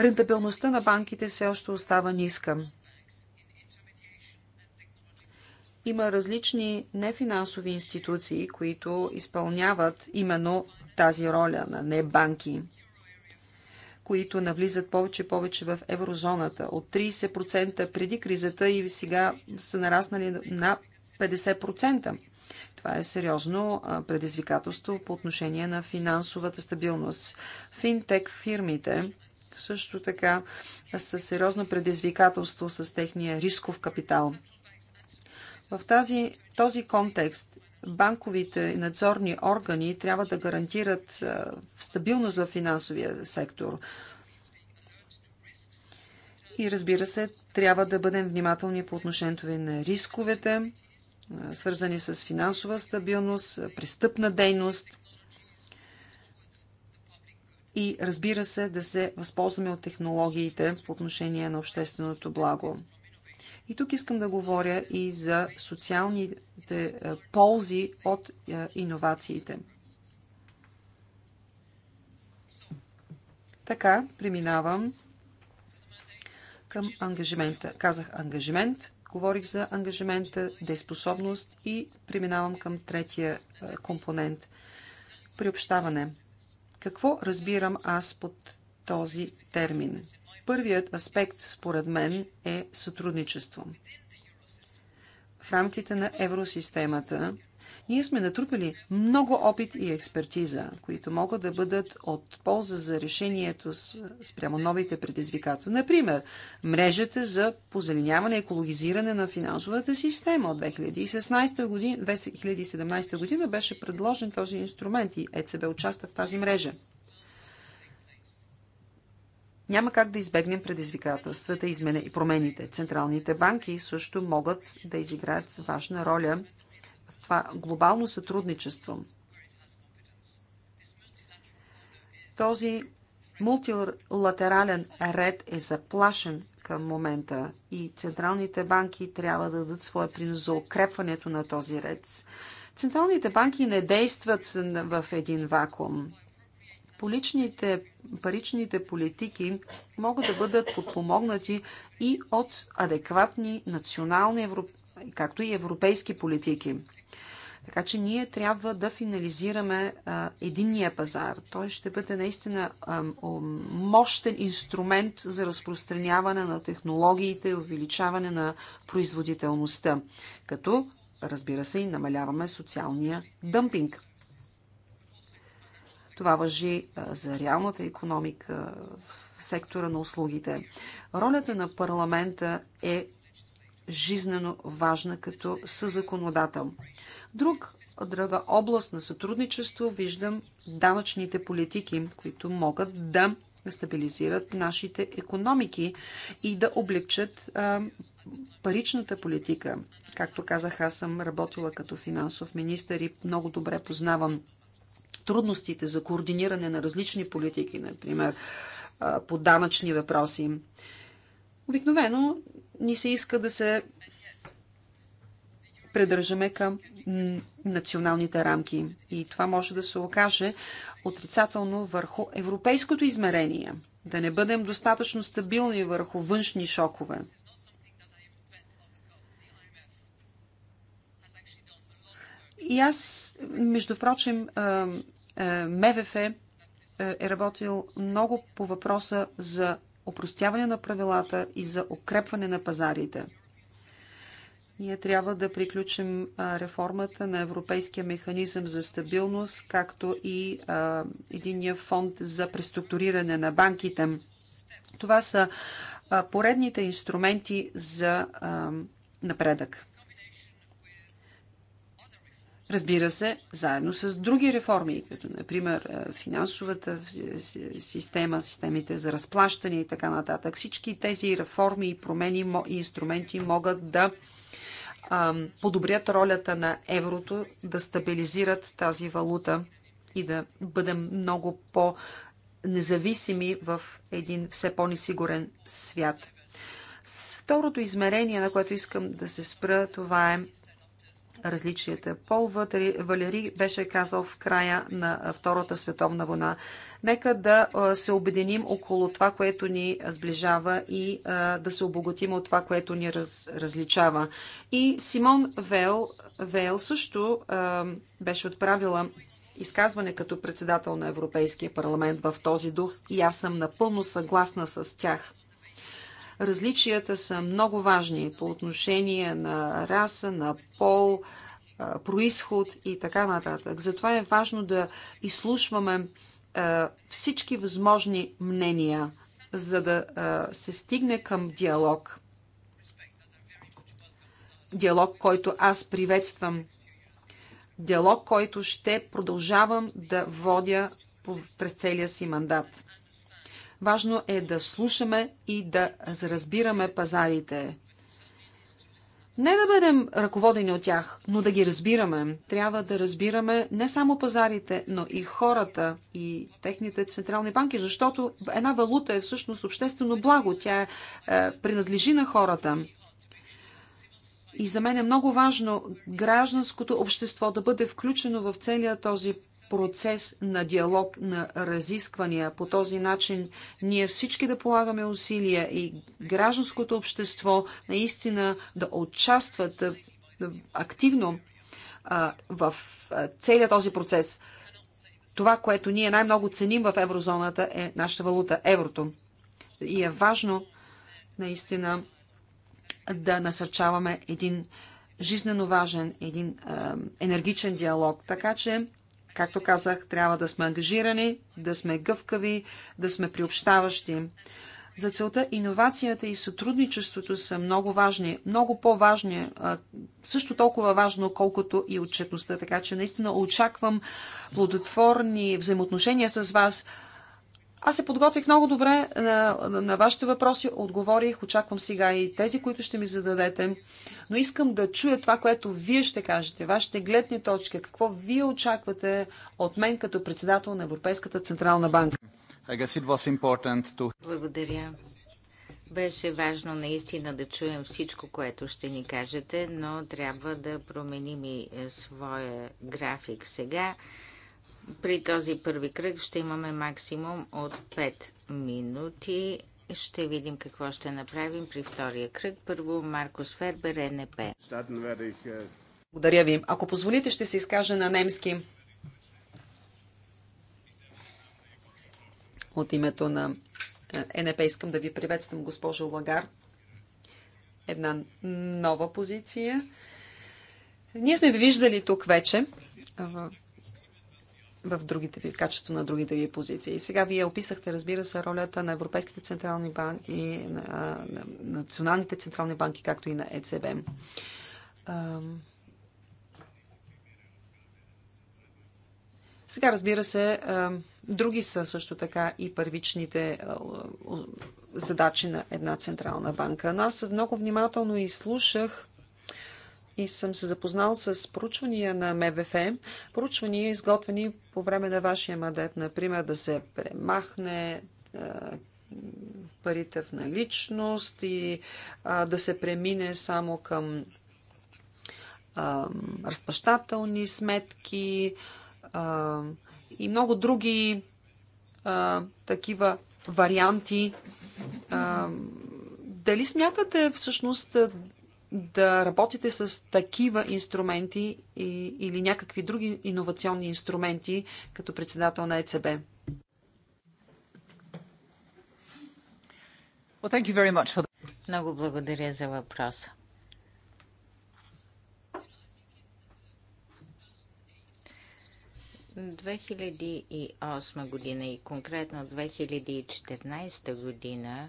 Рентабилността на банките все още остава ниска. Има различни нефинансови институции, които изпълняват именно тази роля на небанки, които навлизат повече и повече в еврозоната. От 30% преди кризата и сега са нараснали на 50%. Това е сериозно предизвикателство по отношение на финансовата стабилност. Финтек фирмите също така са сериозно предизвикателство с техния рисков капитал. В тази, този контекст банковите надзорни органи трябва да гарантират стабилност в финансовия сектор. И разбира се, трябва да бъдем внимателни по отношението на рисковете, свързани с финансова стабилност, престъпна дейност. И разбира се, да се възползваме от технологиите по отношение на общественото благо. И тук искам да говоря и за социалните е, ползи от е, иновациите. Така, преминавам към ангажимента. Казах ангажимент, говорих за ангажимента, деспособност и преминавам към третия е, компонент – приобщаване. Какво разбирам аз под този термин? Първият аспект, според мен, е сътрудничество. В рамките на евросистемата ние сме натрупали много опит и експертиза, които могат да бъдат от полза за решението спрямо новите предизвикателства. Например, мрежата за позеленяване и екологизиране на финансовата система от 2016 година, 2017 година беше предложен този инструмент и ЕЦБ участва в тази мрежа. Няма как да избегнем предизвикателствата, измене и промените. Централните банки също могат да изиграят важна роля в това глобално сътрудничество. Този мултилатерален ред е заплашен към момента и централните банки трябва да дадат своя принос за укрепването на този ред. Централните банки не действат в един вакуум. По личните паричните политики могат да бъдат подпомогнати и от адекватни национални, както и европейски политики. Така че ние трябва да финализираме а, единния пазар. Той ще бъде наистина а, мощен инструмент за разпространяване на технологиите и увеличаване на производителността, като, разбира се, и намаляваме социалния дъмпинг. Това въжи е, за реалната економика в сектора на услугите. Ролята на парламента е жизнено важна като съзаконодател. Друг друга област на сътрудничество виждам данъчните политики, които могат да стабилизират нашите економики и да облегчат а, е, паричната политика. Както казах, аз съм работила като финансов министър и много добре познавам трудностите за координиране на различни политики, например по данъчни въпроси. Обикновено ни се иска да се придържаме към националните рамки. И това може да се окаже отрицателно върху европейското измерение. Да не бъдем достатъчно стабилни върху външни шокове. И аз, между прочим, е, МВФ е, е работил много по въпроса за опростяване на правилата и за укрепване на пазарите. Ние трябва да приключим реформата на Европейския механизъм за стабилност, както и единния единия фонд за преструктуриране на банките. Това са поредните инструменти за напредък. Разбира се, заедно с други реформи, като например е, финансовата е, система, системите за разплащане и така нататък. Всички тези реформи и промени и инструменти могат да подобрят ролята на еврото, да стабилизират тази валута и да бъдем много по-независими в един все по-несигурен свят. С второто измерение, на което искам да се спра, това е различията. Пол Валери беше казал в края на Втората световна война. Нека да се обединим около това, което ни сближава и да се обогатим от това, което ни раз, различава. И Симон Вейл, Вейл също беше отправила изказване като председател на Европейския парламент в този дух и аз съм напълно съгласна с тях. Различията са много важни по отношение на раса, на пол, происход и така нататък. Затова е важно да изслушваме всички възможни мнения, за да се стигне към диалог. Диалог, който аз приветствам. Диалог, който ще продължавам да водя през целия си мандат. Важно е да слушаме и да разбираме пазарите. Не да бъдем ръководени от тях, но да ги разбираме. Трябва да разбираме не само пазарите, но и хората и техните централни банки, защото една валута е всъщност обществено благо. Тя е, принадлежи на хората. И за мен е много важно гражданското общество да бъде включено в целия този процес на диалог, на разисквания. По този начин ние всички да полагаме усилия и гражданското общество наистина да участват активно в целият този процес. Това, което ние най-много ценим в еврозоната е нашата валута, еврото. И е важно наистина да насърчаваме един жизненно важен, един енергичен диалог. Така че Както казах, трябва да сме ангажирани, да сме гъвкави, да сме приобщаващи. За целта иновацията и сътрудничеството са много важни, много по-важни, също толкова важно, колкото и отчетността. Така че наистина очаквам плодотворни взаимоотношения с вас аз се подготвих много добре на, на, на вашите въпроси, отговорих, очаквам сега и тези, които ще ми зададете. Но искам да чуя това, което вие ще кажете, вашите гледни точки, какво вие очаквате от мен като председател на Европейската Централна банка. Благодаря. Беше важно наистина да чуем всичко, което ще ни кажете, но трябва да променим и е, своя график сега. При този първи кръг ще имаме максимум от 5 минути. Ще видим какво ще направим при втория кръг. Първо Маркус Фербер, НП. Благодаря ви. Ако позволите, ще се изкажа на немски. От името на е, НП искам да ви приветствам, госпожо Лагард. Една нова позиция. Ние сме ви виждали тук вече в другите ви, качество на другите ви позиции. И сега вие описахте, разбира се, ролята на Европейските централни банки, на, на националните централни банки, както и на ЕЦБ. Сега, разбира се, други са също така и първичните задачи на една централна банка. Но аз много внимателно изслушах и съм се запознал с проучвания на МВФМ, проучвания изготвени по време на вашия мандат, например да се премахне парите в наличност и а, да се премине само към а, разпащателни сметки а, и много други а, такива варианти. А, дали смятате всъщност да работите с такива инструменти и, или някакви други иновационни инструменти като председател на ЕЦБ? Well, thank you very much for that. Много благодаря за въпроса. В 2008 година и конкретно 2014 година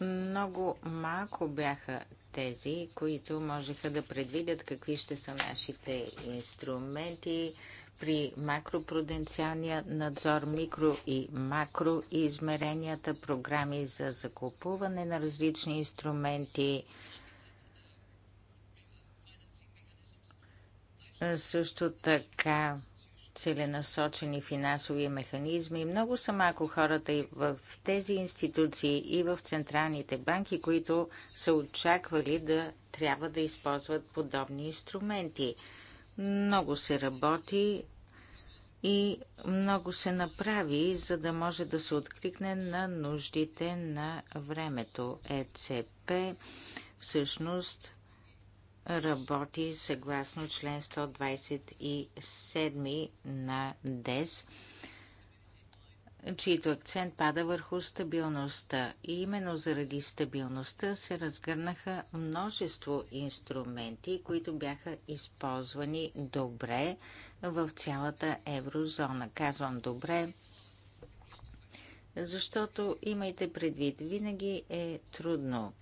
Много малко бяха тези, които можеха да предвидят какви ще са нашите инструменти при макропруденциалния надзор, микро и макро измеренията, програми за закупуване на различни инструменти. Също така целенасочени финансови механизми. Много са малко хората и в тези институции и в централните банки, които са очаквали да трябва да използват подобни инструменти. Много се работи и много се направи, за да може да се откликне на нуждите на времето. ЕЦП всъщност работи съгласно член 127 на ДЕС, чието акцент пада върху стабилността. И именно заради стабилността се разгърнаха множество инструменти, които бяха използвани добре в цялата еврозона. Казвам добре, защото имайте предвид, винаги е трудно.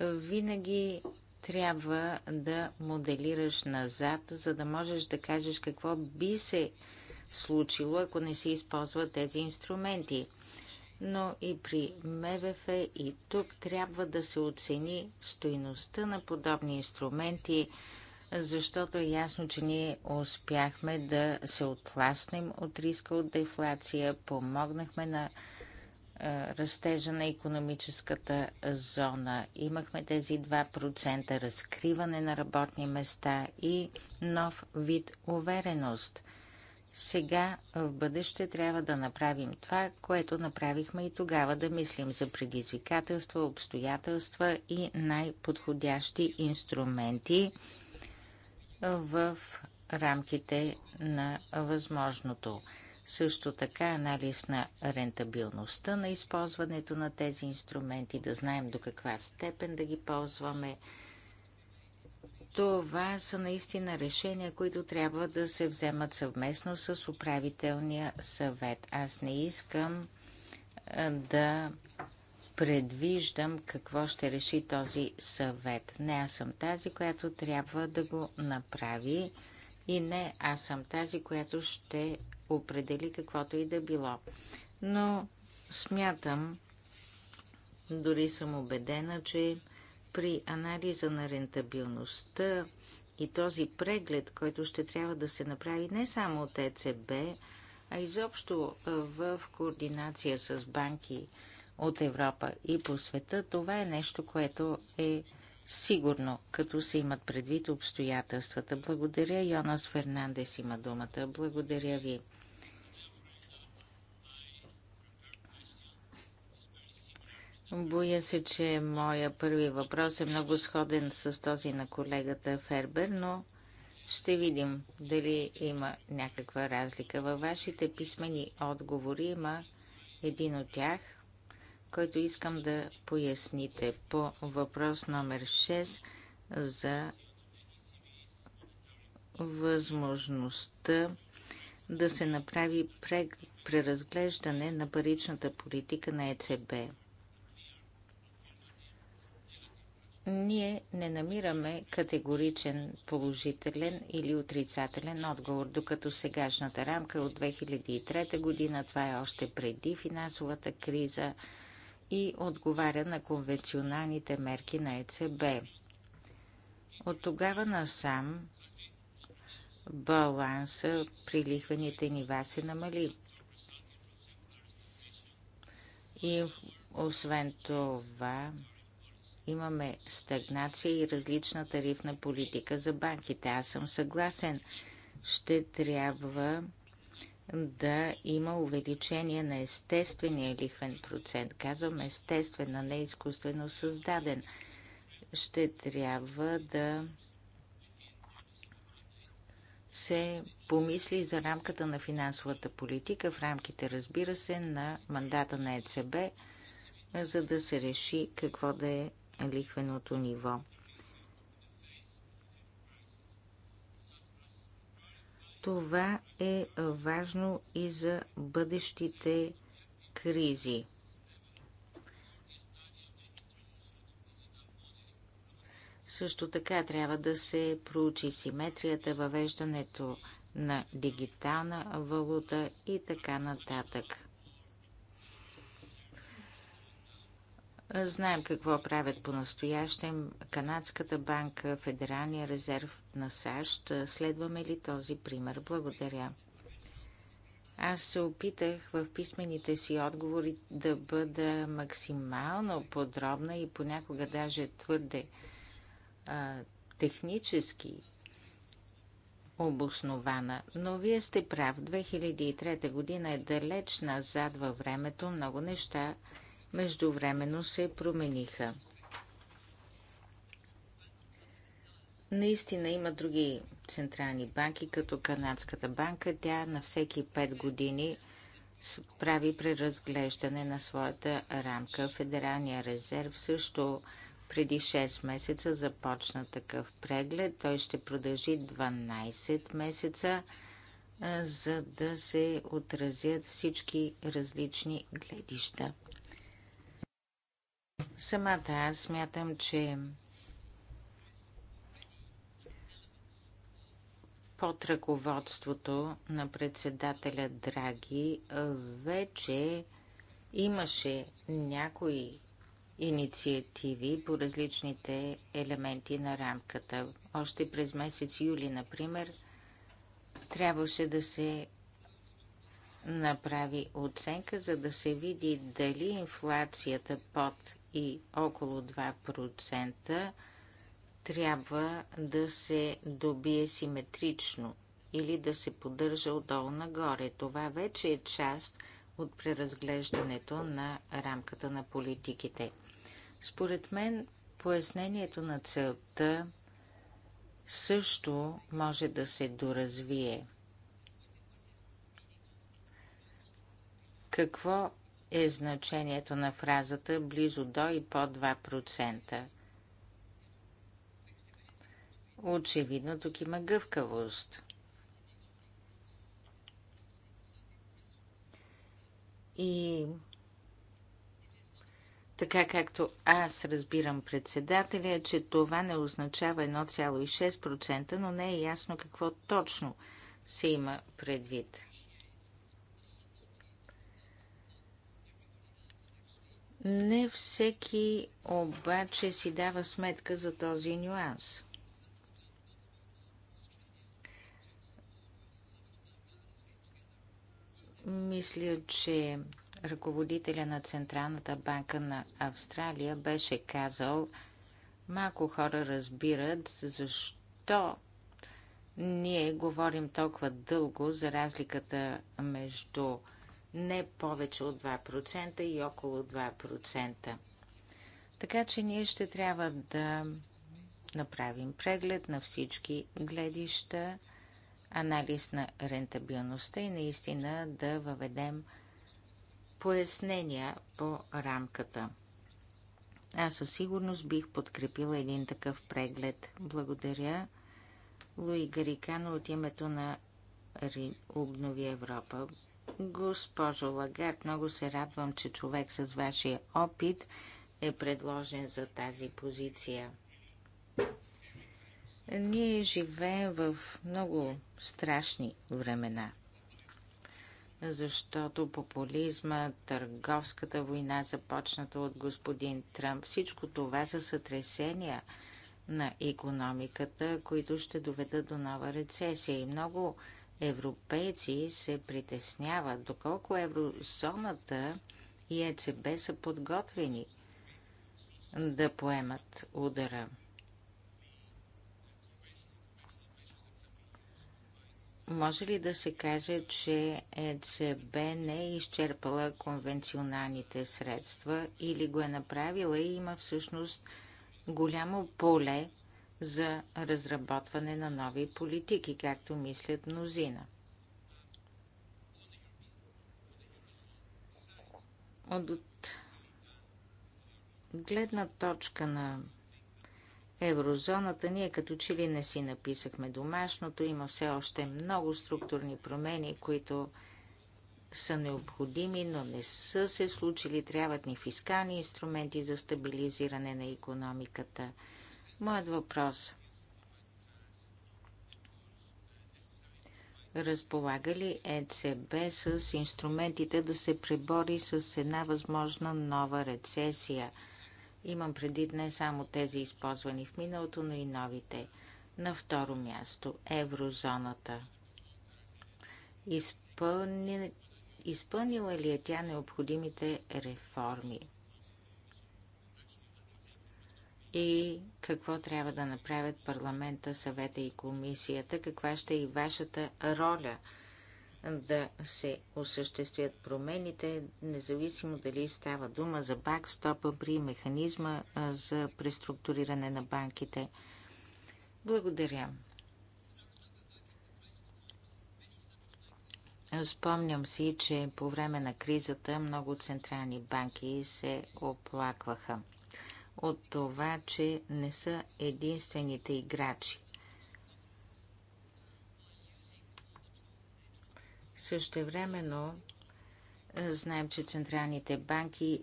Винаги трябва да моделираш назад, за да можеш да кажеш какво би се случило, ако не се използва тези инструменти. Но и при МВФ и тук трябва да се оцени стоиността на подобни инструменти, защото е ясно, че ние успяхме да се отласнем от риска от дефлация, помогнахме на растежа на економическата зона. Имахме тези 2% разкриване на работни места и нов вид увереност. Сега в бъдеще трябва да направим това, което направихме и тогава да мислим за предизвикателства, обстоятелства и най-подходящи инструменти в рамките на възможното също така анализ на рентабилността на използването на тези инструменти, да знаем до каква степен да ги ползваме. Това са наистина решения, които трябва да се вземат съвместно с управителния съвет. Аз не искам да предвиждам какво ще реши този съвет. Не аз съм тази, която трябва да го направи и не аз съм тази, която ще определи каквото и да било. Но смятам, дори съм убедена, че при анализа на рентабилността и този преглед, който ще трябва да се направи не само от ЕЦБ, а изобщо в координация с банки от Европа и по света, това е нещо, което е сигурно, като се имат предвид обстоятелствата. Благодаря, Йонас Фернандес има думата. Благодаря ви. Боя се, че моя първи въпрос е много сходен с този на колегата Фербер, но ще видим дали има някаква разлика. Във вашите писмени отговори има един от тях, който искам да поясните по въпрос номер 6 за възможността да се направи преразглеждане на паричната политика на ЕЦБ. ние не намираме категоричен положителен или отрицателен отговор, докато сегашната рамка е от 2003 година, това е още преди финансовата криза и отговаря на конвенционалните мерки на ЕЦБ. От тогава насам баланса при лихвените нива се намали. И освен това, имаме стагнация и различна тарифна политика за банките. Аз съм съгласен. Ще трябва да има увеличение на естествения лихвен процент. Казвам естествен, а не изкуствено създаден. Ще трябва да се помисли за рамката на финансовата политика в рамките, разбира се, на мандата на ЕЦБ, за да се реши какво да е лихвеното ниво. Това е важно и за бъдещите кризи. Също така трябва да се проучи симетрията, въвеждането на дигитална валута и така нататък. Знаем какво правят по-настоящем Канадската банка, Федералния резерв на САЩ. Следваме ли този пример? Благодаря. Аз се опитах в писмените си отговори да бъда максимално подробна и понякога даже твърде а, технически обоснована. Но вие сте прав. 2003 година е далеч назад във времето. Много неща междувременно се промениха. Наистина има други централни банки, като Канадската банка. Тя на всеки 5 години прави преразглеждане на своята рамка. Федералния резерв също преди 6 месеца започна такъв преглед. Той ще продължи 12 месеца, за да се отразят всички различни гледища. Самата аз смятам, че под ръководството на председателя Драги вече имаше някои инициативи по различните елементи на рамката. Още през месец юли, например, трябваше да се направи оценка, за да се види дали инфлацията под и около 2% трябва да се добие симетрично или да се поддържа отдолу нагоре. Това вече е част от преразглеждането на рамката на политиките. Според мен, пояснението на целта също може да се доразвие. Какво е значението на фразата близо до и по 2%. Очевидно тук има гъвкавост. И така както аз разбирам председателя, че това не означава 1,6%, но не е ясно какво точно се има предвид. Не всеки обаче си дава сметка за този нюанс. Мисля, че ръководителя на Централната банка на Австралия беше казал, малко хора разбират защо ние говорим толкова дълго за разликата между не повече от 2% и около 2%. Така че ние ще трябва да направим преглед на всички гледища, анализ на рентабилността и наистина да въведем пояснения по рамката. Аз със сигурност бих подкрепила един такъв преглед. Благодаря Луи Гарикано от името на Обнови Европа. Госпожо Лагард, много се радвам, че човек с вашия опит е предложен за тази позиция. Ние живеем в много страшни времена, защото популизма, търговската война, започната от господин Тръмп, всичко това са сътресения на економиката, които ще доведат до нова рецесия. И много европейци се притесняват доколко еврозоната и ЕЦБ са подготвени да поемат удара. Може ли да се каже, че ЕЦБ не е изчерпала конвенционалните средства или го е направила и има всъщност голямо поле за разработване на нови политики, както мислят мнозина. От гледна точка на еврозоната, ние като че ли не си написахме домашното, има все още много структурни промени, които са необходими, но не са се случили. Трябват ни фискални инструменти за стабилизиране на економиката – Моят въпрос. Разполага ли ЕЦБ с инструментите да се пребори с една възможна нова рецесия? Имам предвид не само тези използвани в миналото, но и новите. На второ място – еврозоната. Изпълни... Изпълнила ли е тя необходимите реформи? и какво трябва да направят парламента, съвета и комисията, каква ще е и вашата роля да се осъществят промените, независимо дали става дума за бакстопа при механизма за преструктуриране на банките. Благодаря. Спомням си, че по време на кризата много централни банки се оплакваха – от това, че не са единствените играчи. Същевременно знаем, че централните банки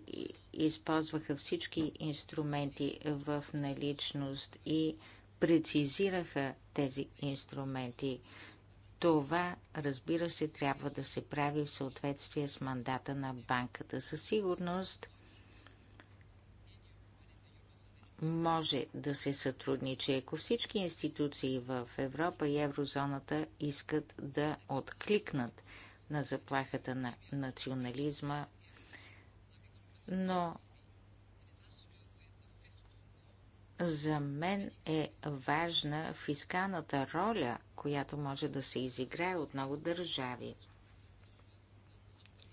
използваха всички инструменти в наличност и прецизираха тези инструменти. Това, разбира се, трябва да се прави в съответствие с мандата на банката. Със сигурност може да се сътрудничи. Ако всички институции в Европа и еврозоната искат да откликнат на заплахата на национализма, но за мен е важна фискалната роля, която може да се изиграе от много държави.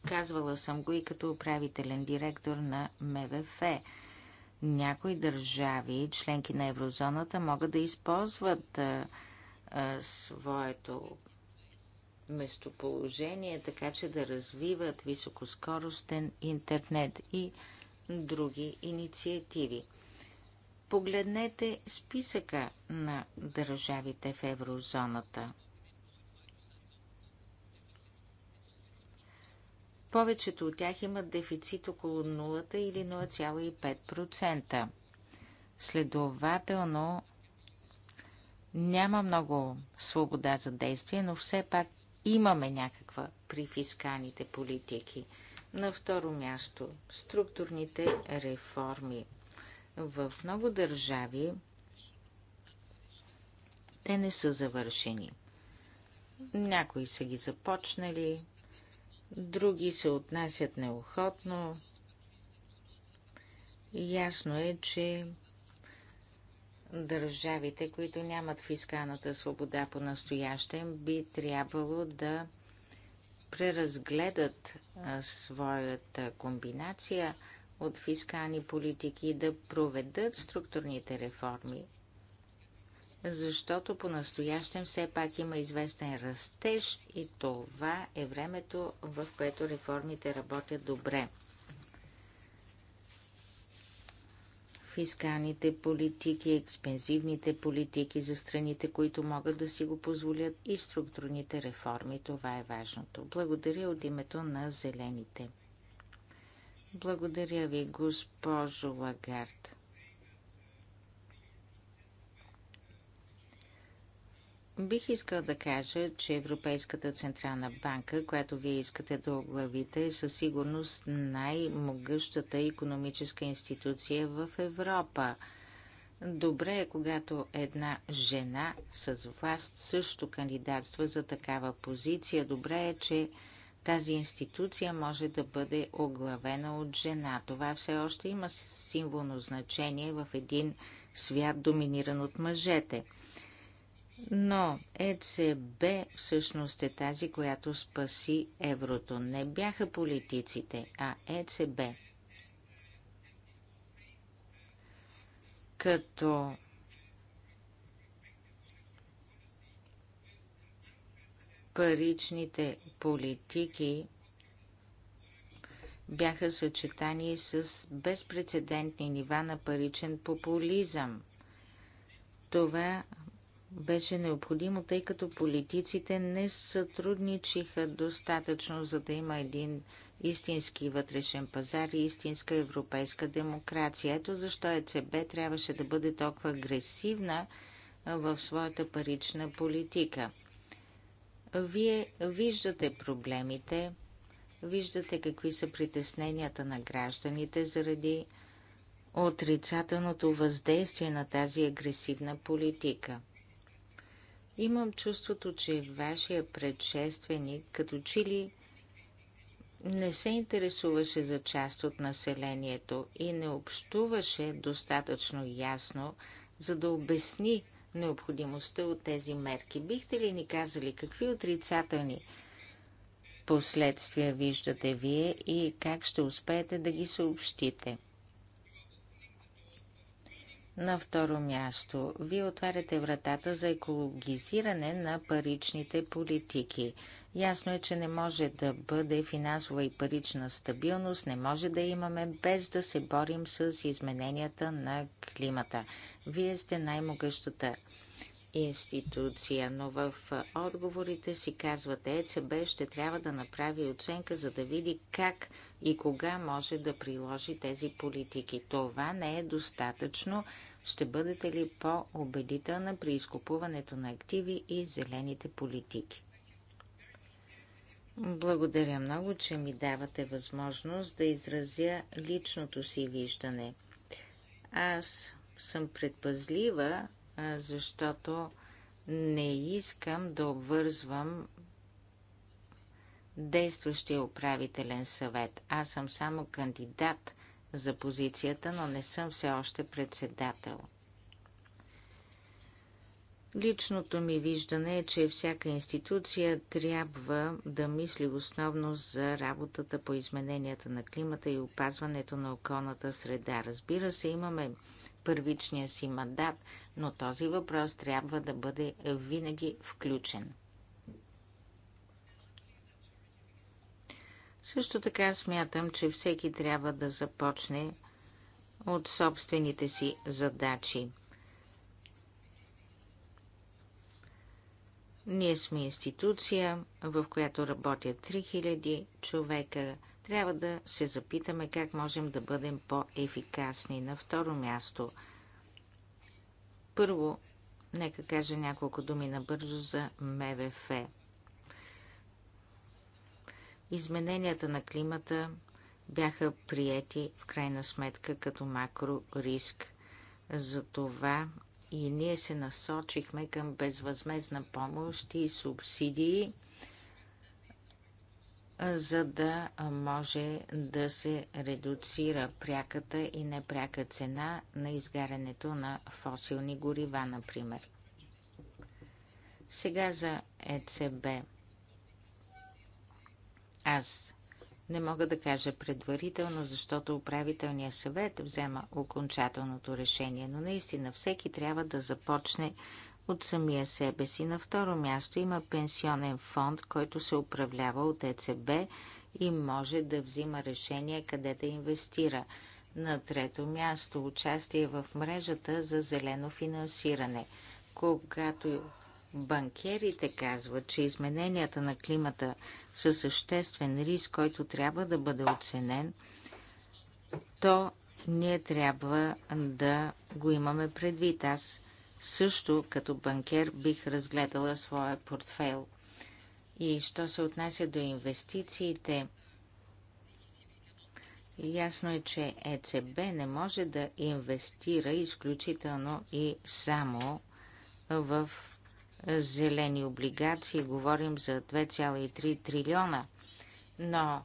Казвала съм го и като управителен директор на МВФ – някои държави, членки на еврозоната, могат да използват а, а, своето местоположение, така че да развиват високоскоростен интернет и други инициативи. Погледнете списъка на държавите в еврозоната – Повечето от тях имат дефицит около 0 или 0,5%. Следователно, няма много свобода за действие, но все пак имаме някаква при фискалните политики. На второ място, структурните реформи. В много държави те не са завършени. Някои са ги започнали, други се отнасят неохотно. Ясно е, че държавите, които нямат фискалната свобода по-настоящем, би трябвало да преразгледат своята комбинация от фискални политики, да проведат структурните реформи защото по-настоящем все пак има известен растеж и това е времето, в което реформите работят добре. Фискалните политики, експензивните политики за страните, които могат да си го позволят и структурните реформи. Това е важното. Благодаря от името на зелените. Благодаря ви, госпожо Лагард. Бих искал да кажа, че Европейската Централна банка, която вие искате да оглавите, е със сигурност най-могъщата економическа институция в Европа. Добре е, когато една жена с власт също кандидатства за такава позиция. Добре е, че тази институция може да бъде оглавена от жена. Това все още има символно значение в един свят, доминиран от мъжете – но ЕЦБ всъщност е тази, която спаси еврото. Не бяха политиците, а ЕЦБ. Като паричните политики бяха съчетани с безпредседентни нива на паричен популизъм. Това беше необходимо, тъй като политиците не сътрудничиха достатъчно, за да има един истински вътрешен пазар и истинска европейска демокрация. Ето защо ЕЦБ трябваше да бъде толкова агресивна в своята парична политика. Вие виждате проблемите, виждате какви са притесненията на гражданите заради отрицателното въздействие на тази агресивна политика – Имам чувството, че вашия предшественик като че ли не се интересуваше за част от населението и не общуваше достатъчно ясно, за да обясни необходимостта от тези мерки. Бихте ли ни казали какви отрицателни последствия виждате вие и как ще успеете да ги съобщите? На второ място, вие отваряте вратата за екологизиране на паричните политики. Ясно е, че не може да бъде финансова и парична стабилност, не може да имаме без да се борим с измененията на климата. Вие сте най-могъщата институция, но в отговорите си казвате, ЕЦБ ще трябва да направи оценка, за да види как и кога може да приложи тези политики. Това не е достатъчно, ще бъдете ли по-убедителна при изкупуването на активи и зелените политики? Благодаря много, че ми давате възможност да изразя личното си виждане. Аз съм предпазлива, защото не искам да обвързвам действащия управителен съвет. Аз съм само кандидат за позицията, но не съм все още председател. Личното ми виждане е, че всяка институция трябва да мисли основно за работата по измененията на климата и опазването на околната среда. Разбира се, имаме първичния си мандат, но този въпрос трябва да бъде винаги включен. Също така смятам, че всеки трябва да започне от собствените си задачи. Ние сме институция, в която работят 3000 човека. Трябва да се запитаме как можем да бъдем по-ефикасни. На второ място, първо, нека кажа няколко думи набързо за МВФ. Измененията на климата бяха приети в крайна сметка като макро риск. Затова и ние се насочихме към безвъзмезна помощ и субсидии, за да може да се редуцира пряката и непряка цена на изгарянето на фосилни горива, например. Сега за ЕЦБ. Аз не мога да кажа предварително, защото управителният съвет взема окончателното решение, но наистина всеки трябва да започне от самия себе си. На второ място има пенсионен фонд, който се управлява от ЕЦБ и може да взима решение къде да инвестира. На трето място участие в мрежата за зелено финансиране. Когато Банкерите казват, че измененията на климата са съществен риск, който трябва да бъде оценен, то ние трябва да го имаме предвид. Аз също като банкер бих разгледала своя портфел. И що се отнася до инвестициите, ясно е, че ЕЦБ не може да инвестира изключително и само в зелени облигации, говорим за 2,3 трилиона, но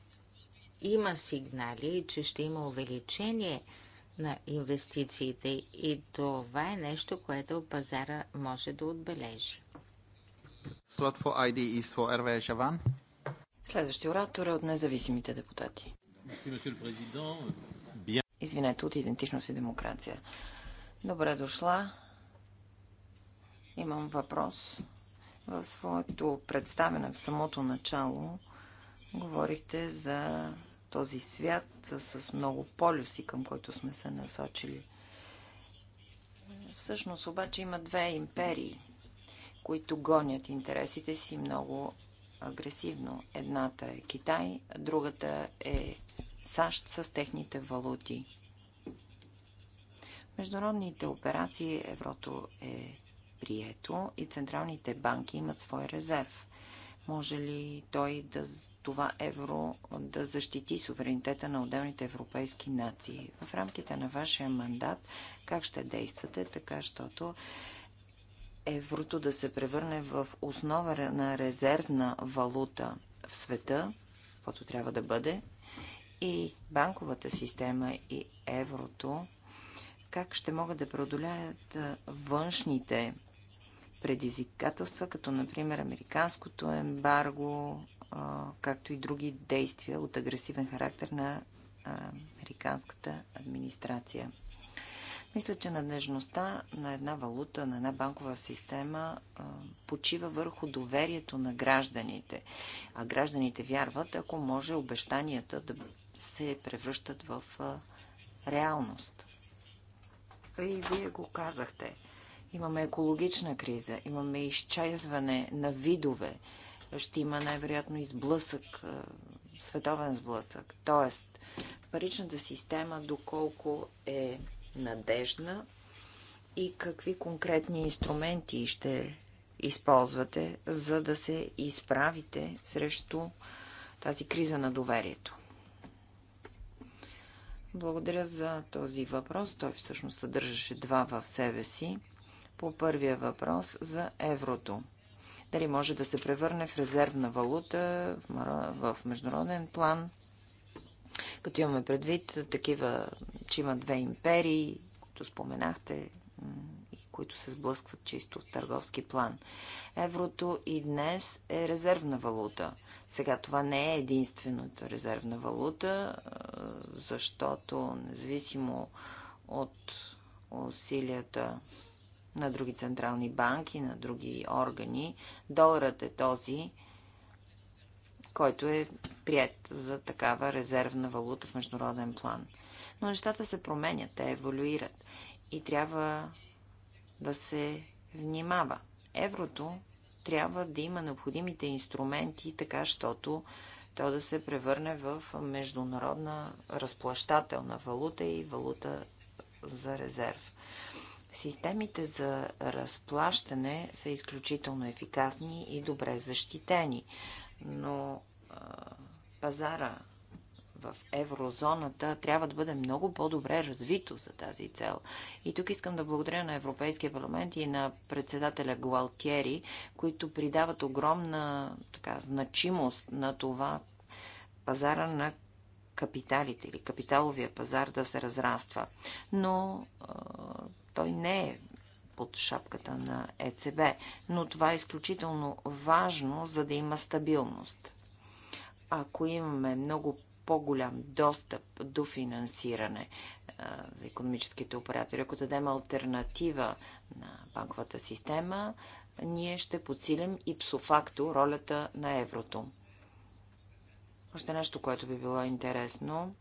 има сигнали, че ще има увеличение на инвестициите и това е нещо, което пазара може да отбележи. Следващия оратор е от независимите депутати. Извинете, от идентичност и демокрация. Добре дошла. Имам въпрос. В своето представяне в самото начало говорихте за този свят с много полюси, към който сме се насочили. Всъщност обаче има две империи, които гонят интересите си много агресивно. Едната е Китай, другата е САЩ с техните валути. Международните операции еврото е прието и централните банки имат свой резерв. Може ли той да, това евро да защити суверенитета на отделните европейски нации? В рамките на вашия мандат как ще действате така, щото еврото да се превърне в основа на резервна валута в света, което трябва да бъде, и банковата система и еврото, как ще могат да преодоляят външните предизвикателства, като например американското ембарго, както и други действия от агресивен характер на американската администрация. Мисля, че надежността на една валута, на една банкова система почива върху доверието на гражданите. А гражданите вярват, ако може обещанията да се превръщат в реалност. И вие го казахте. Имаме екологична криза, имаме изчезване на видове, ще има най-вероятно изблъсък, световен сблъсък. Тоест, паричната система доколко е надежна и какви конкретни инструменти ще използвате, за да се изправите срещу тази криза на доверието. Благодаря за този въпрос. Той всъщност съдържаше два в себе си по първия въпрос за еврото. Дали може да се превърне в резервна валута в международен план, като имаме предвид такива, че има две империи, които споменахте, и които се сблъскват чисто в търговски план. Еврото и днес е резервна валута. Сега това не е единствената резервна валута, защото независимо от усилията на други централни банки, на други органи. Доларът е този, който е прият за такава резервна валута в международен план. Но нещата се променят, те еволюират и трябва да се внимава. Еврото трябва да има необходимите инструменти, така щото то да се превърне в международна разплащателна валута и валута за резерв. Системите за разплащане са изключително ефикасни и добре защитени, но пазара в еврозоната трябва да бъде много по-добре развито за тази цел. И тук искам да благодаря на Европейския парламент и на председателя Гуалтиери, които придават огромна така, значимост на това пазара на капиталите или капиталовия пазар да се разраства. Но той не е под шапката на ЕЦБ, но това е изключително важно, за да има стабилност. Ако имаме много по-голям достъп до финансиране а, за економическите оператори, ако дадем альтернатива на банковата система, ние ще подсилим и псофакто ролята на еврото. Още нещо, което би било интересно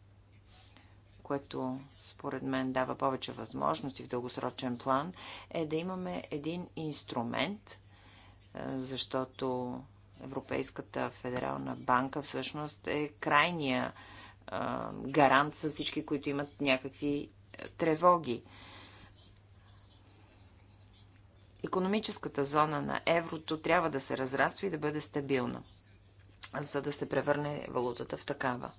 което според мен дава повече възможности в дългосрочен план, е да имаме един инструмент, е, защото Европейската федерална банка всъщност е крайния е, гарант за всички, които имат някакви е, тревоги. Економическата зона на еврото трябва да се разраства и да бъде стабилна, за да се превърне валутата в такава.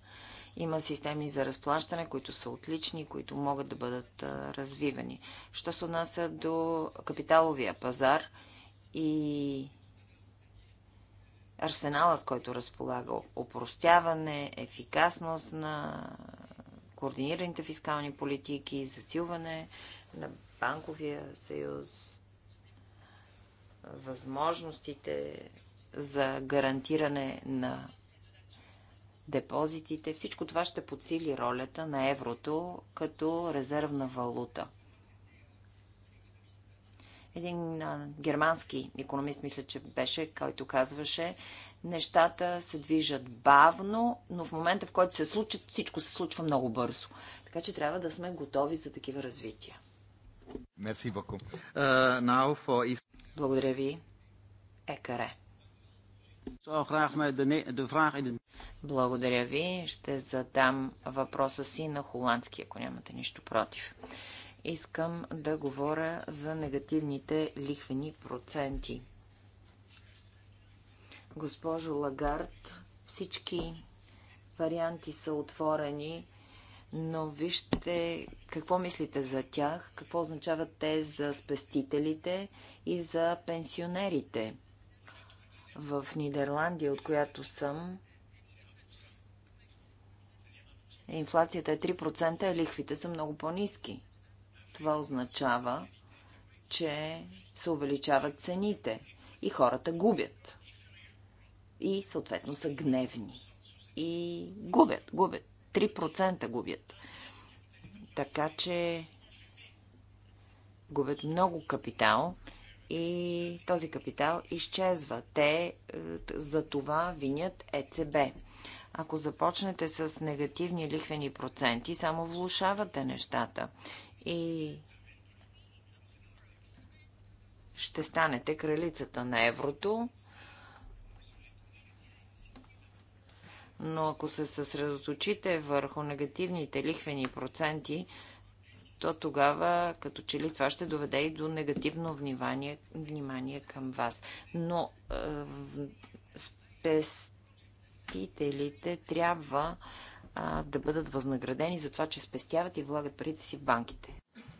Има системи за разплащане, които са отлични, които могат да бъдат развивани. Що се отнася до капиталовия пазар и арсенала, с който разполага опростяване, ефикасност на координираните фискални политики, засилване на банковия съюз, възможностите за гарантиране на депозитите. Всичко това ще подсили ролята на еврото като резервна валута. Един а, германски економист, мисля, че беше, който казваше, нещата се движат бавно, но в момента, в който се случат, всичко се случва много бързо. Така че трябва да сме готови за такива развития. Uh, Благодаря ви. Екаре. Благодаря ви. Ще задам въпроса си на холандски, ако нямате нищо против. Искам да говоря за негативните лихвени проценти. Госпожо Лагард, всички варианти са отворени, но вижте какво мислите за тях, какво означават те за спестителите и за пенсионерите – в Нидерландия, от която съм, инфлацията е 3%, а лихвите са много по-низки. Това означава, че се увеличават цените и хората губят. И съответно са гневни. И губят, губят. 3% губят. Така че губят много капитал и този капитал изчезва. Те е, за това винят ЕЦБ. Ако започнете с негативни лихвени проценти, само влушавате нещата и ще станете кралицата на еврото. Но ако се съсредоточите върху негативните лихвени проценти, то тогава като че ли това ще доведе и до негативно внимание, внимание към вас. Но е, спестителите трябва е, да бъдат възнаградени за това, че спестяват и влагат парите си в банките.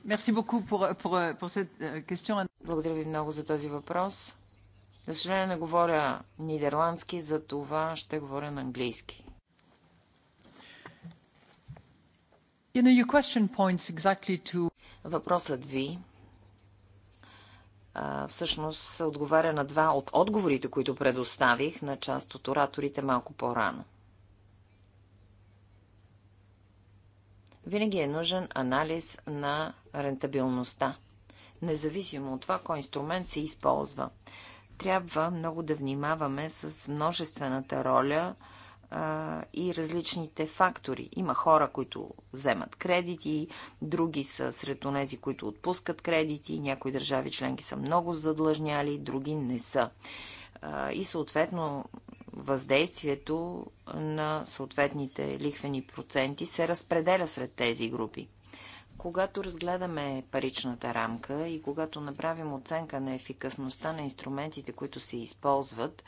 Euh, Благодаря ви много за този въпрос. За съжаление не говоря нидерландски, за това ще говоря на английски. Въпросът ви всъщност отговаря на два от отговорите, които предоставих на част от ораторите малко по-рано. Винаги е нужен анализ на рентабилността, независимо от това кой инструмент се използва. Трябва много да внимаваме с множествената роля, а, и различните фактори. Има хора, които вземат кредити, други са сред онези, които отпускат кредити, някои държави членки са много задлъжняли, други не са. А, и съответно въздействието на съответните лихвени проценти се разпределя сред тези групи. Когато разгледаме паричната рамка и когато направим оценка на ефикасността на инструментите, които се използват,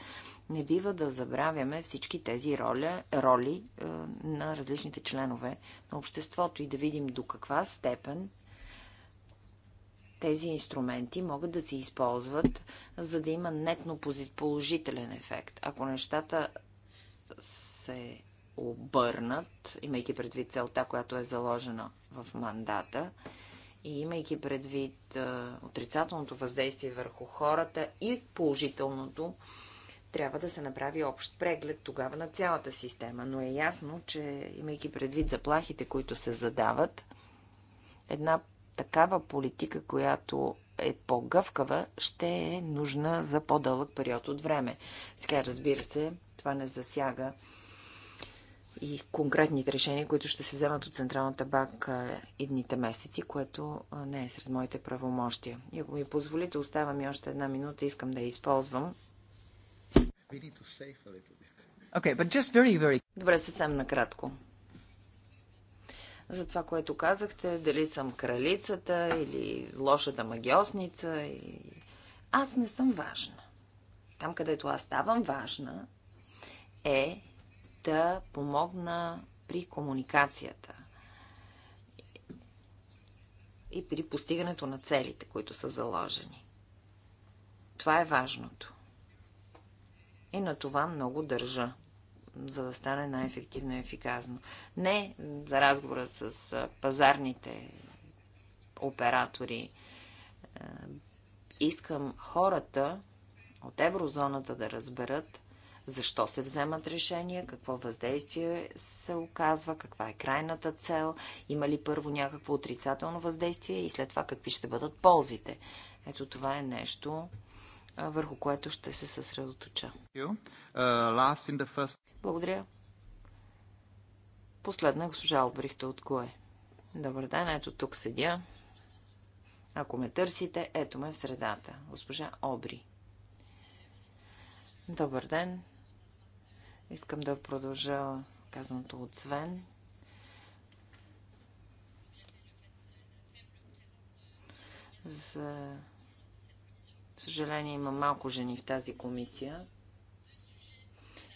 не бива да забравяме всички тези роля, роли е, на различните членове на обществото и да видим до каква степен тези инструменти могат да се използват, за да има нетно положителен ефект. Ако нещата се обърнат, имайки предвид целта, която е заложена в мандата, и имайки предвид е, отрицателното въздействие върху хората и положителното, трябва да се направи общ преглед тогава на цялата система. Но е ясно, че имайки предвид заплахите, които се задават, една такава политика, която е по-гъвкава, ще е нужна за по-дълъг период от време. Сега, разбира се, това не засяга и конкретните решения, които ще се вземат от Централната банка едните месеци, което не е сред моите правомощия. И ако ми позволите, оставам и още една минута, искам да я използвам Okay, but just very, very... Добре, съвсем накратко. За това, което казахте, дали съм кралицата или лошата магиосница. Или... Аз не съм важна. Там, където аз ставам важна, е да помогна при комуникацията и при постигането на целите, които са заложени. Това е важното. И на това много държа, за да стане най-ефективно и ефиказно. Не за разговора с пазарните оператори. Искам хората от еврозоната да разберат, защо се вземат решения, какво въздействие се оказва, каква е крайната цел, има ли първо някакво отрицателно въздействие и след това какви ще бъдат ползите. Ето това е нещо, върху което ще се съсредоточа. Uh, Благодаря. Последна е госпожа Албрихта от Кое. Добър ден, ето тук седя. Ако ме търсите, ето ме в средата. Госпожа Обри. Добър ден. Искам да продължа казаното от Свен. За Съжаление, има малко жени в тази комисия.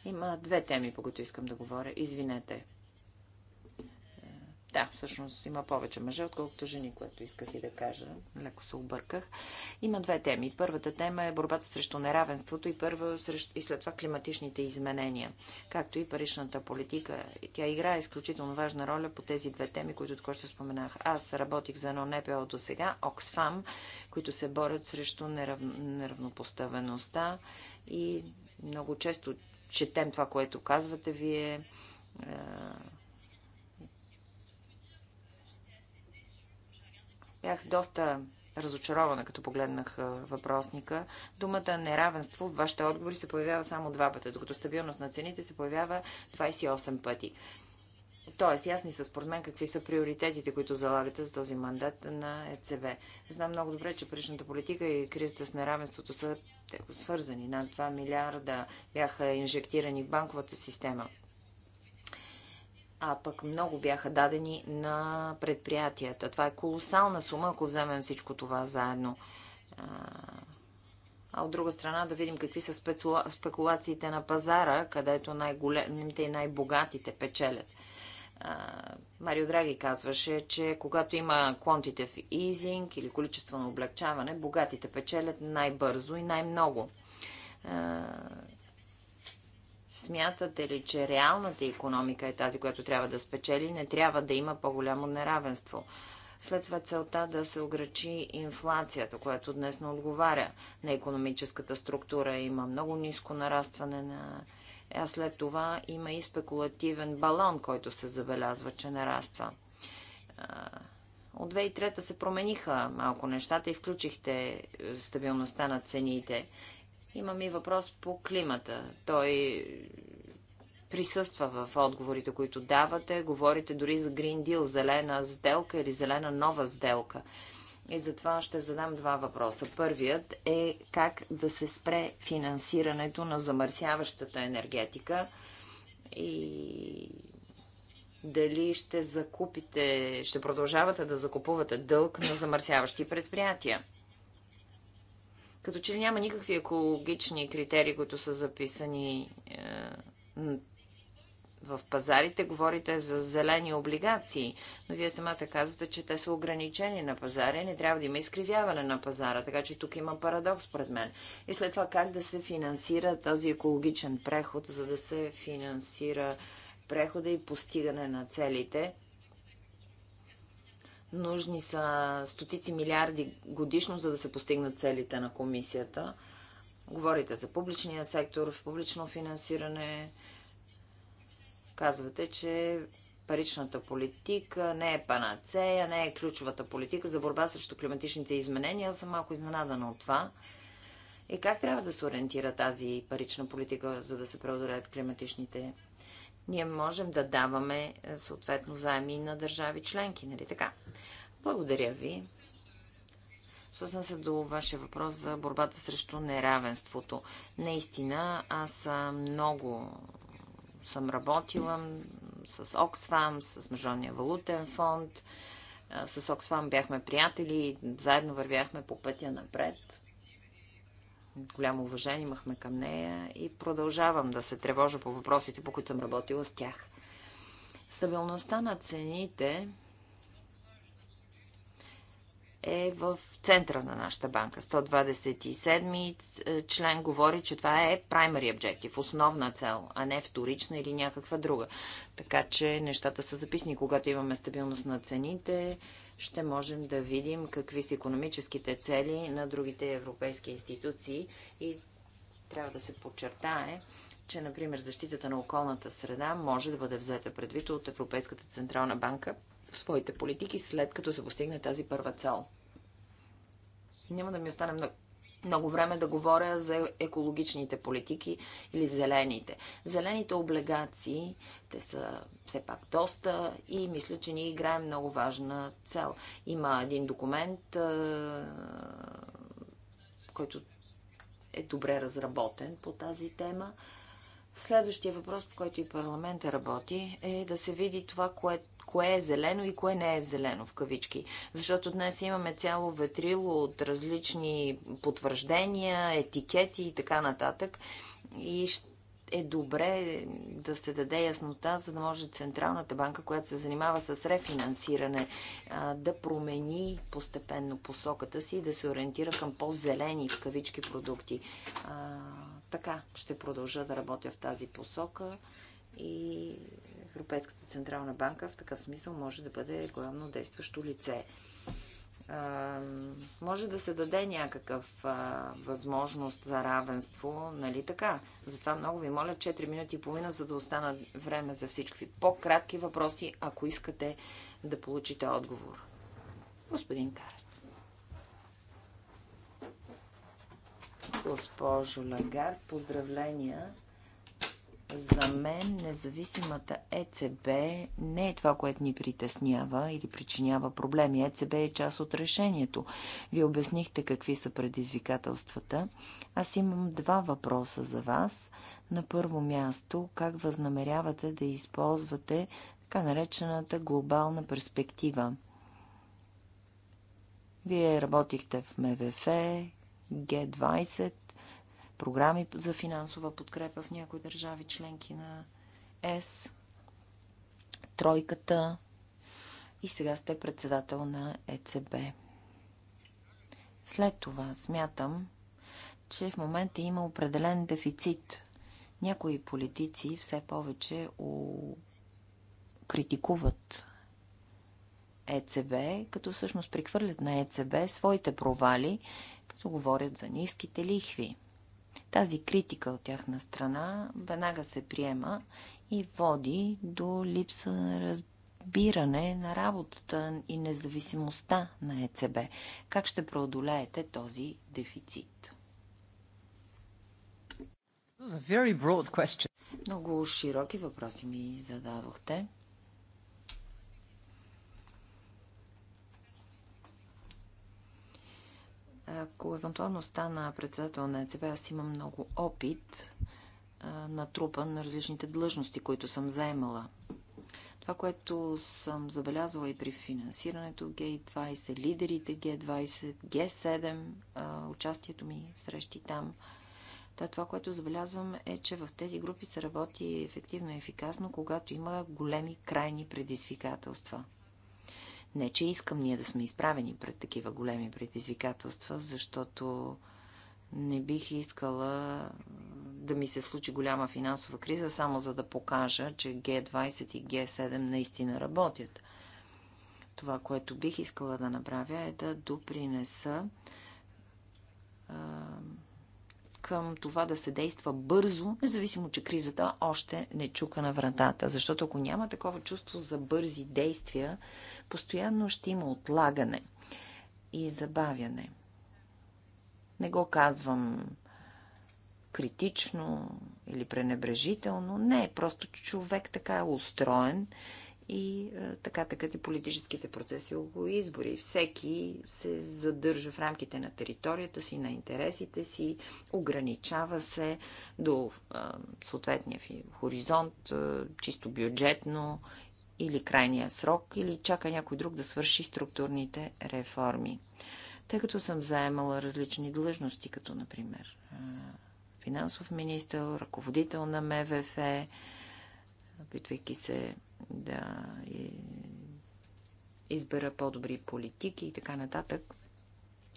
Има две теми, по които искам да говоря. Извинете. Да, всъщност има повече мъже, отколкото жени, което исках и да кажа. Леко се обърках. Има две теми. Първата тема е борбата срещу неравенството и, първа, и след това климатичните изменения, както и паричната политика. Тя играе изключително важна роля по тези две теми, които тук ще споменах. Аз работих за едно НПО до сега, Оксфам, които се борят срещу нерав... неравнопоставеността и много често четем това, което казвате вие е, Бях доста разочарована, като погледнах въпросника. Думата неравенство в вашите отговори се появява само два пъти, докато стабилност на цените се появява 28 пъти. Тоест, ясни са според мен какви са приоритетите, които залагате за този мандат на ЕЦВ. Знам много добре, че паричната политика и кризата с неравенството са свързани. Над 2 милиарда бяха инжектирани в банковата система а пък много бяха дадени на предприятията. Това е колосална сума, ако вземем всичко това заедно. А от друга страна да видим какви са спекулациите на пазара, където най-големите и най-богатите печелят. Марио Драги казваше, че когато има quantitative easing или количествено облегчаване, богатите печелят най-бързо и най-много. Смятате ли, че реалната економика е тази, която трябва да спечели? Не трябва да има по-голямо неравенство. След това целта да се ограчи инфлацията, която днес не отговаря на економическата структура. Има много ниско нарастване на а след това има и спекулативен балон, който се забелязва, че нараства. От 2003 се промениха малко нещата и включихте е, стабилността на цените. Имам и въпрос по климата. Той присъства в отговорите, които давате. Говорите дори за Green Deal, зелена сделка или зелена нова сделка. И затова ще задам два въпроса. Първият е как да се спре финансирането на замърсяващата енергетика и дали ще закупите, ще продължавате да закупувате дълг на замърсяващи предприятия. Като че ли няма никакви екологични критерии, които са записани е, в пазарите, говорите за зелени облигации, но вие самата казвате, че те са ограничени на пазара и не трябва да има изкривяване на пазара, така че тук има парадокс пред мен. И след това как да се финансира този екологичен преход, за да се финансира прехода и постигане на целите Нужни са стотици милиарди годишно, за да се постигнат целите на комисията. Говорите за публичния сектор, в публично финансиране. Казвате, че паричната политика не е панацея, не е ключовата политика за борба срещу климатичните изменения. Аз съм малко изненадана от това. И как трябва да се ориентира тази парична политика, за да се преодолеят климатичните ние можем да даваме е, съответно заеми на държави членки, нали така? Благодаря ви. Свързан се до вашия въпрос за борбата срещу неравенството. Наистина, аз много съм работила с Оксфам, с Международния валутен фонд. Е, с Оксфам бяхме приятели, заедно вървяхме по пътя напред голямо уважение имахме към нея и продължавам да се тревожа по въпросите, по които съм работила с тях. Стабилността на цените е в центъра на нашата банка. 127 е, член говори, че това е primary objective, основна цел, а не вторична или някаква друга. Така че нещата са записани. Когато имаме стабилност на цените, ще можем да видим какви са економическите цели на другите европейски институции и трябва да се подчертае, че, например, защитата на околната среда може да бъде взета предвид от Европейската Централна банка в своите политики, след като се постигне тази първа цел. Няма да ми остане много много време да говоря за екологичните политики или зелените. Зелените облигации, те са все пак доста и мисля, че ние играем много важна цел. Има един документ, който е добре разработен по тази тема. Следващия въпрос, по който и парламента работи, е да се види това, което кое е зелено и кое не е зелено в кавички. Защото днес имаме цяло ветрило от различни потвърждения, етикети и така нататък. И е добре да се даде яснота, за да може Централната банка, която се занимава с рефинансиране, да промени постепенно посоката си и да се ориентира към по-зелени в кавички продукти. Така ще продължа да работя в тази посока и Европейската централна банка в такъв смисъл може да бъде главно действащо лице. А, може да се даде някакъв а, възможност за равенство, нали така? Затова много ви моля 4 минути и половина, за да остана време за всички по-кратки въпроси, ако искате да получите отговор. Господин Карат. Госпожо Лагард, поздравления за мен независимата ЕЦБ не е това, което ни притеснява или причинява проблеми. ЕЦБ е част от решението. Ви обяснихте какви са предизвикателствата. Аз имам два въпроса за вас. На първо място, как възнамерявате да използвате така наречената глобална перспектива? Вие работихте в МВФ, Г20, програми за финансова подкрепа в някои държави членки на ЕС, тройката и сега сте председател на ЕЦБ. След това смятам, че в момента има определен дефицит. Някои политици все повече у... критикуват ЕЦБ, като всъщност прихвърлят на ЕЦБ своите провали, като говорят за ниските лихви. Тази критика от тяхна страна веднага се приема и води до липса на разбиране на работата и независимостта на ЕЦБ. Как ще преодолеете този дефицит? Много широки въпроси ми зададохте. Ако евентуално стана председател на ЕЦБ, аз имам много опит натрупан на различните длъжности, които съм заемала. Това, което съм забелязала и при финансирането G20, лидерите G20, G7, участието ми в срещи там, това, което забелязвам е, че в тези групи се работи ефективно и ефикасно, когато има големи крайни предизвикателства – не, че искам ние да сме изправени пред такива големи предизвикателства, защото не бих искала да ми се случи голяма финансова криза, само за да покажа, че G20 и G7 наистина работят. Това, което бих искала да направя е да допринеса а, към това да се действа бързо, независимо, че кризата още не чука на вратата. Защото ако няма такова чувство за бързи действия, постоянно ще има отлагане и забавяне. Не го казвам критично или пренебрежително. Не, просто човек така е устроен и е, така така и политическите процеси около избори. Всеки се задържа в рамките на територията си, на интересите си, ограничава се до е, съответния хоризонт, е, чисто бюджетно или крайния срок, или чака някой друг да свърши структурните реформи. Тъй като съм заемала различни длъжности, като например финансов министър, ръководител на МВФ, опитвайки се да избера по-добри политики и така нататък,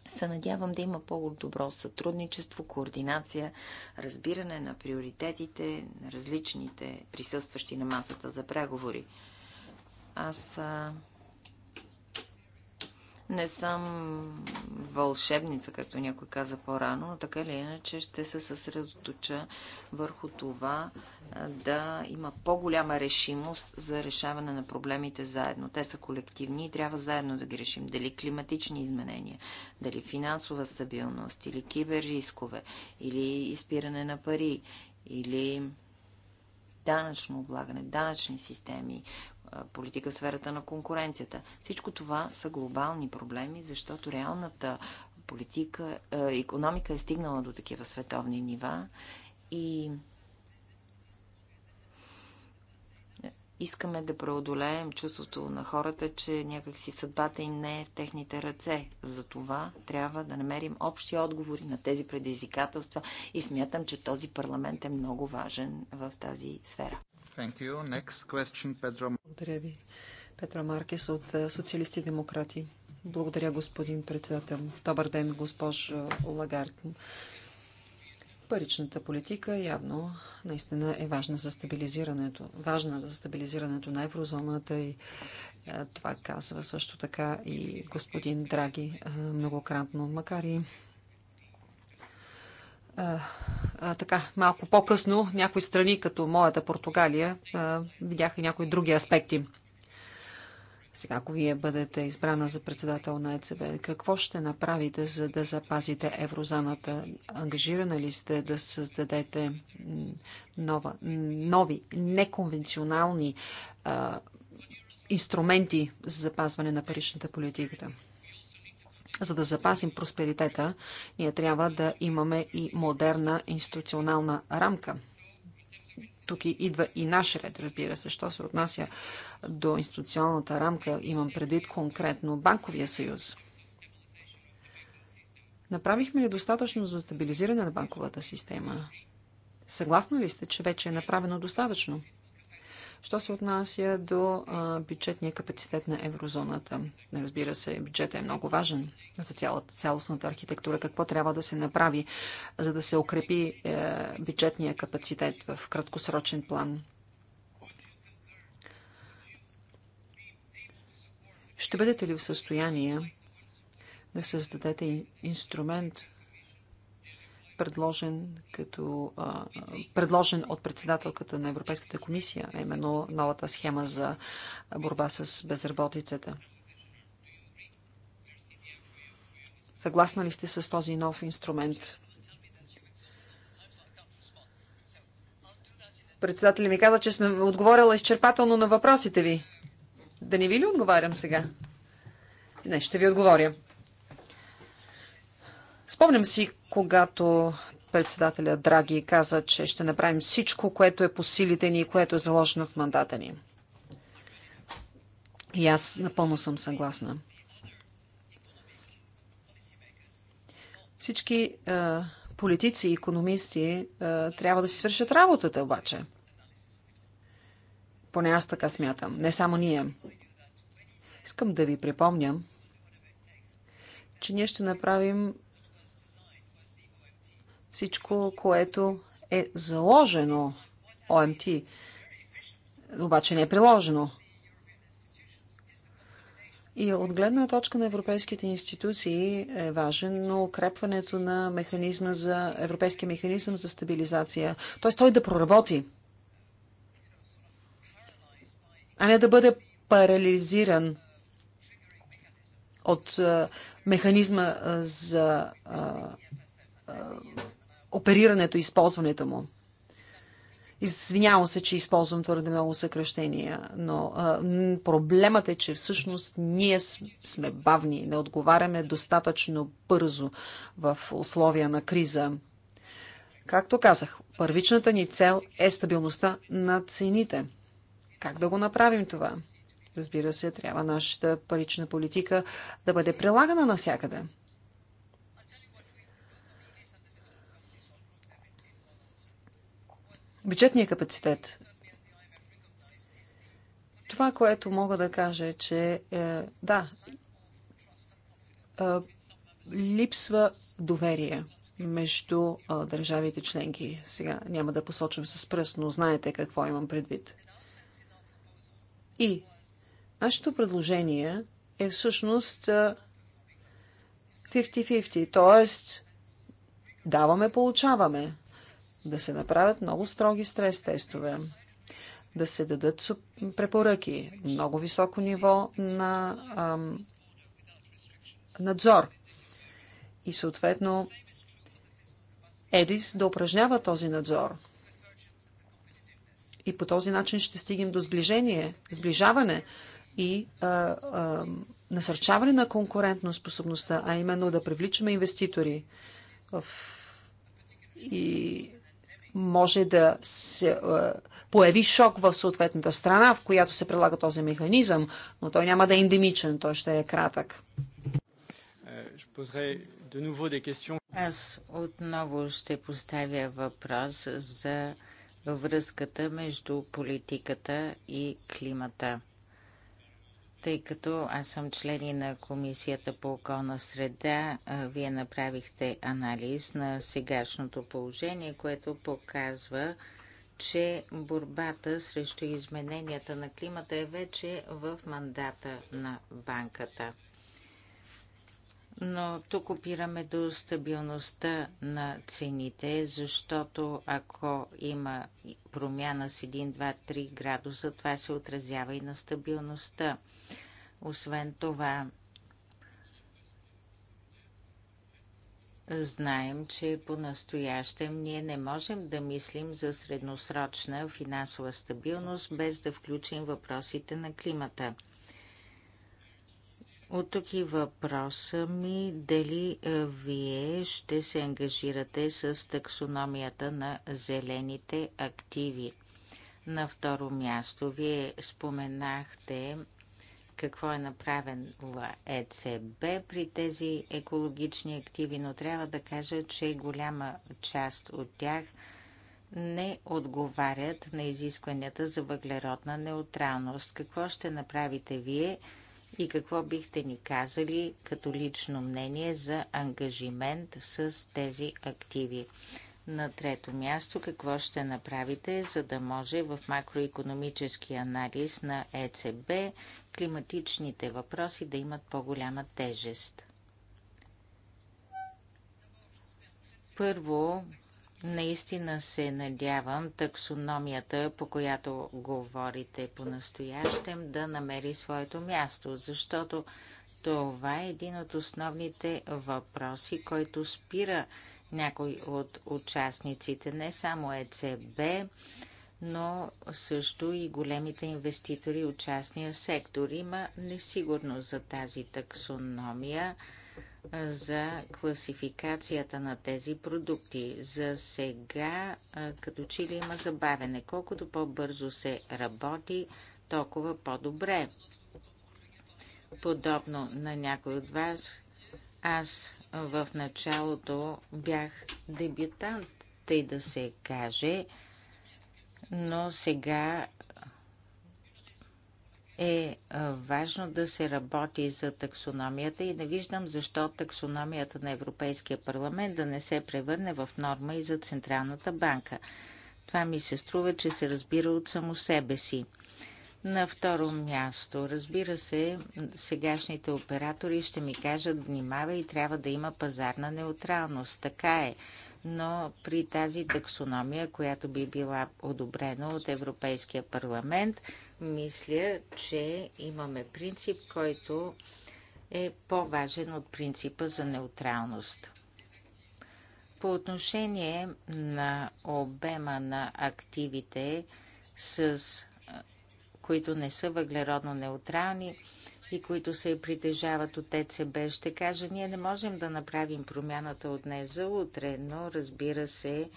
се надявам да има по-добро сътрудничество, координация, разбиране на приоритетите на различните присъстващи на масата за преговори. Аз а... не съм вълшебница, както някой каза по-рано, но така или иначе ще се съсредоточа върху това да има по-голяма решимост за решаване на проблемите заедно. Те са колективни и трябва заедно да ги решим. Дали климатични изменения, дали финансова стабилност, или киберрискове, или изпиране на пари, или данъчно облагане, данъчни системи, политика в сферата на конкуренцията. Всичко това са глобални проблеми, защото реалната политика, економика е стигнала до такива световни нива и искаме да преодолеем чувството на хората, че някакси съдбата им не е в техните ръце. За това трябва да намерим общи отговори на тези предизвикателства и смятам, че този парламент е много важен в тази сфера. Thank you. Next question, Pedro. Благодаря ви. Петра Маркес от е, Социалисти демократи. Благодаря, господин председател. Добър ден, госпожо Лагард. Паричната политика явно наистина е важна за стабилизирането, важна за стабилизирането на еврозоната и е, това казва също така и господин Драги е, многократно, макар и така малко по-късно някои страни, като моята Португалия, видяха някои други аспекти. Сега, ако вие бъдете избрана за председател на ЕЦБ, какво ще направите, за да запазите еврозаната? Ангажирана ли сте да създадете нова, нови, неконвенционални а, инструменти за запазване на паричната политиката? За да запазим просперитета, ние трябва да имаме и модерна институционална рамка. Тук идва и наш ред, разбира се, що се отнася до институционалната рамка, имам предвид конкретно Банковия съюз. Направихме ли достатъчно за стабилизиране на банковата система? Съгласна ли сте, че вече е направено достатъчно? Що се отнася до бюджетния капацитет на еврозоната? Разбира се, бюджетът е много важен за цялата цялостната архитектура. Какво трябва да се направи, за да се укрепи е, бюджетния капацитет в краткосрочен план? Ще бъдете ли в състояние да създадете инструмент предложен, като, а, предложен от председателката на Европейската комисия, а именно новата схема за борба с безработицата. Съгласна ли сте с този нов инструмент? Председателя ми каза, че сме отговорила изчерпателно на въпросите ви. Да не ви ли отговарям сега? Не, ще ви отговоря. Спомням си когато председателя Драги каза, че ще направим всичко, което е по силите ни и което е заложено в мандата ни. И аз напълно съм съгласна. Всички а, политици и економисти а, трябва да си свършат работата обаче. Поне аз така смятам. Не само ние. Искам да ви припомня, че ние ще направим всичко, което е заложено ОМТ, обаче не е приложено. И от гледна точка на европейските институции е важен, но укрепването на механизма за европейския механизъм за стабилизация, т.е. той да проработи, а не да бъде парализиран от механизма за оперирането и използването му. Извинявам се, че използвам твърде много съкръщения, но а, проблемът е, че всъщност ние сме бавни, не отговаряме достатъчно бързо в условия на криза. Както казах, първичната ни цел е стабилността на цените. Как да го направим това? Разбира се, трябва нашата парична политика да бъде прилагана навсякъде. бюджетния капацитет. Това, което мога да кажа е, че е, да, е, липсва доверие между е, държавите членки. Сега няма да посочвам с пръст, но знаете какво имам предвид. И нашето предложение е всъщност 50-50, е, т.е. даваме, получаваме да се направят много строги стрес тестове, да се дадат препоръки, много високо ниво на ам, надзор и съответно ЕДИС да упражнява този надзор. И по този начин ще стигнем до сближение, сближаване и а, а, насърчаване на конкурентно способността, а именно да привличаме инвеститори в и може да се е, появи шок в съответната страна, в която се прилага този механизъм, но той няма да е ендемичен, той ще е кратък. Аз отново ще поставя въпрос за връзката между политиката и климата тъй като аз съм член на Комисията по околна среда, вие направихте анализ на сегашното положение, което показва, че борбата срещу измененията на климата е вече в мандата на банката. Но тук опираме до стабилността на цените, защото ако има промяна с 1, 2, 3 градуса, това се отразява и на стабилността. Освен това, знаем, че по-настоящем ние не можем да мислим за средносрочна финансова стабилност без да включим въпросите на климата. От тук и въпроса ми дали вие ще се ангажирате с таксономията на зелените активи. На второ място, вие споменахте какво е направила ЕЦБ при тези екологични активи, но трябва да кажа, че голяма част от тях не отговарят на изискванията за въглеродна неутралност. Какво ще направите вие и какво бихте ни казали като лично мнение за ангажимент с тези активи? На трето място, какво ще направите, за да може в макроекономически анализ на ЕЦБ климатичните въпроси да имат по-голяма тежест? Първо, наистина се надявам таксономията, по която говорите по-настоящем, да намери своето място, защото това е един от основните въпроси, който спира някои от участниците, не само ЕЦБ, но също и големите инвеститори от частния сектор. Има несигурност за тази таксономия, за класификацията на тези продукти. За сега, като че ли има забавене, колкото по-бързо се работи, толкова по-добре. Подобно на някой от вас, аз в началото бях дебютант, тъй да се каже, но сега е важно да се работи за таксономията и не виждам защо таксономията на Европейския парламент да не се превърне в норма и за Централната банка. Това ми се струва, че се разбира от само себе си. На второ място, разбира се, сегашните оператори ще ми кажат, внимава и трябва да има пазарна неутралност. Така е. Но при тази таксономия, която би била одобрена от Европейския парламент, мисля, че имаме принцип, който е по-важен от принципа за неутралност. По отношение на обема на активите с които не са въглеродно неутрални и които се притежават от ЕЦБ. Ще кажа, ние не можем да направим промяната от днес за утре, но разбира се,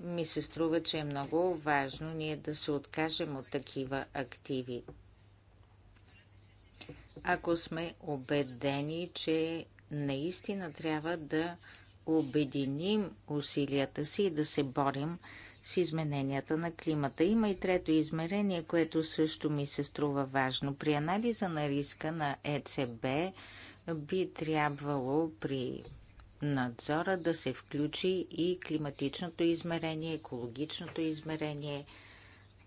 ми се струва, че е много важно ние да се откажем от такива активи. Ако сме убедени, че наистина трябва да обединим усилията си и да се борим с измененията на климата. Има и трето измерение, което също ми се струва важно. При анализа на риска на ЕЦБ би трябвало при надзора да се включи и климатичното измерение, екологичното измерение.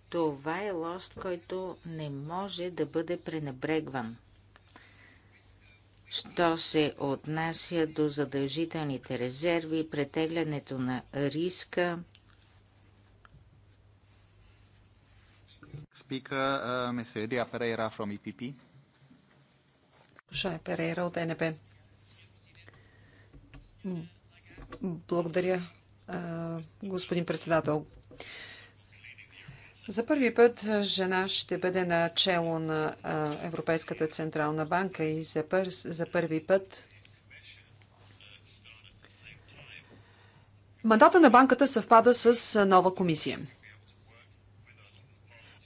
Това е лост, който не може да бъде пренебрегван. Що се отнася до задължителните резерви, претеглянето на риска, Speaker, uh, Mr. Pereira from EPP. от Благодаря, господин председател. За първи път жена ще бъде на чело на Европейската централна банка и за, пър, за първи път мандата на банката съвпада с нова комисия.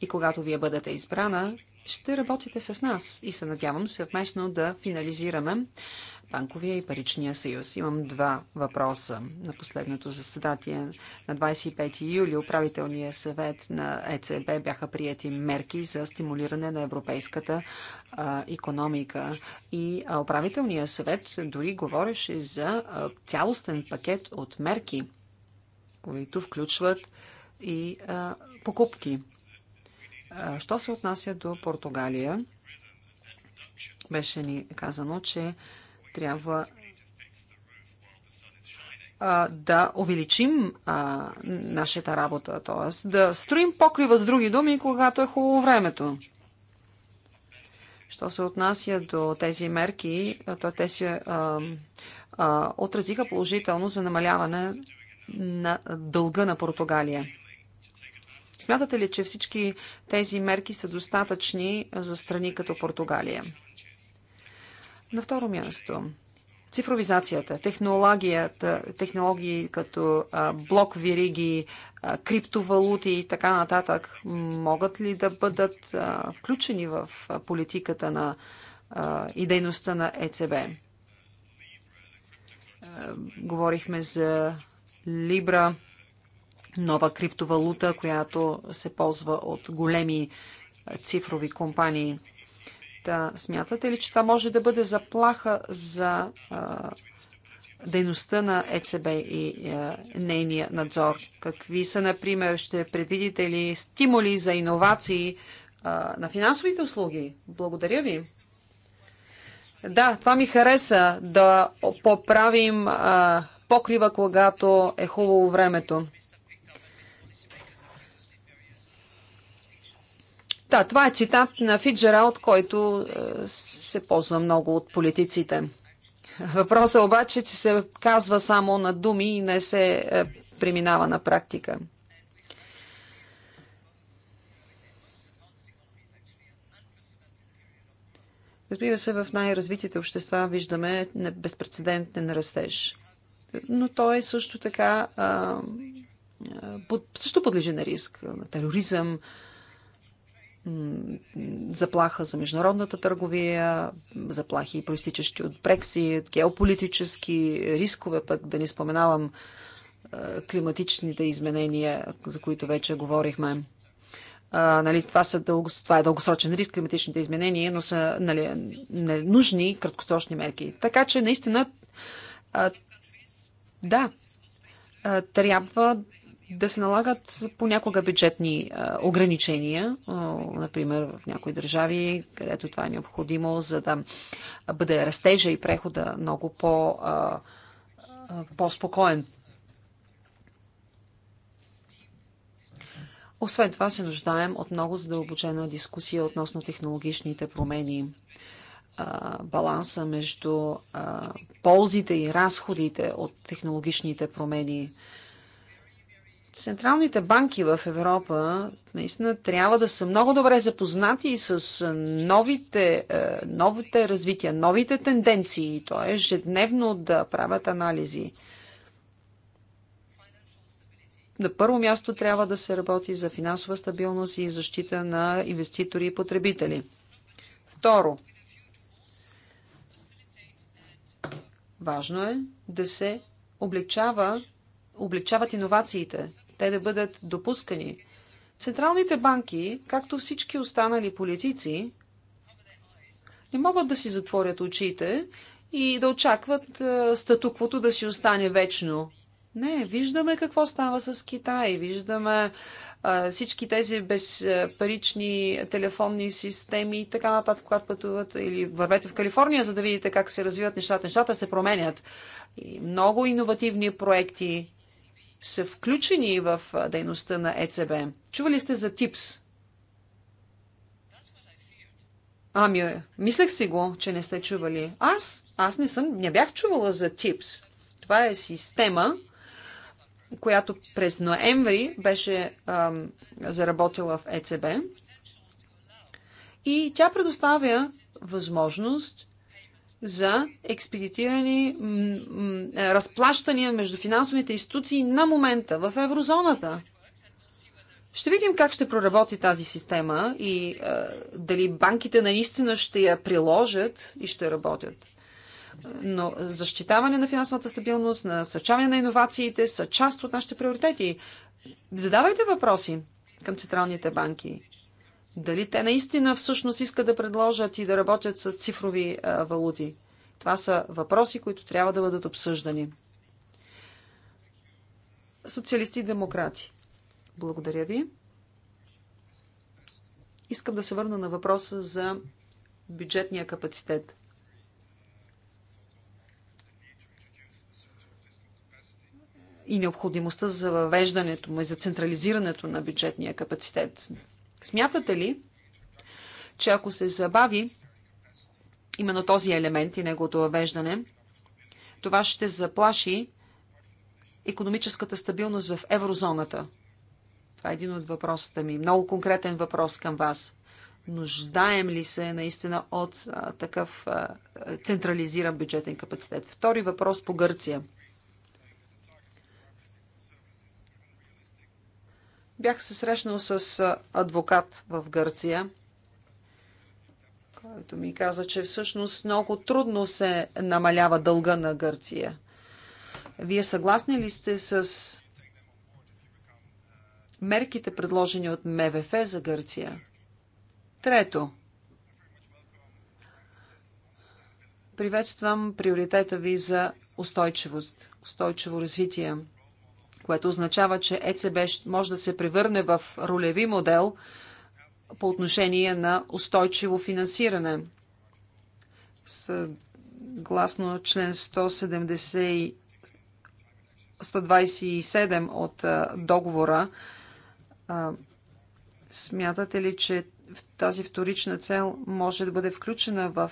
И когато вие бъдете избрана, ще работите с нас и се надявам съвместно да финализираме Банковия и Паричния съюз. Имам два въпроса на последното заседание. На 25 юли управителния съвет на ЕЦБ бяха прияти мерки за стимулиране на европейската а, економика. И управителният управителния съвет дори говореше за а, цялостен пакет от мерки, които включват и а, покупки Що се отнася до Португалия, беше ни казано, че трябва да увеличим а, нашата работа, т.е. да строим покрива с други думи, когато е хубаво времето. Що се отнася до тези мерки, то те се отразиха положително за намаляване на дълга на Португалия. Смятате ли, че всички тези мерки са достатъчни за страни като Португалия? На второ място, цифровизацията, технологията, технологии като блок вириги, криптовалути и така нататък могат ли да бъдат включени в политиката на и дейността на ЕЦБ? Говорихме за Либра нова криптовалута, която се ползва от големи цифрови компании. Та, смятате ли, че това може да бъде заплаха за а, дейността на ЕЦБ и а, нейния надзор? Какви са, например, ще предвидите ли стимули за иновации а, на финансовите услуги? Благодаря ви. Да, това ми хареса да поправим а, покрива, когато е хубаво времето. Да, това е цитат на Фиджералд, който е, се ползва много от политиците. Въпросът обаче, че се казва само на думи и не се е, преминава на практика. Разбира се, в най-развитите общества виждаме безпредседентен растеж. Но той също така а, под, също подлежи на риск на тероризъм, заплаха за международната търговия, заплахи, проистичащи от Брексит, геополитически рискове, пък да не споменавам климатичните изменения, за които вече говорихме. А, нали, това, са дълго, това е дългосрочен риск, климатичните изменения, но са нали, нужни краткосрочни мерки. Така че наистина, а, да, а, трябва да се налагат понякога бюджетни ограничения, например в някои държави, където това е необходимо, за да бъде растежа и прехода много по, по-спокоен. Освен това се нуждаем от много задълбочена дискусия относно технологичните промени баланса между ползите и разходите от технологичните промени, Централните банки в Европа наистина трябва да са много добре запознати с е, новите, е, новите развития, новите тенденции, е ежедневно да правят анализи. На първо място трябва да се работи за финансова стабилност и защита на инвеститори и потребители. Второ, важно е да се облегчава облегчават иновациите, те да бъдат допускани. Централните банки, както всички останали политици, не могат да си затворят очите и да очакват е, статуквото да си остане вечно. Не, виждаме какво става с Китай, виждаме а, е, всички тези безпарични телефонни системи и така нататък, когато пътуват или вървете в Калифорния, за да видите как се развиват нещата. Нещата се променят. И много иновативни проекти са включени в дейността на ЕЦБ. Чували сте за ТИПС? Ами, мислех си го, че не сте чували. Аз, аз не съм, не бях чувала за ТИПС. Това е система, която през ноември беше ам, заработила в ЕЦБ. И тя предоставя възможност за експедитирани е, разплащания между финансовите институции на момента в еврозоната. Ще видим как ще проработи тази система и а, е, дали банките наистина ще я приложат и ще работят. Но защитаване на финансовата стабилност, на съчаване на иновациите са част от нашите приоритети. Задавайте въпроси към централните банки дали те наистина всъщност искат да предложат и да работят с цифрови е, валути. Това са въпроси, които трябва да бъдат обсъждани. Социалисти и демократи. Благодаря ви. Искам да се върна на въпроса за бюджетния капацитет. И необходимостта за въвеждането му и за централизирането на бюджетния капацитет. Смятате ли, че ако се забави именно този елемент и неговото въвеждане, това ще заплаши економическата стабилност в еврозоната? Това е един от въпросите ми. Много конкретен въпрос към вас. Нуждаем ли се наистина от а, такъв а, централизиран бюджетен капацитет? Втори въпрос по Гърция. Бях се срещнал с адвокат в Гърция, който ми каза, че всъщност много трудно се намалява дълга на Гърция. Вие съгласни ли сте с мерките, предложени от МВФ за Гърция? Трето. Приветствам приоритета ви за устойчивост, устойчиво развитие което означава, че ЕЦБ може да се превърне в ролеви модел по отношение на устойчиво финансиране. Съгласно член 170, 127 от договора, смятате ли, че тази вторична цел може да бъде включена в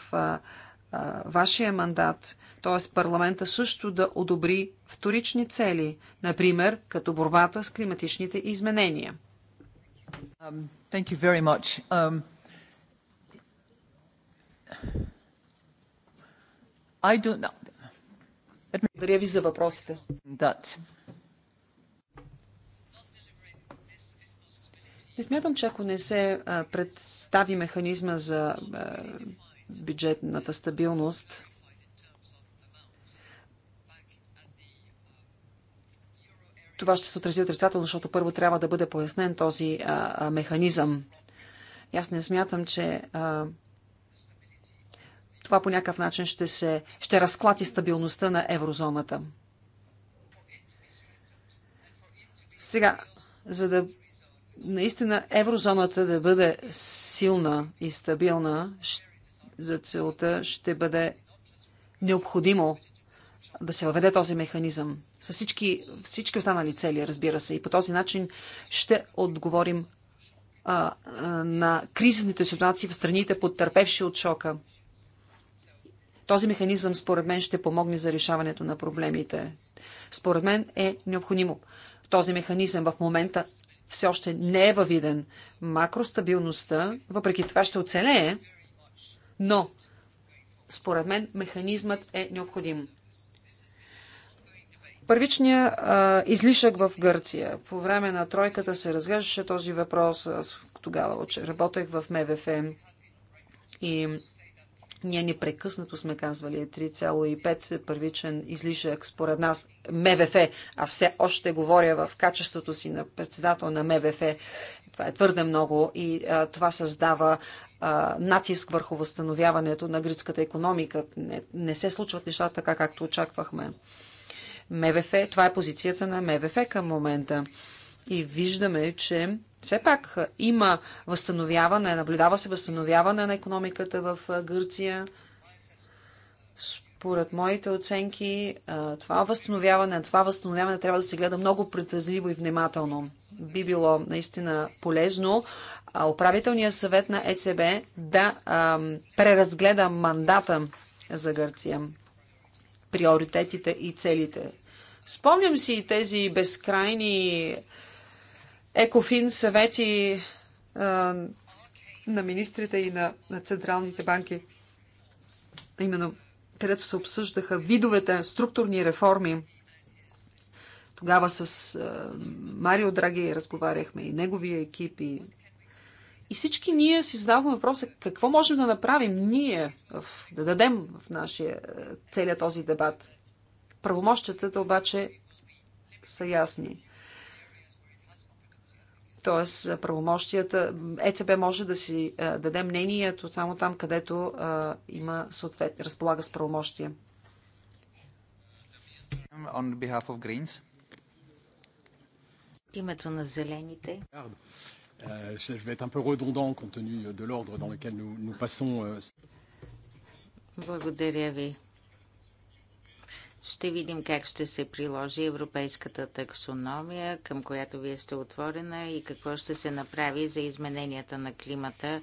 вашия мандат, т.е. парламента също да одобри вторични цели, например като борбата с климатичните изменения. Um, thank you very much. Um, I don't know. Благодаря ви за въпросите. That. Не смятам, че ако не се а, представи механизма за а, бюджетната стабилност. Това ще се отрази отрицателно, защото първо трябва да бъде пояснен този а, а, механизъм. И аз не смятам, че а, това по някакъв начин ще, се, ще разклати стабилността на еврозоната. Сега, за да наистина еврозоната да бъде силна и стабилна, ще за целта ще бъде необходимо да се въведе този механизъм с всички, всички останали цели, разбира се. И по този начин ще отговорим а, а, на кризисните ситуации в страните, подтърпевши от шока. Този механизъм, според мен, ще помогне за решаването на проблемите. Според мен е необходимо. Този механизъм в момента все още не е въвиден. Макростабилността, въпреки това, ще оцелее, но, според мен, механизмът е необходим. Първичният излишък в Гърция. По време на тройката се разглеждаше този въпрос. Аз тогава работех в МВФ и ние непрекъснато сме казвали 3,5 е първичен излишък според нас МВФ. Аз все още говоря в качеството си на председател на МВФ. Това е твърде много и а, това създава натиск върху възстановяването на гръцката економика. Не, не се случват нещата така, както очаквахме. МВФ, това е позицията на МВФ към момента. И виждаме, че все пак има възстановяване, наблюдава се възстановяване на економиката в Гърция. Според моите оценки, това възстановяване, това възстановяване трябва да се гледа много предпазливо и внимателно. Би било наистина полезно, управителния съвет на ЕЦБ да преразгледа мандата за Гърция, приоритетите и целите. Спомням си тези безкрайни екофин съвети а, на министрите и на, на централните банки, именно където се обсъждаха видовете структурни реформи. Тогава с а, Марио Драги разговаряхме и неговия екип и и всички ние си задаваме въпроса какво можем да направим ние, да дадем в нашия е, целият този дебат. Правомощията обаче са ясни. Тоест, правомощията, ЕЦБ може да си е, даде мнението само там, където а, е, има съответ, разполага с правомощия. Името на зелените. Euh, je vais être un peu redondant compte tenu de l'ordre dans lequel nous, nous passons. Euh, Благодаря ви. Ще видим как ще се приложи европейската таксономия, към която вие сте отворена и какво ще се направи за измененията на климата.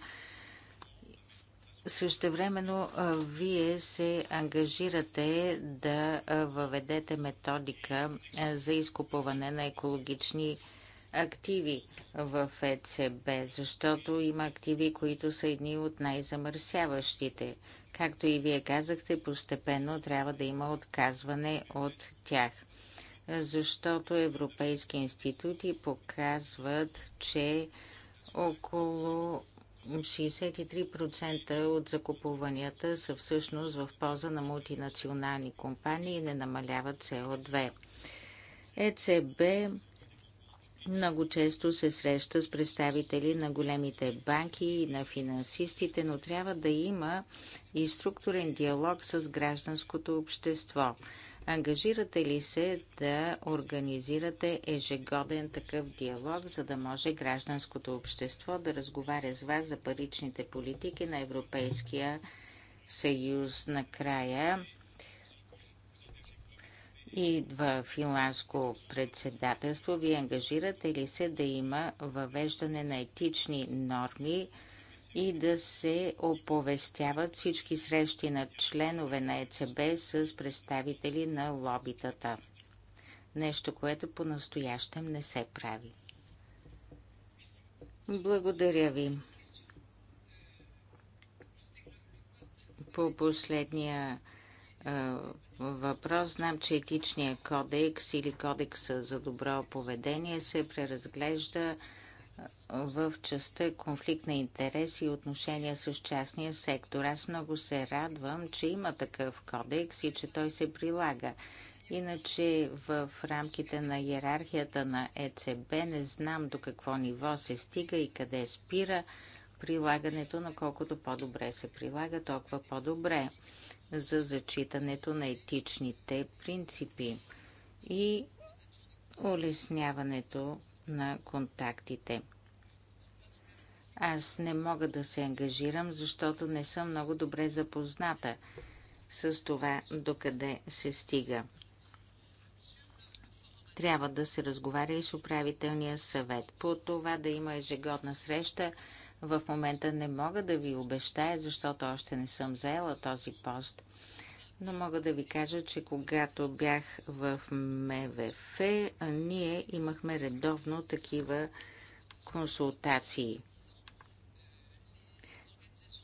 Също времено вие се ангажирате да въведете методика за изкупуване на екологични активи в ЕЦБ, защото има активи, които са едни от най-замърсяващите. Както и вие казахте, постепенно трябва да има отказване от тях. Защото европейски институти показват, че около 63% от закупуванията са всъщност в полза на мултинационални компании и не намаляват со 2 ЕЦБ много често се среща с представители на големите банки и на финансистите, но трябва да има и структурен диалог с гражданското общество. Ангажирате ли се да организирате ежегоден такъв диалог, за да може гражданското общество да разговаря с вас за паричните политики на Европейския съюз? Накрая идва финландско председателство, вие ангажирате ли се да има въвеждане на етични норми и да се оповестяват всички срещи на членове на ЕЦБ с представители на лобитата? Нещо, което по-настоящем не се прави. Благодаря ви. По последния въпрос. Знам, че етичният кодекс или кодекса за добро поведение се преразглежда в частта конфликт на интереси и отношения с частния сектор. Аз много се радвам, че има такъв кодекс и че той се прилага. Иначе в рамките на иерархията на ЕЦБ не знам до какво ниво се стига и къде спира прилагането, но колкото по-добре се прилага, толкова по-добре за зачитането на етичните принципи и улесняването на контактите. Аз не мога да се ангажирам, защото не съм много добре запозната с това, докъде се стига. Трябва да се разговаря и с управителния съвет. По това да има ежегодна среща в момента не мога да ви обещая, защото още не съм заела този пост. Но мога да ви кажа, че когато бях в МВФ, ние имахме редовно такива консултации.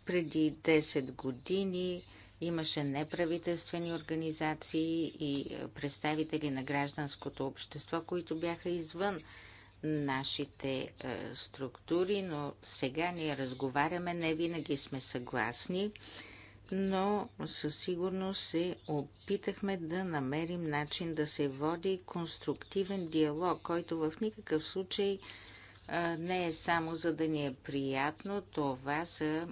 Преди 10 години имаше неправителствени организации и представители на гражданското общество, които бяха извън нашите е, структури, но сега ние разговаряме, не винаги сме съгласни, но със сигурност се опитахме да намерим начин да се води конструктивен диалог, който в никакъв случай е, не е само за да ни е приятно. Това са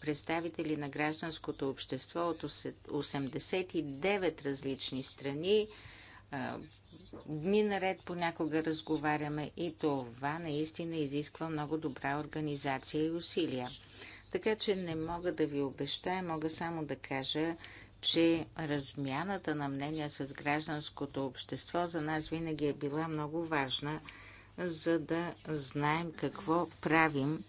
представители на гражданското общество от 89 различни страни, е, дни наред понякога разговаряме и това наистина изисква много добра организация и усилия. Така че не мога да ви обещая, мога само да кажа, че размяната на мнения с гражданското общество за нас винаги е била много важна, за да знаем какво правим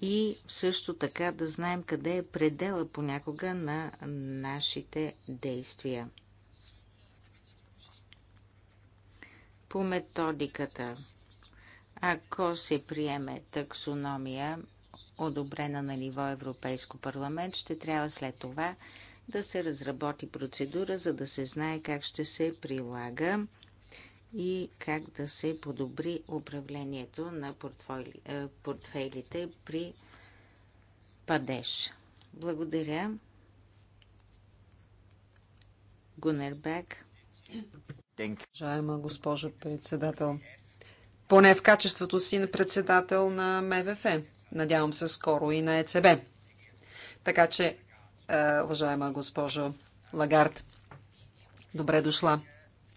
и също така да знаем къде е предела понякога на нашите действия. по методиката. Ако се приеме таксономия, одобрена на ниво Европейско парламент, ще трябва след това да се разработи процедура, за да се знае как ще се прилага и как да се подобри управлението на е, портфейлите при падеж. Благодаря. Гунербек. Уважаема госпожо председател, поне в качеството си на председател на МВФ, надявам се скоро и на ЕЦБ. Така че, е, уважаема госпожо Лагард, добре дошла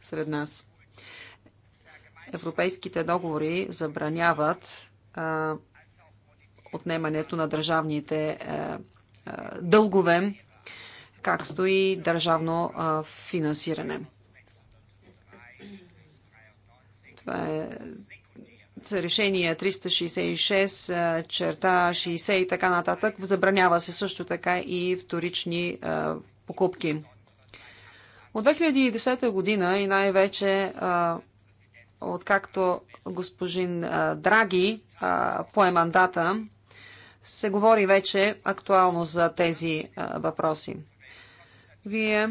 сред нас. Европейските договори забраняват а, е, отнемането на държавните а, е, а, дългове, както и държавно а, финансиране. Това е са решения 366, черта 60 и така нататък. Забранява се също така и вторични покупки. От 2010 година и най-вече откакто госпожин Драги а, пое мандата, се говори вече актуално за тези въпроси. Вие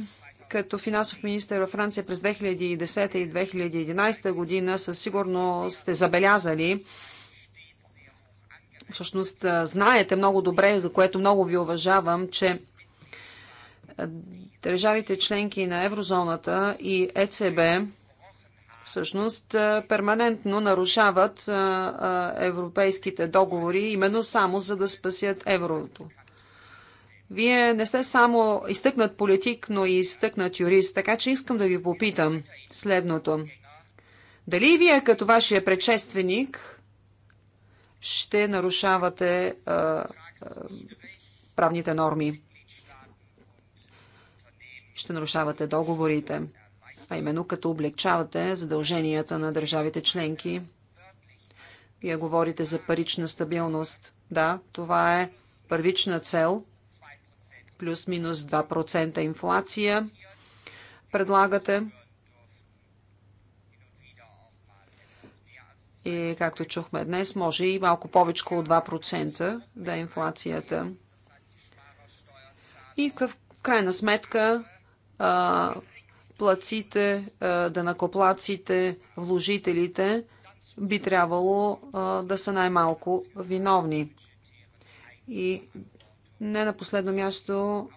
като финансов министр във Франция през 2010 и 2011 година, със сигурно сте забелязали, всъщност знаете много добре, за което много ви уважавам, че държавите членки на еврозоната и ЕЦБ всъщност перманентно нарушават европейските договори, именно само за да спасят еврото. Вие не сте само изтъкнат политик, но и изтъкнат юрист, така че искам да ви попитам следното. Дали вие като вашия предшественик ще нарушавате а, а, правните норми? Ще нарушавате договорите, а именно като облегчавате задълженията на държавите членки. Вие говорите за парична стабилност. Да, това е първична цел – плюс-минус 2% инфлация предлагате. И както чухме днес, може и малко повече от 2% да е инфлацията. И в крайна сметка плаците, данакоплаците, вложителите би трябвало да са най-малко виновни. И не на последно място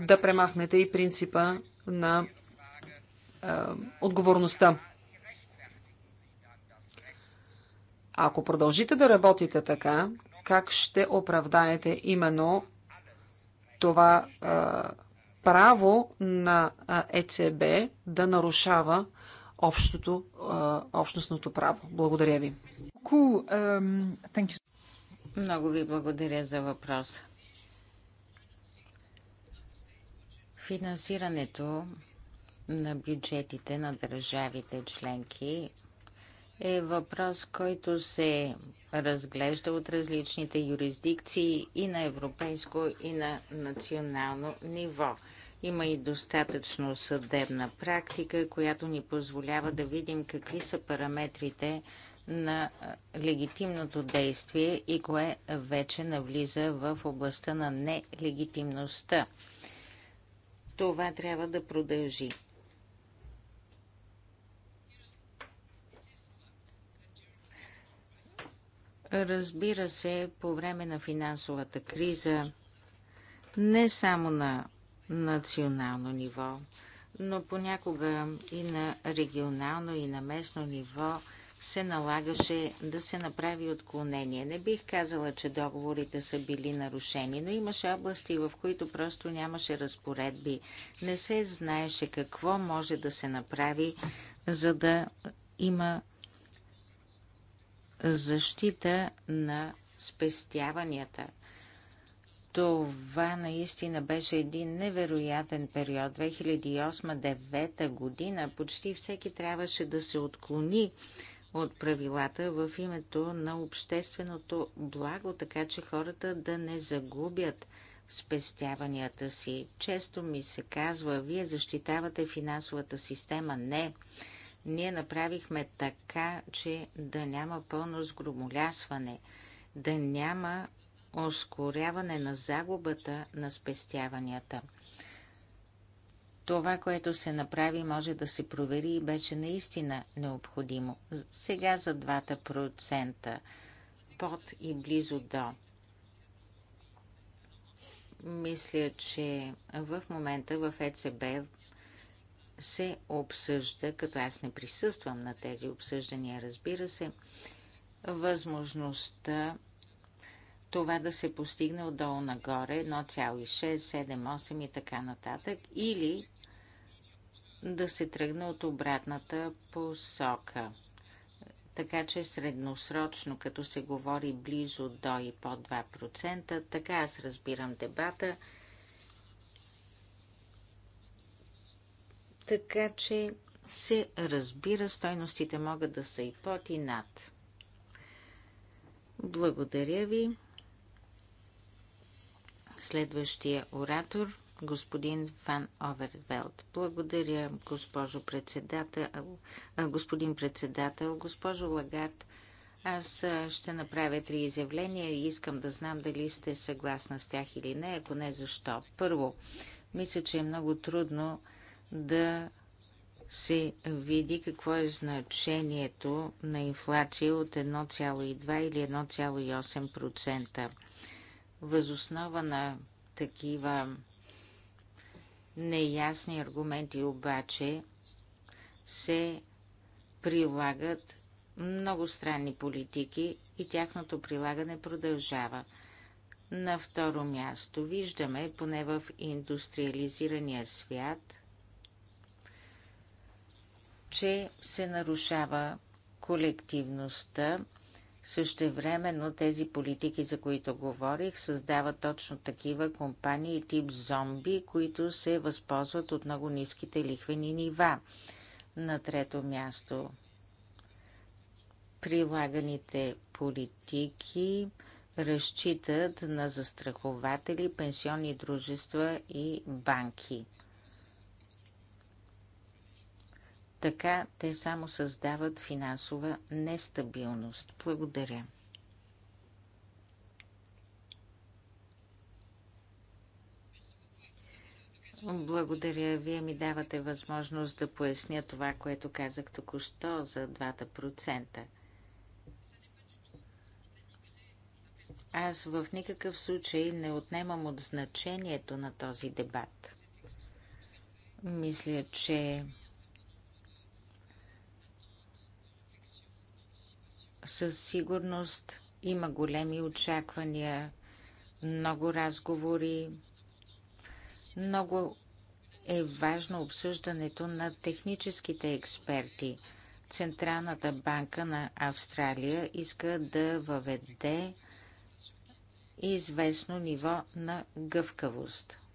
да премахнете и принципа на отговорността. Ако продължите да работите така, как ще оправдаете именно това а, право на ЕЦБ да нарушава общото, а, общностното право? Благодаря ви. Um, много ви благодаря за въпроса. Финансирането на бюджетите на държавите членки е въпрос, който се разглежда от различните юрисдикции и на европейско, и на национално ниво. Има и достатъчно съдебна практика, която ни позволява да видим какви са параметрите на легитимното действие и кое вече навлиза в областта на нелегитимността. Това трябва да продължи. Разбира се, по време на финансовата криза, не само на национално ниво, но понякога и на регионално и на местно ниво, се налагаше да се направи отклонение. Не бих казала, че договорите са били нарушени, но имаше области, в които просто нямаше разпоредби. Не се знаеше какво може да се направи, за да има защита на спестяванията. Това наистина беше един невероятен период. 2008-2009 година почти всеки трябваше да се отклони от правилата в името на общественото благо, така че хората да не загубят спестяванията си. Често ми се казва, вие защитавате финансовата система. Не, ние направихме така, че да няма пълно сгромолясване, да няма ускоряване на загубата на спестяванията – това, което се направи, може да се провери и беше наистина необходимо. Сега за процента под и близо до. Мисля, че в момента в ЕЦБ се обсъжда, като аз не присъствам на тези обсъждания, разбира се, възможността това да се постигне отдолу нагоре 1,6, 7, 8 и така нататък, или да се тръгне от обратната посока. Така че средносрочно, като се говори близо до и по 2%, така аз разбирам дебата. Така че се разбира, стойностите могат да са и под и над. Благодаря ви. Следващия оратор господин Ван Овервелд. Благодаря, госпожо председател, господин председател, госпожо Лагард. Аз ще направя три изявления и искам да знам дали сте съгласна с тях или не, ако не защо. Първо, мисля, че е много трудно да се види какво е значението на инфлация от 1,2 или 1,8%. Възоснова на такива неясни аргументи обаче се прилагат много странни политики и тяхното прилагане продължава. На второ място виждаме, поне в индустриализирания свят, че се нарушава колективността Същевременно тези политики, за които говорих, създават точно такива компании тип зомби, които се възползват от много ниските лихвени нива. На трето място прилаганите политики разчитат на застрахователи, пенсионни дружества и банки – Така те само създават финансова нестабилност. Благодаря. Благодаря. Вие ми давате възможност да поясня това, което казах току-що за 2%. Аз в никакъв случай не отнемам от значението на този дебат. Мисля, че Със сигурност има големи очаквания, много разговори, много е важно обсъждането на техническите експерти. Централната банка на Австралия иска да въведе известно ниво на гъвкавост.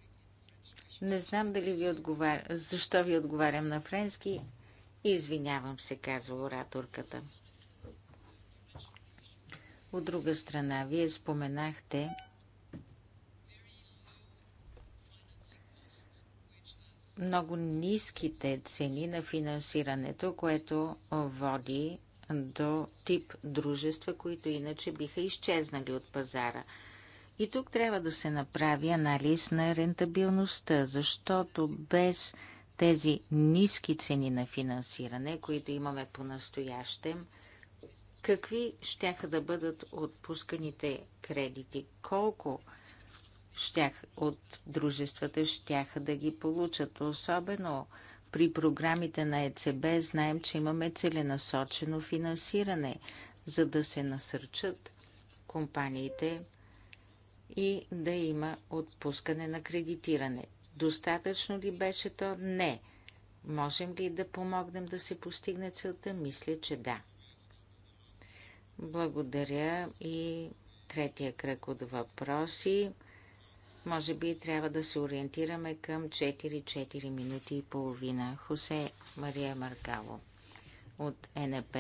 Не знам дали ви отговаря... защо ви отговарям на френски. Извинявам се, казва ораторката. От друга страна, вие споменахте много ниските цени на финансирането, което води до тип дружества, които иначе биха изчезнали от пазара. И тук трябва да се направи анализ на рентабилността, защото без тези ниски цени на финансиране, които имаме по-настоящем, какви щяха да бъдат отпусканите кредити, колко щях, от дружествата щяха да ги получат. Особено при програмите на ЕЦБ знаем, че имаме целенасочено финансиране, за да се насърчат компаниите и да има отпускане на кредитиране. Достатъчно ли беше то? Не. Можем ли да помогнем да се постигне целта? Мисля, че да. Благодаря и третия кръг от въпроси. Може би трябва да се ориентираме към 4-4 минути и половина. Хосе Мария Маркало от НП.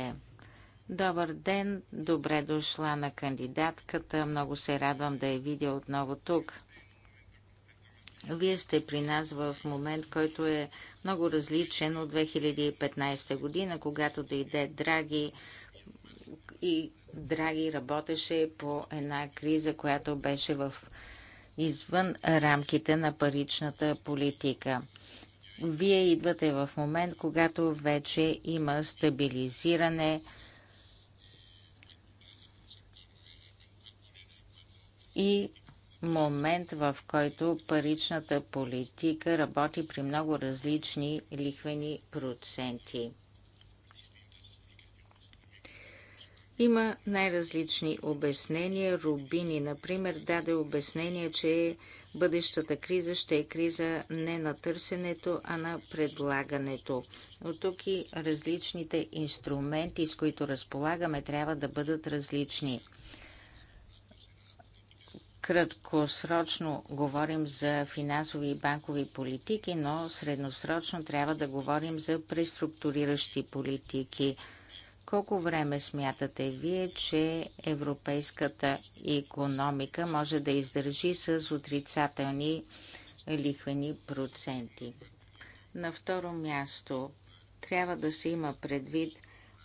Добър ден, добре дошла на кандидатката. Много се радвам да я видя отново тук. Вие сте при нас в момент, който е много различен от 2015 година, когато дойде Драги, и Драги работеше по една криза, която беше в извън рамките на паричната политика. Вие идвате в момент, когато вече има стабилизиране и момент, в който паричната политика работи при много различни лихвени проценти. Има най-различни обяснения. Рубини, например, даде обяснение, че бъдещата криза ще е криза не на търсенето, а на предлагането. От тук и различните инструменти, с които разполагаме, трябва да бъдат различни. Краткосрочно говорим за финансови и банкови политики, но средносрочно трябва да говорим за преструктуриращи политики – колко време смятате вие, че европейската економика може да издържи с отрицателни лихвени проценти? На второ място трябва да се има предвид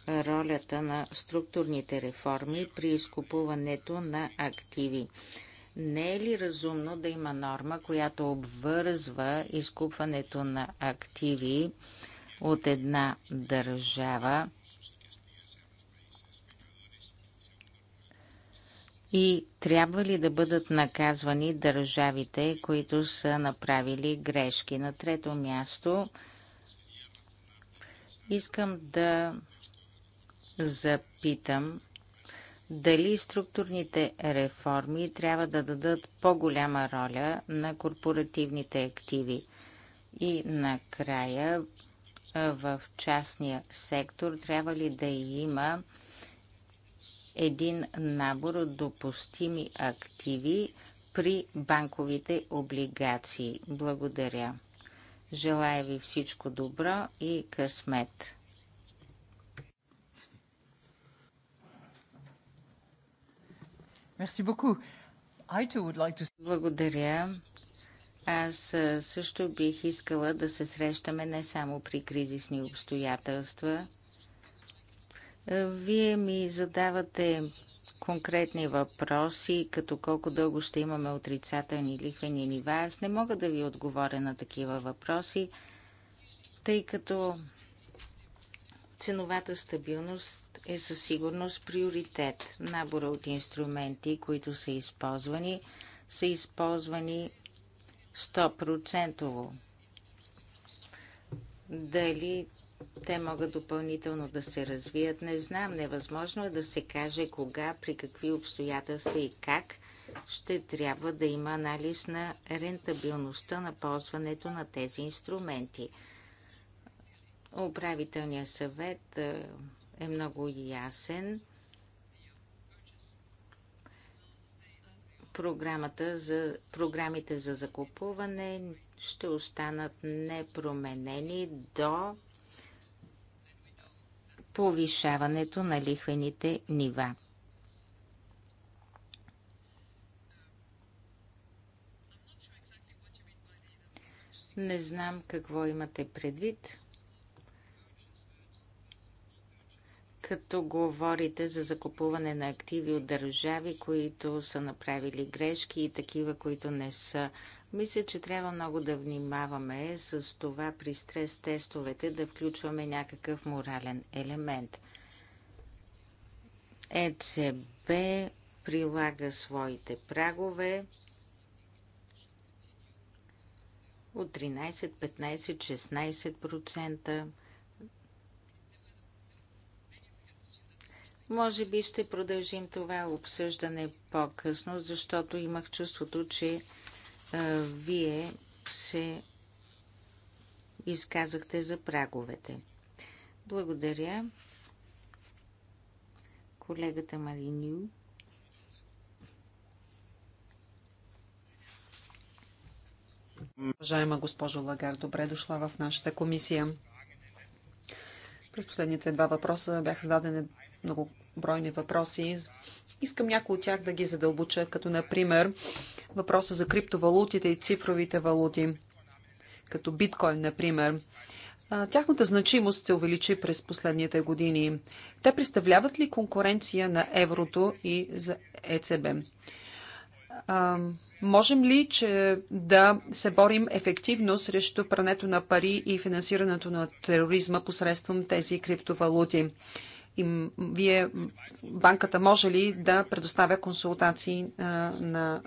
ролята на структурните реформи при изкупуването на активи. Не е ли разумно да има норма, която обвързва изкупването на активи от една държава и трябва ли да бъдат наказвани държавите, които са направили грешки? На трето място искам да запитам дали структурните реформи трябва да дадат по-голяма роля на корпоративните активи. И накрая в частния сектор трябва ли да има един набор от допустими активи при банковите облигации. Благодаря. Желая ви всичко добро и късмет. Благодаря. Аз също бих искала да се срещаме не само при кризисни обстоятелства, вие ми задавате конкретни въпроси, като колко дълго ще имаме отрицателни лихвени нива. Аз не мога да ви отговоря на такива въпроси, тъй като ценовата стабилност е със сигурност приоритет. Набора от инструменти, които са използвани, са използвани 100%. Дали те могат допълнително да се развият. Не знам, невъзможно е да се каже кога, при какви обстоятелства и как ще трябва да има анализ на рентабилността на ползването на тези инструменти. Управителният съвет е много ясен. Програмата за, програмите за закупуване ще останат непроменени до повишаването на лихвените нива. Не знам какво имате предвид, като говорите за закупуване на активи от държави, които са направили грешки и такива, които не са мисля, че трябва много да внимаваме с това при стрес тестовете да включваме някакъв морален елемент. ЕЦБ прилага своите прагове от 13, 15, 16%. Може би ще продължим това обсъждане по-късно, защото имах чувството, че вие се изказахте за праговете. Благодаря. Колегата Мариню. Уважаема госпожо Лагар, добре дошла в нашата комисия. През последните два въпроса бяха зададени многобройни въпроси. Искам някои от тях да ги задълбоча, като например въпроса за криптовалутите и цифровите валути, като биткоин, например. Тяхната значимост се увеличи през последните години. Те представляват ли конкуренция на еврото и за ЕЦБ? Можем ли че да се борим ефективно срещу прането на пари и финансирането на тероризма посредством тези криптовалути? и вие, банката може ли да предоставя консултации на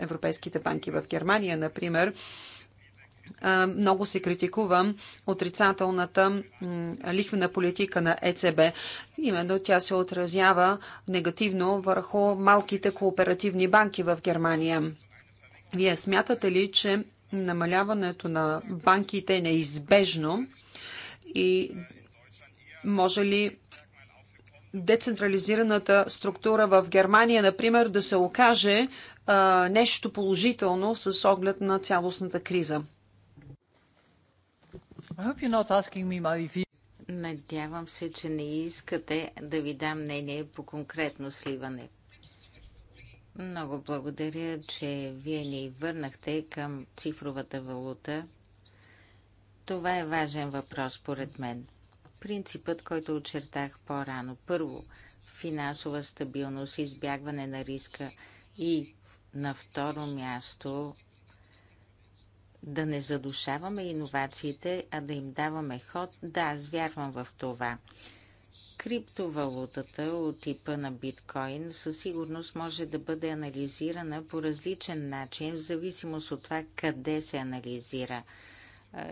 европейските банки в Германия, например? много се критикувам отрицателната лихвена политика на ЕЦБ. Именно тя се отразява негативно върху малките кооперативни банки в Германия. Вие смятате ли, че намаляването на банките е неизбежно и може ли децентрализираната структура в Германия, например, да се окаже а, нещо положително с оглед на цялостната криза? Надявам се, че не искате да ви дам мнение по конкретно сливане. Много благодаря, че вие ни върнахте към цифровата валута. Това е важен въпрос, според мен принципът, който очертах по-рано. Първо, финансова стабилност, избягване на риска и на второ място да не задушаваме иновациите, а да им даваме ход. Да, аз вярвам в това. Криптовалутата от типа на биткоин със сигурност може да бъде анализирана по различен начин, в зависимост от това къде се анализира –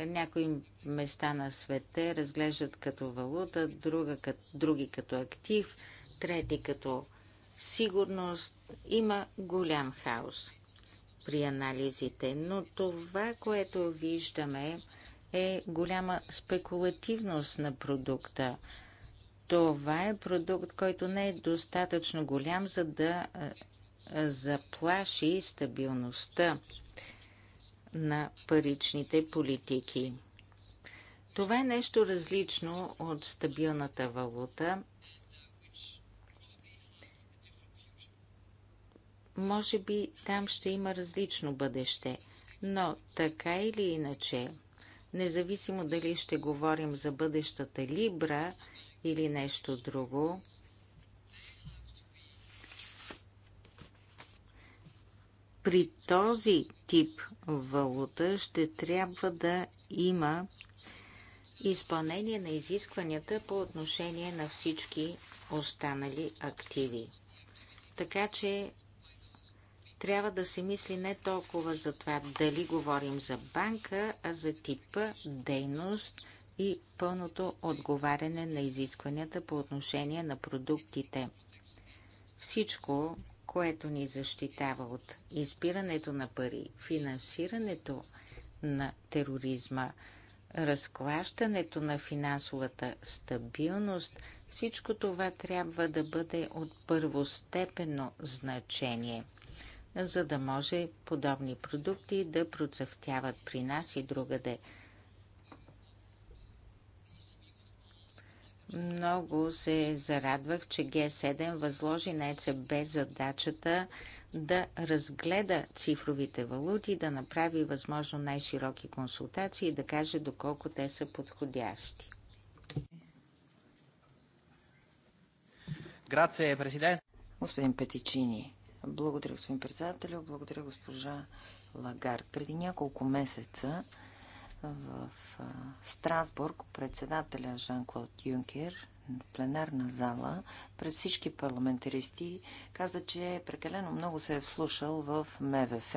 някои места на свете разглеждат като валута, друга, други като актив, трети като сигурност. Има голям хаос при анализите, но това, което виждаме, е голяма спекулативност на продукта. Това е продукт, който не е достатъчно голям, за да заплаши стабилността на паричните политики. Това е нещо различно от стабилната валута. Може би там ще има различно бъдеще, но така или иначе, независимо дали ще говорим за бъдещата Либра или нещо друго, при този тип валута, ще трябва да има изпълнение на изискванията по отношение на всички останали активи. Така че трябва да се мисли не толкова за това дали говорим за банка, а за типа дейност и пълното отговаряне на изискванията по отношение на продуктите. Всичко което ни защитава от изпирането на пари, финансирането на тероризма, разклащането на финансовата стабилност, всичко това трябва да бъде от първостепенно значение, за да може подобни продукти да процъфтяват при нас и другаде. Много се зарадвах, че Г7 възложи на ЕЦБ задачата да разгледа цифровите валути, да направи възможно най-широки консултации и да каже доколко те са подходящи. Грация, президент. Господин Петичини, благодаря господин председател, благодаря госпожа Лагард. Преди няколко месеца в Страсбург председателя Жан-Клод Юнкер в пленарна зала пред всички парламентаристи каза, че прекалено много се е вслушал в МВФ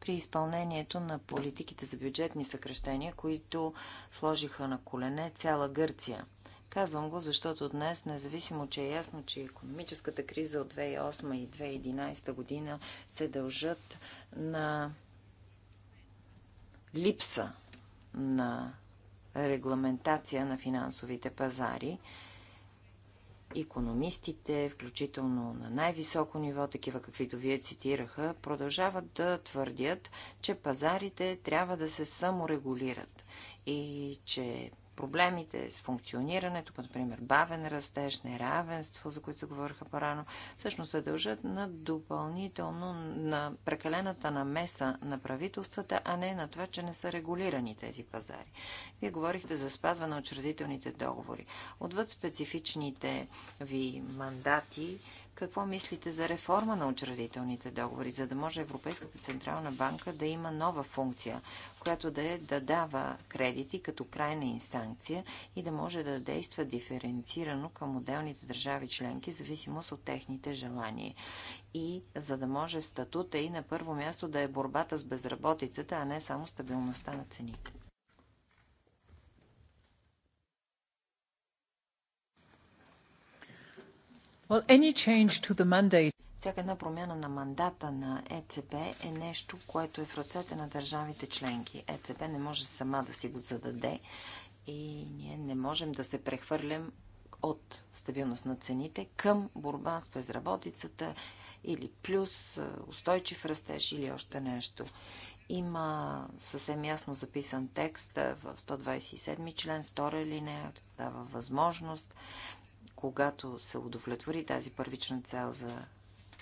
при изпълнението на политиките за бюджетни съкрещения, които сложиха на колене цяла Гърция. Казвам го, защото днес, независимо, че е ясно, че економическата криза от 2008 и 2011 година се дължат на липса на регламентация на финансовите пазари. Економистите, включително на най-високо ниво, такива каквито вие цитираха, продължават да твърдят, че пазарите трябва да се саморегулират и че проблемите с функционирането, като например бавен растеж, неравенство, за които се говориха по-рано, всъщност се дължат на допълнително, на прекалената намеса на правителствата, а не на това, че не са регулирани тези пазари. Вие говорихте за спазване на учредителните договори. Отвъд специфичните ви мандати, какво мислите за реформа на учредителните договори, за да може Европейската Централна банка да има нова функция, която да е да дава кредити като крайна инстанция и да може да действа диференцирано към отделните държави членки, зависимост от техните желания. И за да може статута и на първо място да е борбата с безработицата, а не само стабилността на цените. Well, any change to the mandate... Всяка една промяна на мандата на ЕЦБ е нещо, което е в ръцете на държавите членки. ЕЦБ не може сама да си го зададе и ние не можем да се прехвърлям от стабилност на цените към борба с безработицата или плюс е, устойчив растеж или още нещо. Има съвсем ясно записан текст е, в 127 член, втора линия, дава възможност когато се удовлетвори тази първична цел за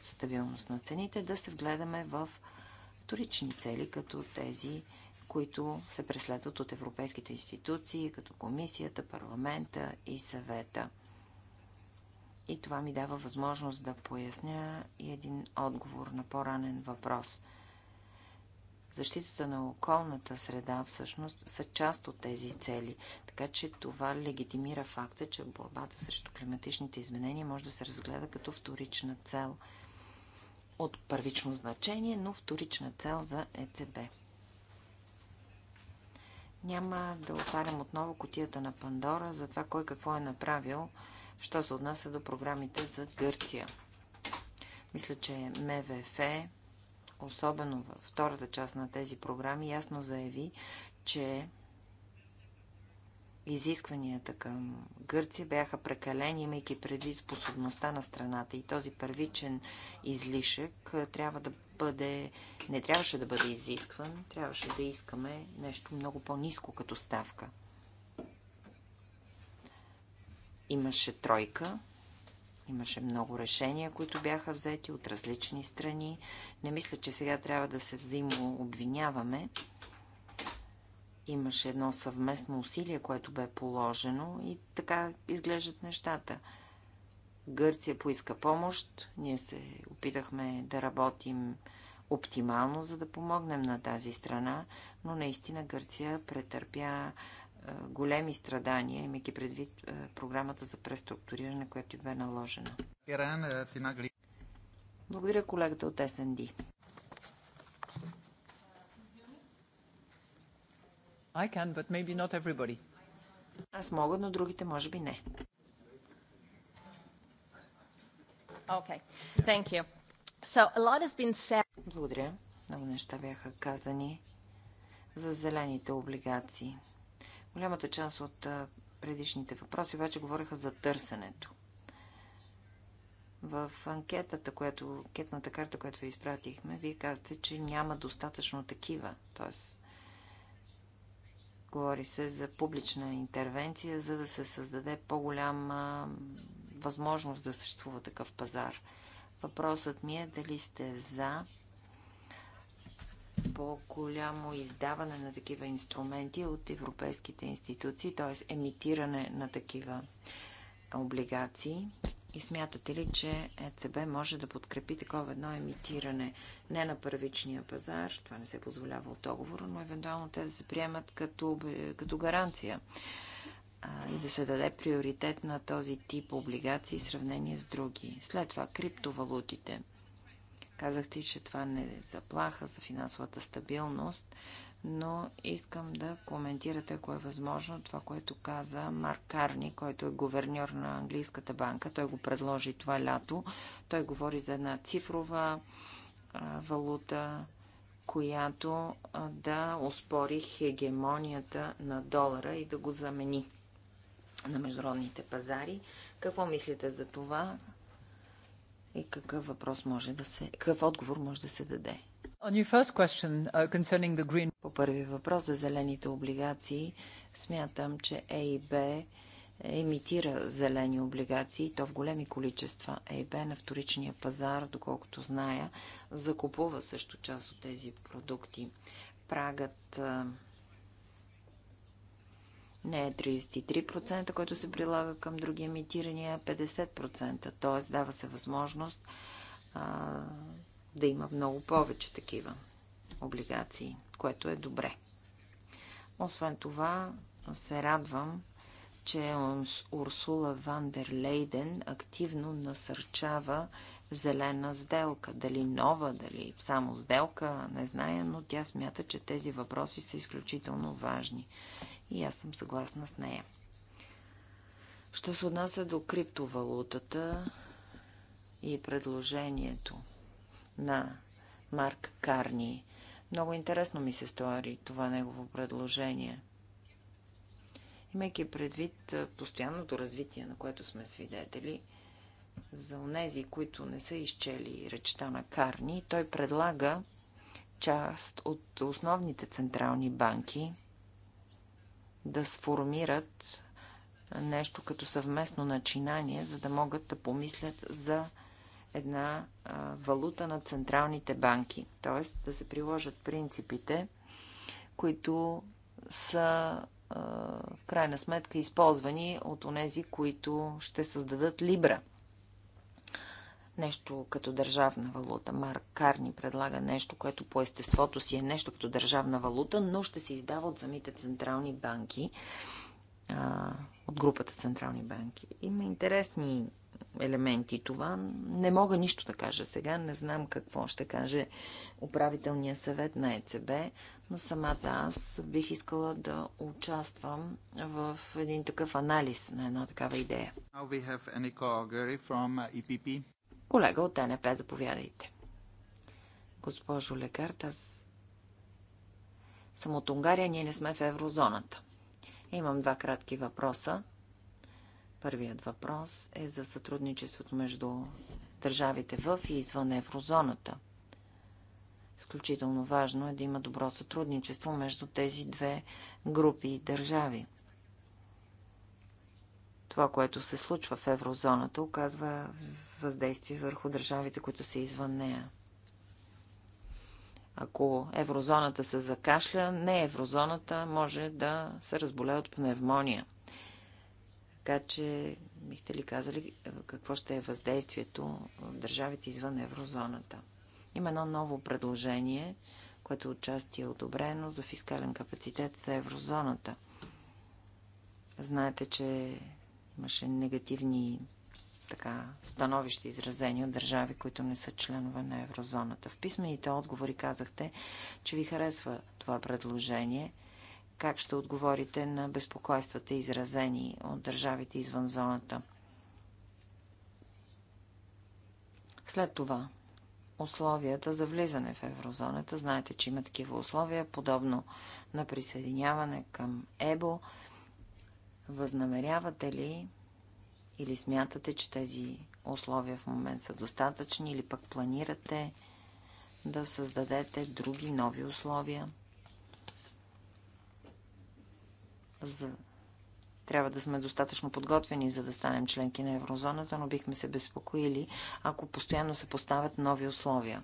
стабилност на цените, да се вгледаме в вторични цели, като тези, които се преследват от европейските институции, като комисията, парламента и съвета. И това ми дава възможност да поясня и един отговор на по-ранен въпрос – защитата на околната среда всъщност са част от тези цели. Така че това легитимира факта, че борбата срещу климатичните изменения може да се разгледа като вторична цел от първично значение, но вторична цел за ЕЦБ. Няма да отварям отново котията на Пандора за това кой какво е направил, що се отнася до програмите за Гърция. Мисля, че МВФ особено във втората част на тези програми, ясно заяви, че изискванията към Гърция бяха прекалени, имайки предвид способността на страната и този първичен излишък трябва да бъде, не трябваше да бъде изискван, трябваше да искаме нещо много по-низко като ставка. Имаше тройка, Имаше много решения, които бяха взети от различни страни. Не мисля, че сега трябва да се взаимно обвиняваме. Имаше едно съвместно усилие, което бе положено и така изглеждат нещата. Гърция поиска помощ. Ние се опитахме да работим оптимално, за да помогнем на тази страна, но наистина Гърция претърпя големи страдания, имайки предвид програмата за преструктуриране, която бе наложена. Благодаря колегата от СНД. I can, but maybe not everybody. Аз мога, но другите може би не. Okay. Thank you. So, a lot has been said... Благодаря. Много неща бяха казани за зелените облигации. Голямата част от предишните въпроси вече говориха за търсенето. В анкетата, която, анкетната карта, която ви изпратихме, вие казахте, че няма достатъчно такива. Тоест, говори се за публична интервенция, за да се създаде по-голяма възможност да съществува такъв пазар. Въпросът ми е дали сте за по-голямо издаване на такива инструменти от европейските институции, т.е. емитиране на такива облигации. И смятате ли, че ЕЦБ може да подкрепи такова едно емитиране не на първичния пазар, това не се позволява от договора, но евентуално те да се приемат като, като гаранция а, и да се даде приоритет на този тип облигации в сравнение с други. След това криптовалутите – Казах ти, че това не е заплаха за финансовата стабилност, но искам да коментирате, ако е възможно, това, което каза Марк Карни, който е говерньор на Английската банка. Той го предложи това лято. Той говори за една цифрова а, валута, която а, да успори хегемонията на долара и да го замени на международните пазари. Какво мислите за това? и какъв въпрос може да се, какъв отговор може да се даде. Question, uh, green... По първи въпрос за зелените облигации, смятам, че ЕИБ емитира зелени облигации, то в големи количества. ЕИБ на вторичния пазар, доколкото зная, закупува също част от тези продукти. Прагът не е 33%, който се прилага към други емитирания, а 50%. Т.е. дава се възможност а, да има много повече такива облигации, което е добре. Освен това, се радвам, че Урсула Ван дер Лейден активно насърчава зелена сделка. Дали нова, дали само сделка, не зная, но тя смята, че тези въпроси са изключително важни. И аз съм съгласна с нея. Що се отнася до криптовалутата и предложението на Марк Карни, много интересно ми се стори това негово предложение. Имайки предвид постоянното развитие, на което сме свидетели, за онези, които не са изчели речта на Карни, той предлага част от основните централни банки да сформират нещо като съвместно начинание, за да могат да помислят за една валута на централните банки. т.е. да се приложат принципите, които са в крайна сметка използвани от онези, които ще създадат Либра – нещо като държавна валута. Маркар ни предлага нещо, което по естеството си е нещо като държавна валута, но ще се издава от самите централни банки, а, от групата централни банки. Има интересни елементи това. Не мога нищо да кажа сега. Не знам какво ще каже управителния съвет на ЕЦБ, но самата аз бих искала да участвам в един такъв анализ на една такава идея. Колега от ДНП, заповядайте. Госпожо Легард, аз съм от Унгария, ние не сме в еврозоната. Имам два кратки въпроса. Първият въпрос е за сътрудничеството между държавите в и извън еврозоната. Изключително важно е да има добро сътрудничество между тези две групи и държави. Това, което се случва в еврозоната, оказва въздействие върху държавите, които са извън нея. Ако еврозоната се закашля, не еврозоната може да се разболее от пневмония. Така че, бихте ли казали какво ще е въздействието в държавите извън еврозоната? Има едно ново предложение, което отчасти е одобрено за фискален капацитет за еврозоната. Знаете, че имаше негативни така становище изразени от държави, които не са членове на еврозоната. В писмените отговори казахте, че ви харесва това предложение. Как ще отговорите на безпокойствата, изразени от държавите извън зоната? След това, условията за влизане в еврозоната. Знаете, че има такива условия, подобно на присъединяване към ЕБО. Възнамерявате ли или смятате, че тези условия в момент са достатъчни, или пък планирате да създадете други нови условия? За... Трябва да сме достатъчно подготвени, за да станем членки на еврозоната, но бихме се безпокоили, ако постоянно се поставят нови условия.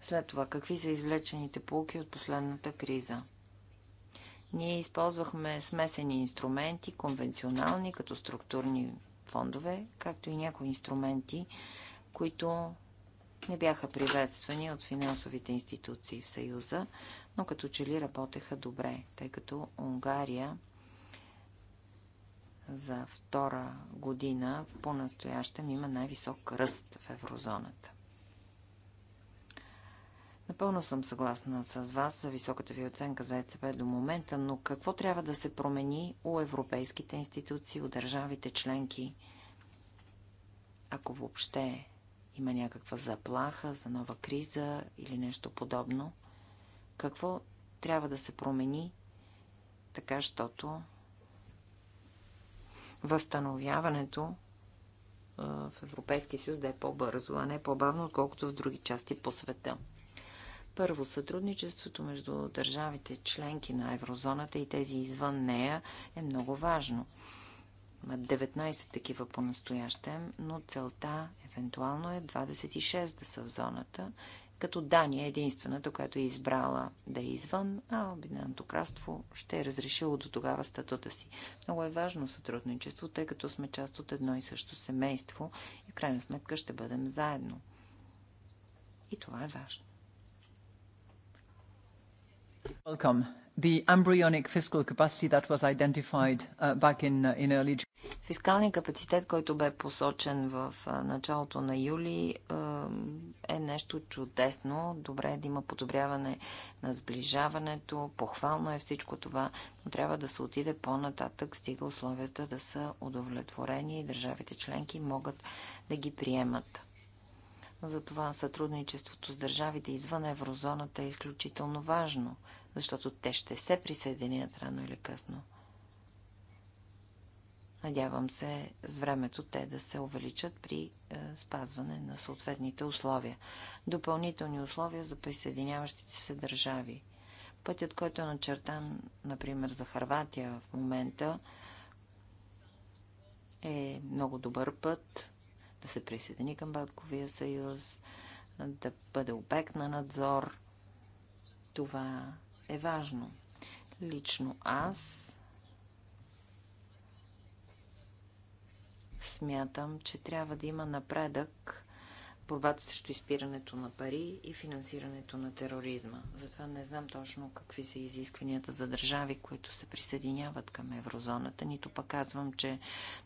След това, какви са извлечените полки от последната криза? Ние използвахме смесени инструменти, конвенционални, като структурни фондове, както и някои инструменти, които не бяха приветствани от финансовите институции в Съюза, но като че ли работеха добре, тъй като Унгария за втора година по-настоящем има най-висок ръст в еврозоната. Напълно съм съгласна с вас за високата ви оценка за ЕЦБ до момента, но какво трябва да се промени у европейските институции, у държавите членки, ако въобще има някаква заплаха за нова криза или нещо подобно? Какво трябва да се промени така, щото възстановяването в Европейския съюз да е по-бързо, а не по-бавно, отколкото в други части по света? Първо, сътрудничеството между държавите членки на еврозоната и тези извън нея е много важно. 19 такива по-настоящем, но целта евентуално е 26 да са в зоната, като Дания е единствената, която е избрала да е извън, а Обединеното кралство ще е разрешило до тогава статута си. Много е важно сътрудничество, тъй като сме част от едно и също семейство и в крайна сметка ще бъдем заедно. И това е важно. Welcome. The embryonic fiscal capacity that was identified uh, back in, uh, in early Фискалният капацитет, който бе посочен в началото на юли, е нещо чудесно. Добре е да има подобряване на сближаването. Похвално е всичко това, но трябва да се отиде по-нататък, стига условията да са удовлетворени и държавите членки могат да ги приемат. Затова сътрудничеството с държавите извън еврозоната е изключително важно – защото те ще се присъединят рано или късно. Надявам се с времето те да се увеличат при е, спазване на съответните условия. Допълнителни условия за присъединяващите се държави. Пътят, който е начертан, например, за Харватия в момента, е много добър път да се присъедини към Батковия съюз, да бъде обект на надзор. Това е важно. Лично аз смятам, че трябва да има напредък борбата срещу изпирането на пари и финансирането на тероризма. Затова не знам точно какви са изискванията за държави, които се присъединяват към еврозоната. Нито пък казвам, че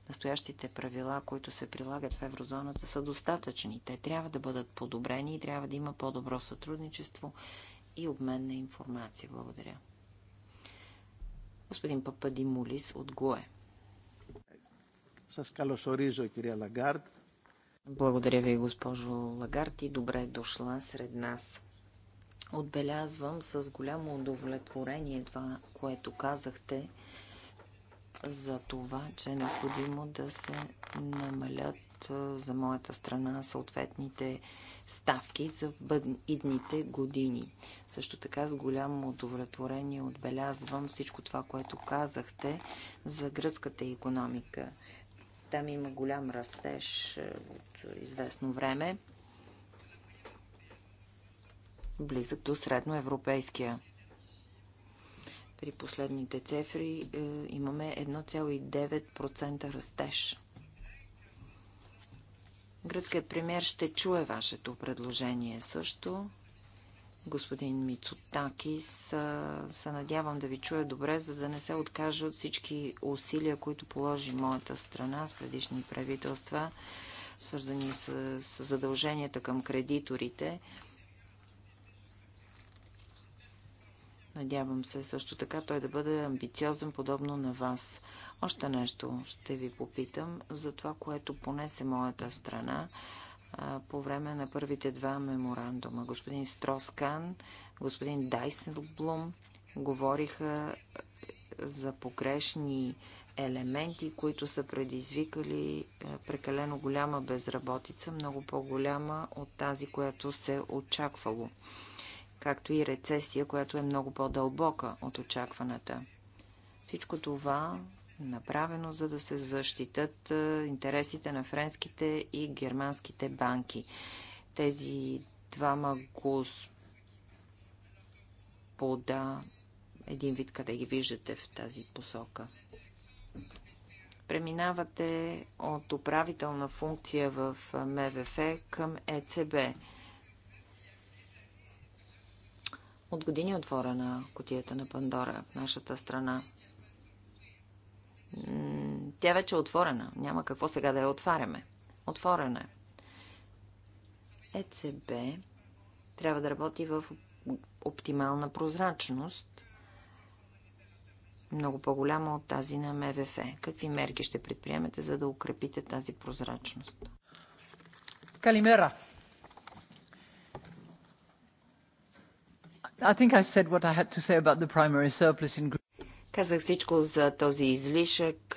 настоящите правила, които се прилагат в еврозоната, са достатъчни. Те трябва да бъдат подобрени и трябва да има по-добро сътрудничество и обмен на информация. Благодаря. Господин Молис от ГОЕ. Лагард. Благодаря ви, госпожо Лагард, и добре дошла сред нас. Отбелязвам с голямо удовлетворение това, което казахте за това, че е необходимо да се намалят за моята страна съответните ставки за идните години. Също така с голямо удовлетворение отбелязвам всичко това, което казахте за гръцката економика. Там има голям растеж от известно време, близък до средноевропейския при последните цифри е, имаме 1,9% растеж. Гръцкият премьер ще чуе вашето предложение също. Господин Мицотакис, се надявам да ви чуя добре, за да не се откажа от всички усилия, които положи моята страна с предишни правителства, свързани с задълженията към кредиторите Надявам се също така той да бъде амбициозен, подобно на вас. Още нещо ще ви попитам за това, което понесе моята страна по време на първите два меморандума. Господин Строскан, господин Дайсенблум говориха за погрешни елементи, които са предизвикали прекалено голяма безработица, много по-голяма от тази, която се очаквало както и рецесия, която е много по-дълбока от очакваната. Всичко това е направено, за да се защитат интересите на френските и германските банки. Тези двама господа, един вид къде ги виждате в тази посока преминавате от управителна функция в МВФ към ЕЦБ. От години е отвора на котията на Пандора в нашата страна. Тя вече е отворена. Няма какво сега да я отваряме. Отворена е. ЕЦБ трябва да работи в оптимална прозрачност, много по-голяма от тази на МВФ. Какви мерки ще предприемете, за да укрепите тази прозрачност? Калимера! Казах всичко за този излишък.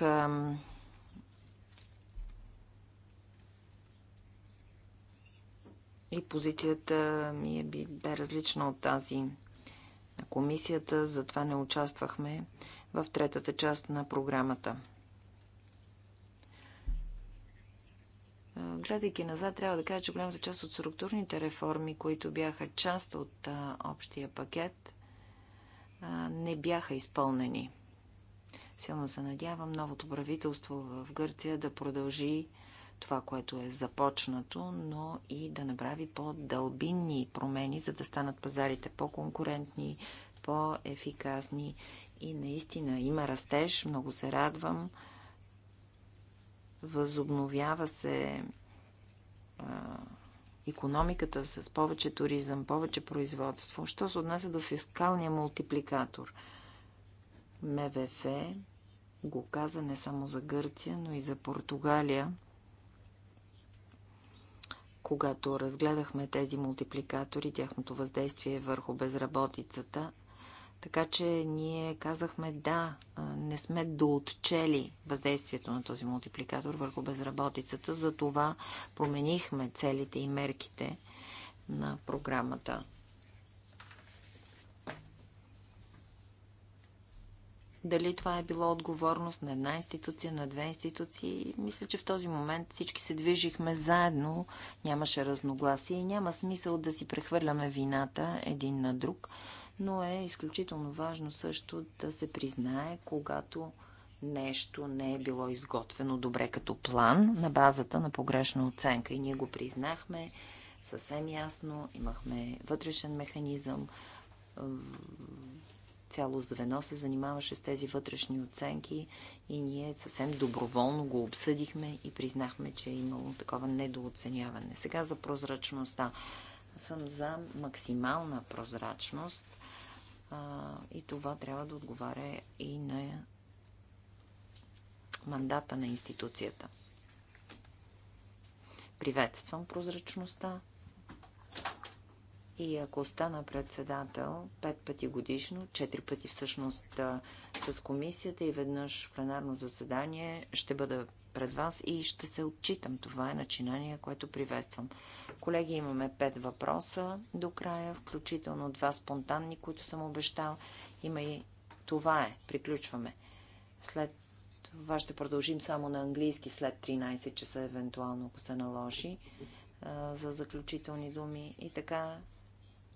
И позицията ми е би, бе различна от тази на комисията, затова не участвахме в третата част на програмата. Гледайки назад, трябва да кажа, че голямата част от структурните реформи, които бяха част от а, общия пакет, а, не бяха изпълнени. Силно се надявам новото правителство в Гърция да продължи това, което е започнато, но и да направи по-дълбинни промени, за да станат пазарите по-конкурентни, по-ефикасни и наистина има растеж. Много се радвам. Възобновява се а, економиката с повече туризъм, повече производство. Що се отнася до фискалния мултипликатор? МВФ го каза не само за Гърция, но и за Португалия когато разгледахме тези мултипликатори, тяхното въздействие е върху безработицата, така че ние казахме да, не сме доотчели въздействието на този мултипликатор върху безработицата, затова променихме целите и мерките на програмата. Дали това е било отговорност на една институция, на две институции? Мисля, че в този момент всички се движихме заедно, нямаше разногласие и няма смисъл да си прехвърляме вината един на друг, но е изключително важно също да се признае, когато нещо не е било изготвено добре като план на базата на погрешна оценка. И ние го признахме съвсем ясно, имахме вътрешен механизъм, цяло звено се занимаваше с тези вътрешни оценки и ние съвсем доброволно го обсъдихме и признахме, че е имало такова недооценяване. Сега за прозрачността съм за максимална прозрачност а, и това трябва да отговаря и на мандата на институцията. Приветствам прозрачността и ако стана председател пет пъти годишно, четири пъти всъщност с комисията и веднъж в пленарно заседание ще бъда пред вас и ще се отчитам. Това е начинание, което приветствам. Колеги, имаме пет въпроса до края, включително два спонтанни, които съм обещал. Има и това е. Приключваме. След това ще продължим само на английски след 13 часа, евентуално, ако се наложи, за заключителни думи. И така,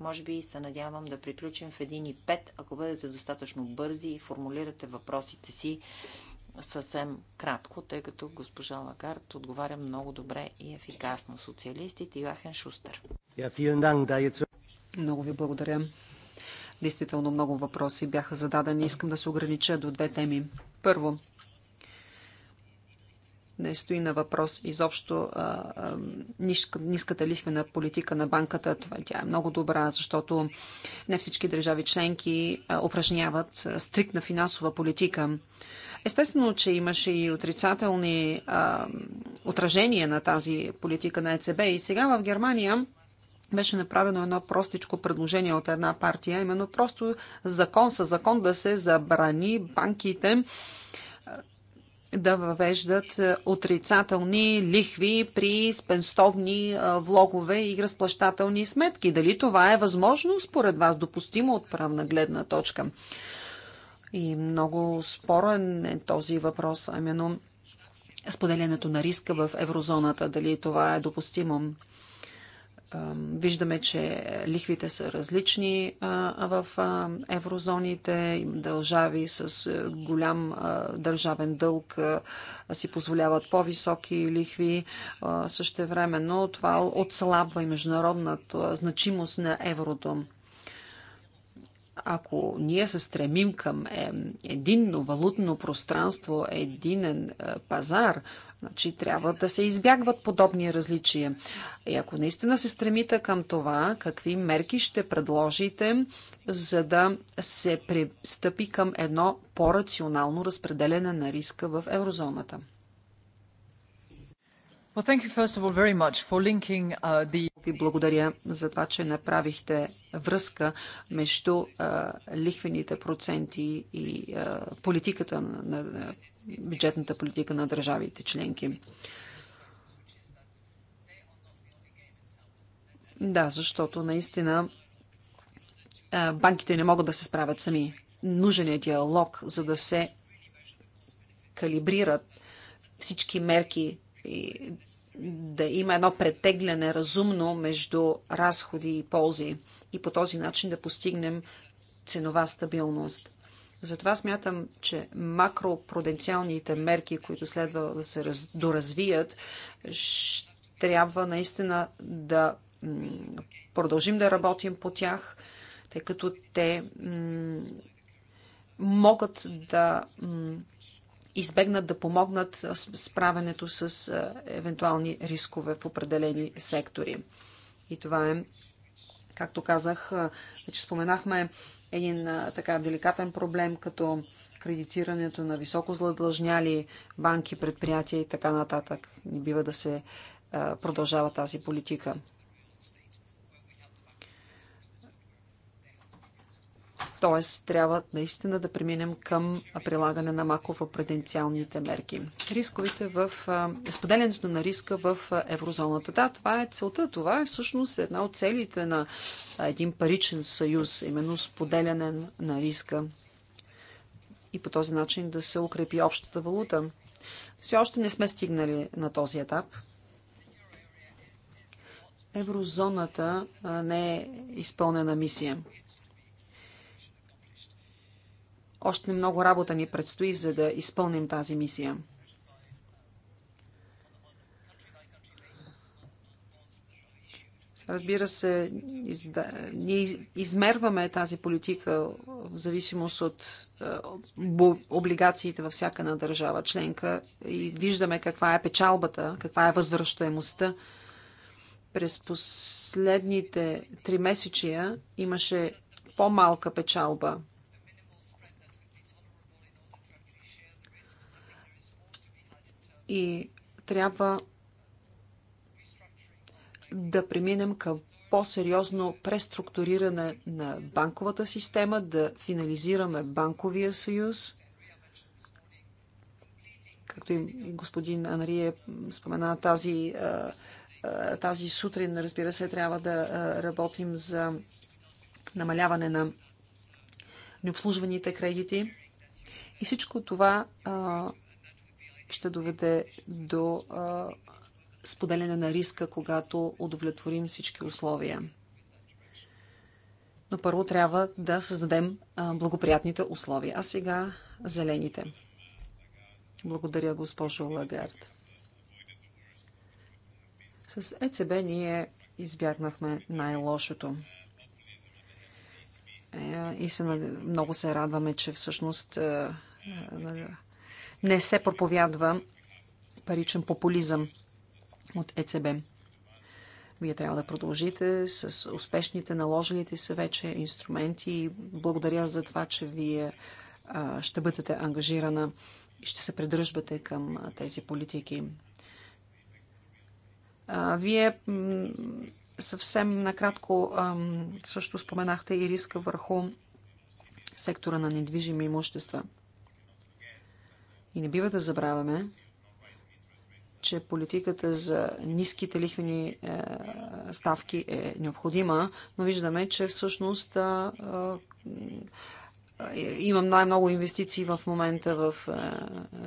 може би се надявам да приключим в 1 и 5, ако бъдете достатъчно бързи и формулирате въпросите си съвсем кратко, тъй като госпожа Лагард отговаря много добре и ефикасно. Социалистите и Ахен Шустер. Много ви благодаря. Действително много въпроси бяха зададени. Искам да се огранича до две теми. Първо, не стои на въпрос изобщо а, а, ниска, ниската лихвена политика на банката. Това, тя е много добра, защото не всички държави членки упражняват стриктна стрикна финансова политика. Естествено, че имаше и отрицателни а, отражения на тази политика на ЕЦБ. И сега в Германия беше направено едно простичко предложение от една партия, именно просто закон със закон да се забрани банките да въвеждат отрицателни лихви при спенстовни влогове и разплащателни сметки. Дали това е възможно според вас допустимо от правна гледна точка? И много спорен е този въпрос, а именно споделянето на риска в еврозоната, дали това е допустимо. Виждаме, че лихвите са различни в еврозоните. Държави с голям държавен дълг си позволяват по-високи лихви. но това отслабва и международната значимост на еврото ако ние се стремим към единно валутно пространство, единен е, пазар, значи трябва да се избягват подобни различия. И ако наистина се стремите към това, какви мерки ще предложите, за да се пристъпи към едно по-рационално разпределяне на риска в еврозоната? Uh, Ви благодаря за това, че направихте връзка между лихвените проценти и политиката на бюджетната политика на държавите членки. Да, защото наистина банките не могат да се справят сами. Нужен е диалог, за да се калибрират всички мерки, и да има едно претегляне разумно между разходи и ползи и по този начин да постигнем ценова стабилност. Затова смятам, че макропруденциалните мерки, които следва да се раз... доразвият, трябва наистина да продължим да работим по тях, тъй като те могат да избегнат да помогнат с справенето с евентуални рискове в определени сектори. И това е, както казах, вече споменахме един така деликатен проблем, като кредитирането на високо задлъжняли банки, предприятия и така нататък. Не бива да се продължава тази политика. Тоест, трябва наистина да преминем към прилагане на макропруденциалните мерки. Рисковите в споделянето на риска в еврозоната. Да, това е целта. Това е всъщност една от целите на един паричен съюз, именно споделяне на риска. И по този начин да се укрепи общата валута. Все още не сме стигнали на този етап. Еврозоната не е изпълнена мисия. Още много работа ни предстои, за да изпълним тази мисия. Разбира се, изда... ние измерваме тази политика в зависимост от е, облигациите във всяка на държава членка и виждаме каква е печалбата, каква е възвръщаемостта. През последните три месечия имаше по-малка печалба и трябва да преминем към по-сериозно преструктуриране на банковата система, да финализираме банковия съюз, както и господин Анрие спомена тази, тази сутрин, разбира се, трябва да работим за намаляване на необслужваните кредити. И всичко това а, ще доведе до а, споделяне на риска, когато удовлетворим всички условия. Но първо трябва да създадем а, благоприятните условия. А сега зелените. Благодаря, госпожо Лагард. С ЕЦБ ние избягнахме най-лошото. Е, и се, много се радваме, че всъщност е, не се проповядва паричен популизъм от ЕЦБ. Вие трябва да продължите с успешните, наложените се вече инструменти. Благодаря за това, че вие ще бъдете ангажирана и ще се придържбате към тези политики. Вие съвсем накратко също споменахте и риска върху сектора на недвижими имущества. И не бива да забравяме, че политиката за ниските лихвени е, ставки е необходима, но виждаме, че всъщност е, е, е имам най-много инвестиции в момента в е,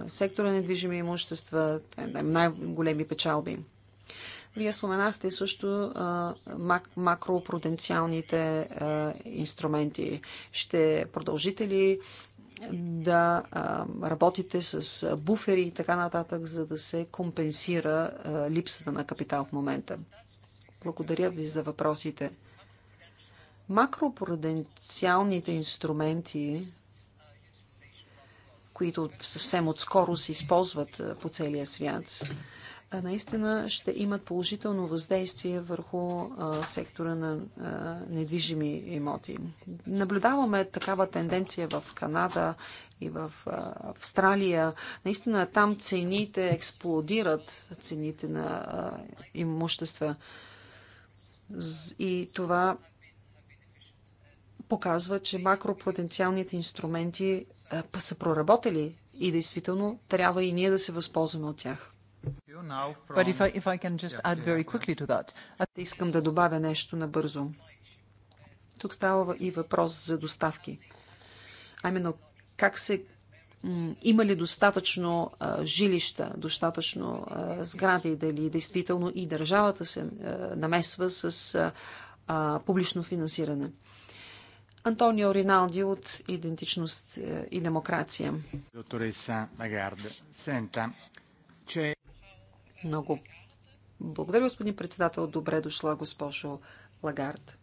сектора недвижими имущества, е, най-големи печалби. Вие споменахте също мак, макропруденциалните инструменти. Ще продължите ли да работите с буфери и така нататък, за да се компенсира липсата на капитал в момента. Благодаря ви за въпросите. Макропруденциалните инструменти, които съвсем отскоро се използват по целия свят, наистина ще имат положително въздействие върху сектора на недвижими имоти. Наблюдаваме такава тенденция в Канада и в Австралия. Наистина там цените експлодират, цените на имущества. И това показва, че макропотенциалните инструменти са проработили и действително трябва и ние да се възползваме от тях. Uh, Искам да добавя нещо набързо. Тук става и въпрос за доставки. А именно, как се има ли достатъчно а, жилища, достатъчно а, сгради, дали действително и държавата се а, намесва с публично финансиране. Антонио Риналди от Идентичност е, и демокрация. Доктореса Магард, сента, че... Много благодаря, господин председател. Добре дошла, госпожо Лагард.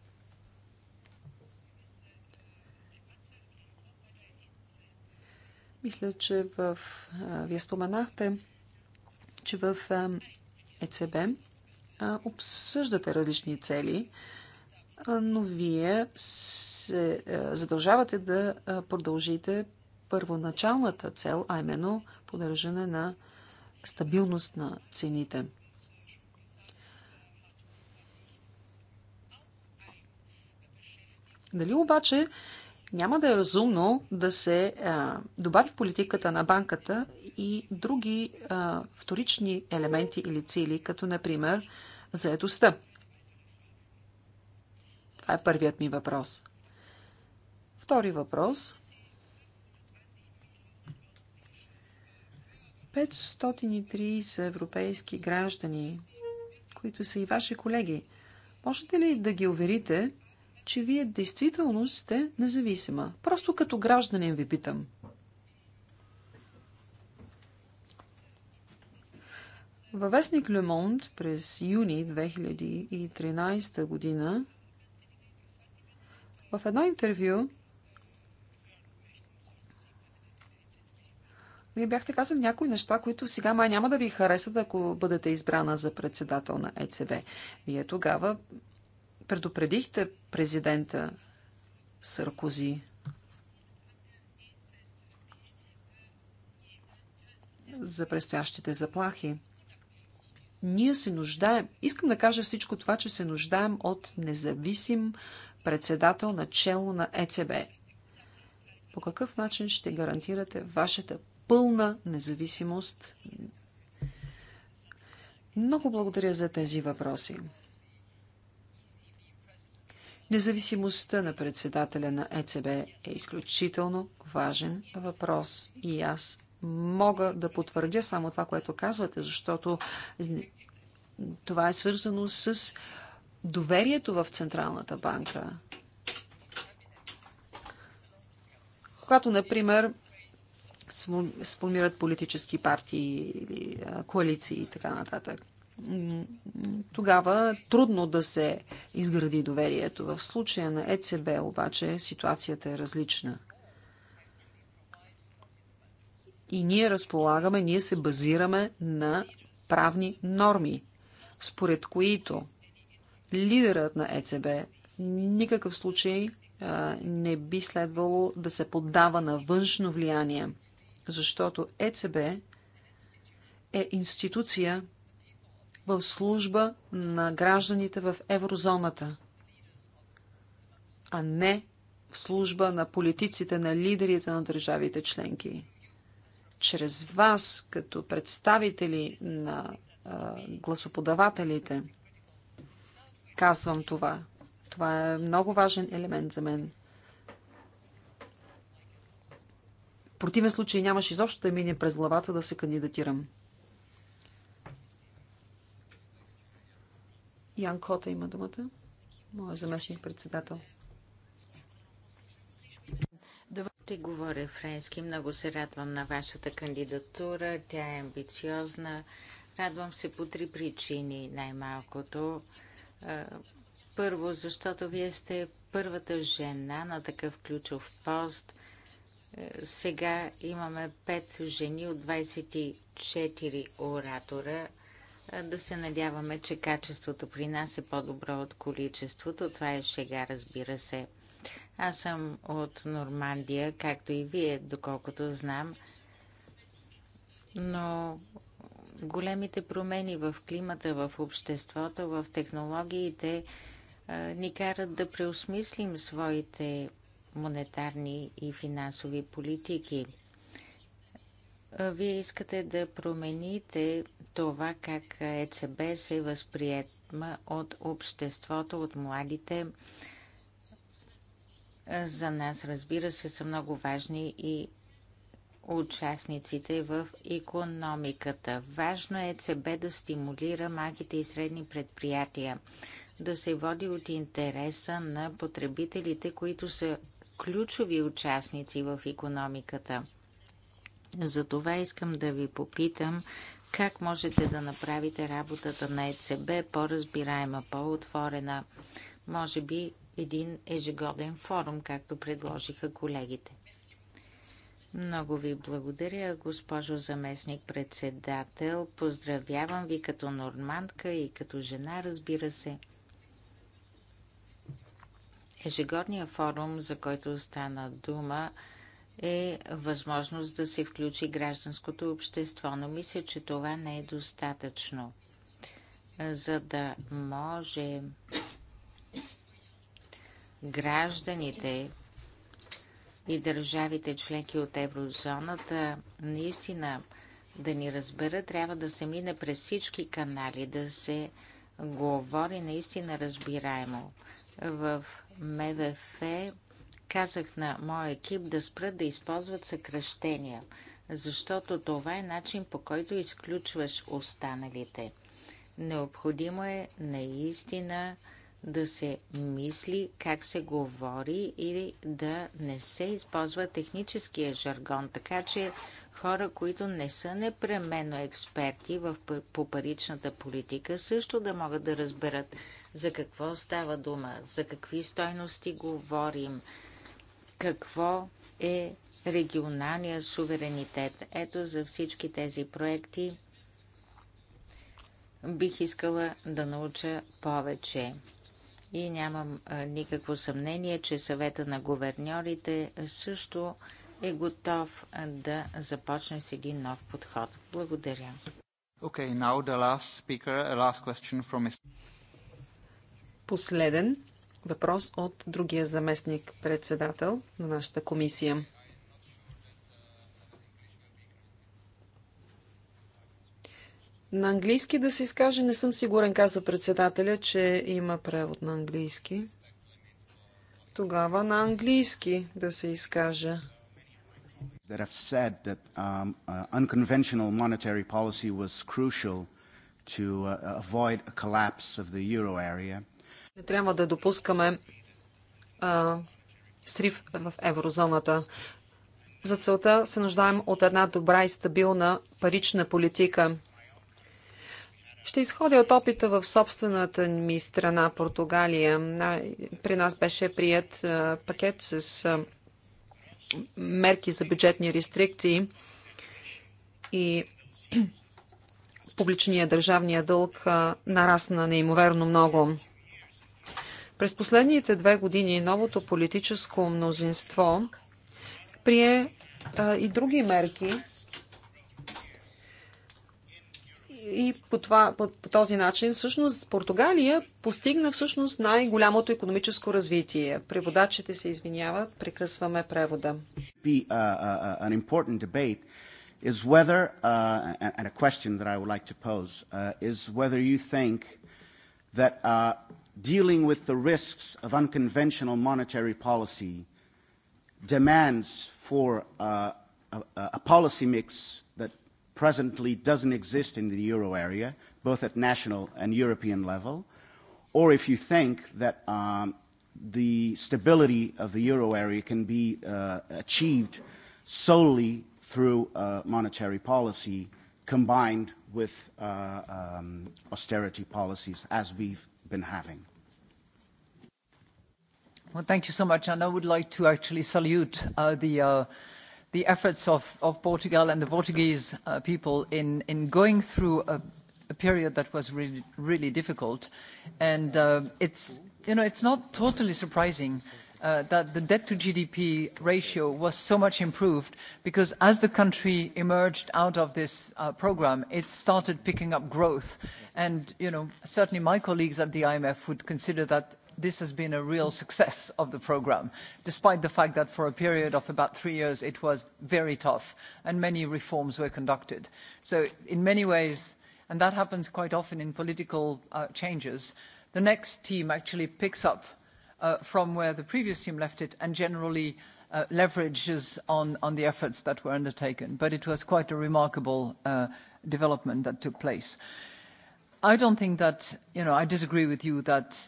Мисля, че в... Вие споменахте, че в ЕЦБ обсъждате различни цели, но вие се задължавате да продължите първоначалната цел, а именно поддържане на стабилност на цените. Дали обаче няма да е разумно да се а, добави в политиката на банката и други а, вторични елементи или цели, като например заедостта? Това е първият ми въпрос. Втори въпрос. 530 европейски граждани, които са и ваши колеги, можете ли да ги уверите, че вие действително сте независима? Просто като гражданин ви питам. Във вестник Le Monde през юни 2013 година в едно интервю Вие бяхте казали някои неща, които сега май няма да ви харесат, ако бъдете избрана за председател на ЕЦБ. Вие тогава предупредихте президента Саркози за предстоящите заплахи. Ние се нуждаем, искам да кажа всичко това, че се нуждаем от независим председател на чело на ЕЦБ. По какъв начин ще гарантирате вашата пълна независимост. Много благодаря за тези въпроси. Независимостта на председателя на ЕЦБ е изключително важен въпрос и аз мога да потвърдя само това, което казвате, защото това е свързано с доверието в Централната банка. Когато, например, сформират политически партии или коалиции и така нататък. Тогава трудно да се изгради доверието. В случая на ЕЦБ обаче ситуацията е различна. И ние разполагаме, ние се базираме на правни норми, според които лидерът на ЕЦБ никакъв случай не би следвало да се поддава на външно влияние защото ЕЦБ е институция в служба на гражданите в еврозоната, а не в служба на политиците, на лидерите на държавите членки. Чрез вас, като представители на а, гласоподавателите, казвам това. Това е много важен елемент за мен. противен случай нямаше изобщо да мине през главата да се кандидатирам. Ян Кота има думата. Моя заместник председател. Давайте говоря френски. Много се радвам на вашата кандидатура. Тя е амбициозна. Радвам се по три причини, най-малкото. Първо, защото вие сте първата жена на такъв ключов пост. Е, сега имаме пет жени от 24 оратора. Е, да се надяваме, че качеството при нас е по-добро от количеството. Това е шега, разбира се. Аз съм от Нормандия, както и вие, доколкото знам. Но големите промени в климата, в обществото, в технологиите е, ни карат да преосмислим своите монетарни и финансови политики. Вие искате да промените това как ЕЦБ се възприема от обществото, от младите. За нас, разбира се, са много важни и участниците в економиката. Важно е ЕЦБ да стимулира малките и средни предприятия, да се води от интереса на потребителите, които са ключови участници в економиката. Затова искам да ви попитам как можете да направите работата на ЕЦБ по-разбираема, по-отворена. Може би един ежегоден форум, както предложиха колегите. Много ви благодаря, госпожо заместник председател. Поздравявам ви като нормандка и като жена, разбира се. Ежегодният форум, за който стана дума, е възможност да се включи гражданското общество, но мисля, че това не е достатъчно. За да може гражданите и държавите членки от еврозоната наистина да ни разберат, трябва да се мине през всички канали, да се говори наистина разбираемо в МВФ казах на моя екип да спрат да използват съкръщения, защото това е начин по който изключваш останалите. Необходимо е наистина да се мисли как се говори и да не се използва техническия жаргон, така че хора, които не са непременно експерти в, по паричната политика, също да могат да разберат за какво става дума, за какви стойности говорим, какво е регионалния суверенитет. Ето за всички тези проекти бих искала да науча повече. И нямам никакво съмнение, че съвета на губерньорите също е готов да започне с един нов подход. Благодаря. Okay, now the last speaker, last question from Mr последен въпрос от другия заместник председател на нашата комисия. На английски да се изкаже, не съм сигурен, каза председателя, че има превод на английски. Тогава на английски да се изкаже. That have said that um, uh, unconventional monetary policy was crucial to uh, avoid a collapse of the euro area не трябва да допускаме а, срив в еврозоната. За целта се нуждаем от една добра и стабилна парична политика. Ще изходя от опита в собствената ми страна, Португалия. При нас беше прият пакет с мерки за бюджетни рестрикции и публичния държавния дълг нарасна неимоверно много. През последните две години новото политическо мнозинство прие а, и други мерки и по, това, по, по този начин всъщност Португалия постигна всъщност най-голямото економическо развитие. Преводачите се извиняват, прекъсваме превода. Uh, uh, is whether, uh, and a question that I would like to pose, uh, is whether you think that uh, dealing with the risks of unconventional monetary policy demands for uh, a, a policy mix that presently doesn't exist in the euro area, both at national and European level, or if you think that um, the stability of the euro area can be uh, achieved solely through uh, monetary policy combined with uh, um, austerity policies, as we've been having. Well, thank you so much. And I would like to actually salute uh, the, uh, the efforts of, of Portugal and the Portuguese uh, people in, in going through a, a period that was really, really difficult. And uh, it's, you know, it's not totally surprising uh, that the debt to GDP ratio was so much improved because as the country emerged out of this uh, program, it started picking up growth. And, you know, certainly my colleagues at the IMF would consider that this has been a real success of the program, despite the fact that for a period of about three years it was very tough and many reforms were conducted. So in many ways, and that happens quite often in political uh, changes, the next team actually picks up from where the previous team left it and generally leverages on the efforts that were undertaken. But it was quite a remarkable development that took place. I don't think that, you know, I disagree with you that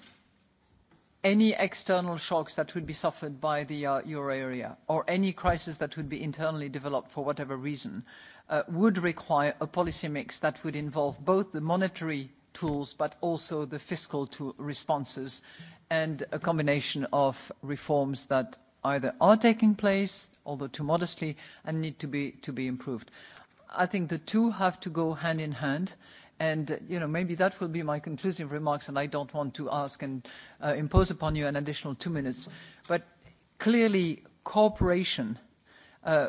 any external shocks that would be suffered by the euro area or any crisis that would be internally developed for whatever reason would require a policy mix that would involve both the monetary tools but also the fiscal responses and a combination of reforms that either are taking place, although too modestly, and need to be, to be improved. I think the two have to go hand in hand. And, you know, maybe that will be my conclusive remarks, and I don't want to ask and uh, impose upon you an additional two minutes. But clearly, cooperation, uh,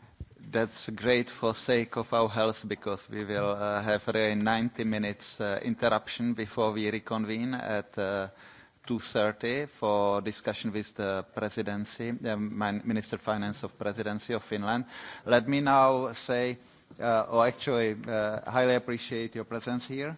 that's great for sake of our health because we will uh, have a 90 minutes uh, interruption before we reconvene at uh, 2.30 for discussion with the presidency, the Minister of Finance of Presidency of Finland. Let me now say, uh, or actually uh, highly appreciate your presence here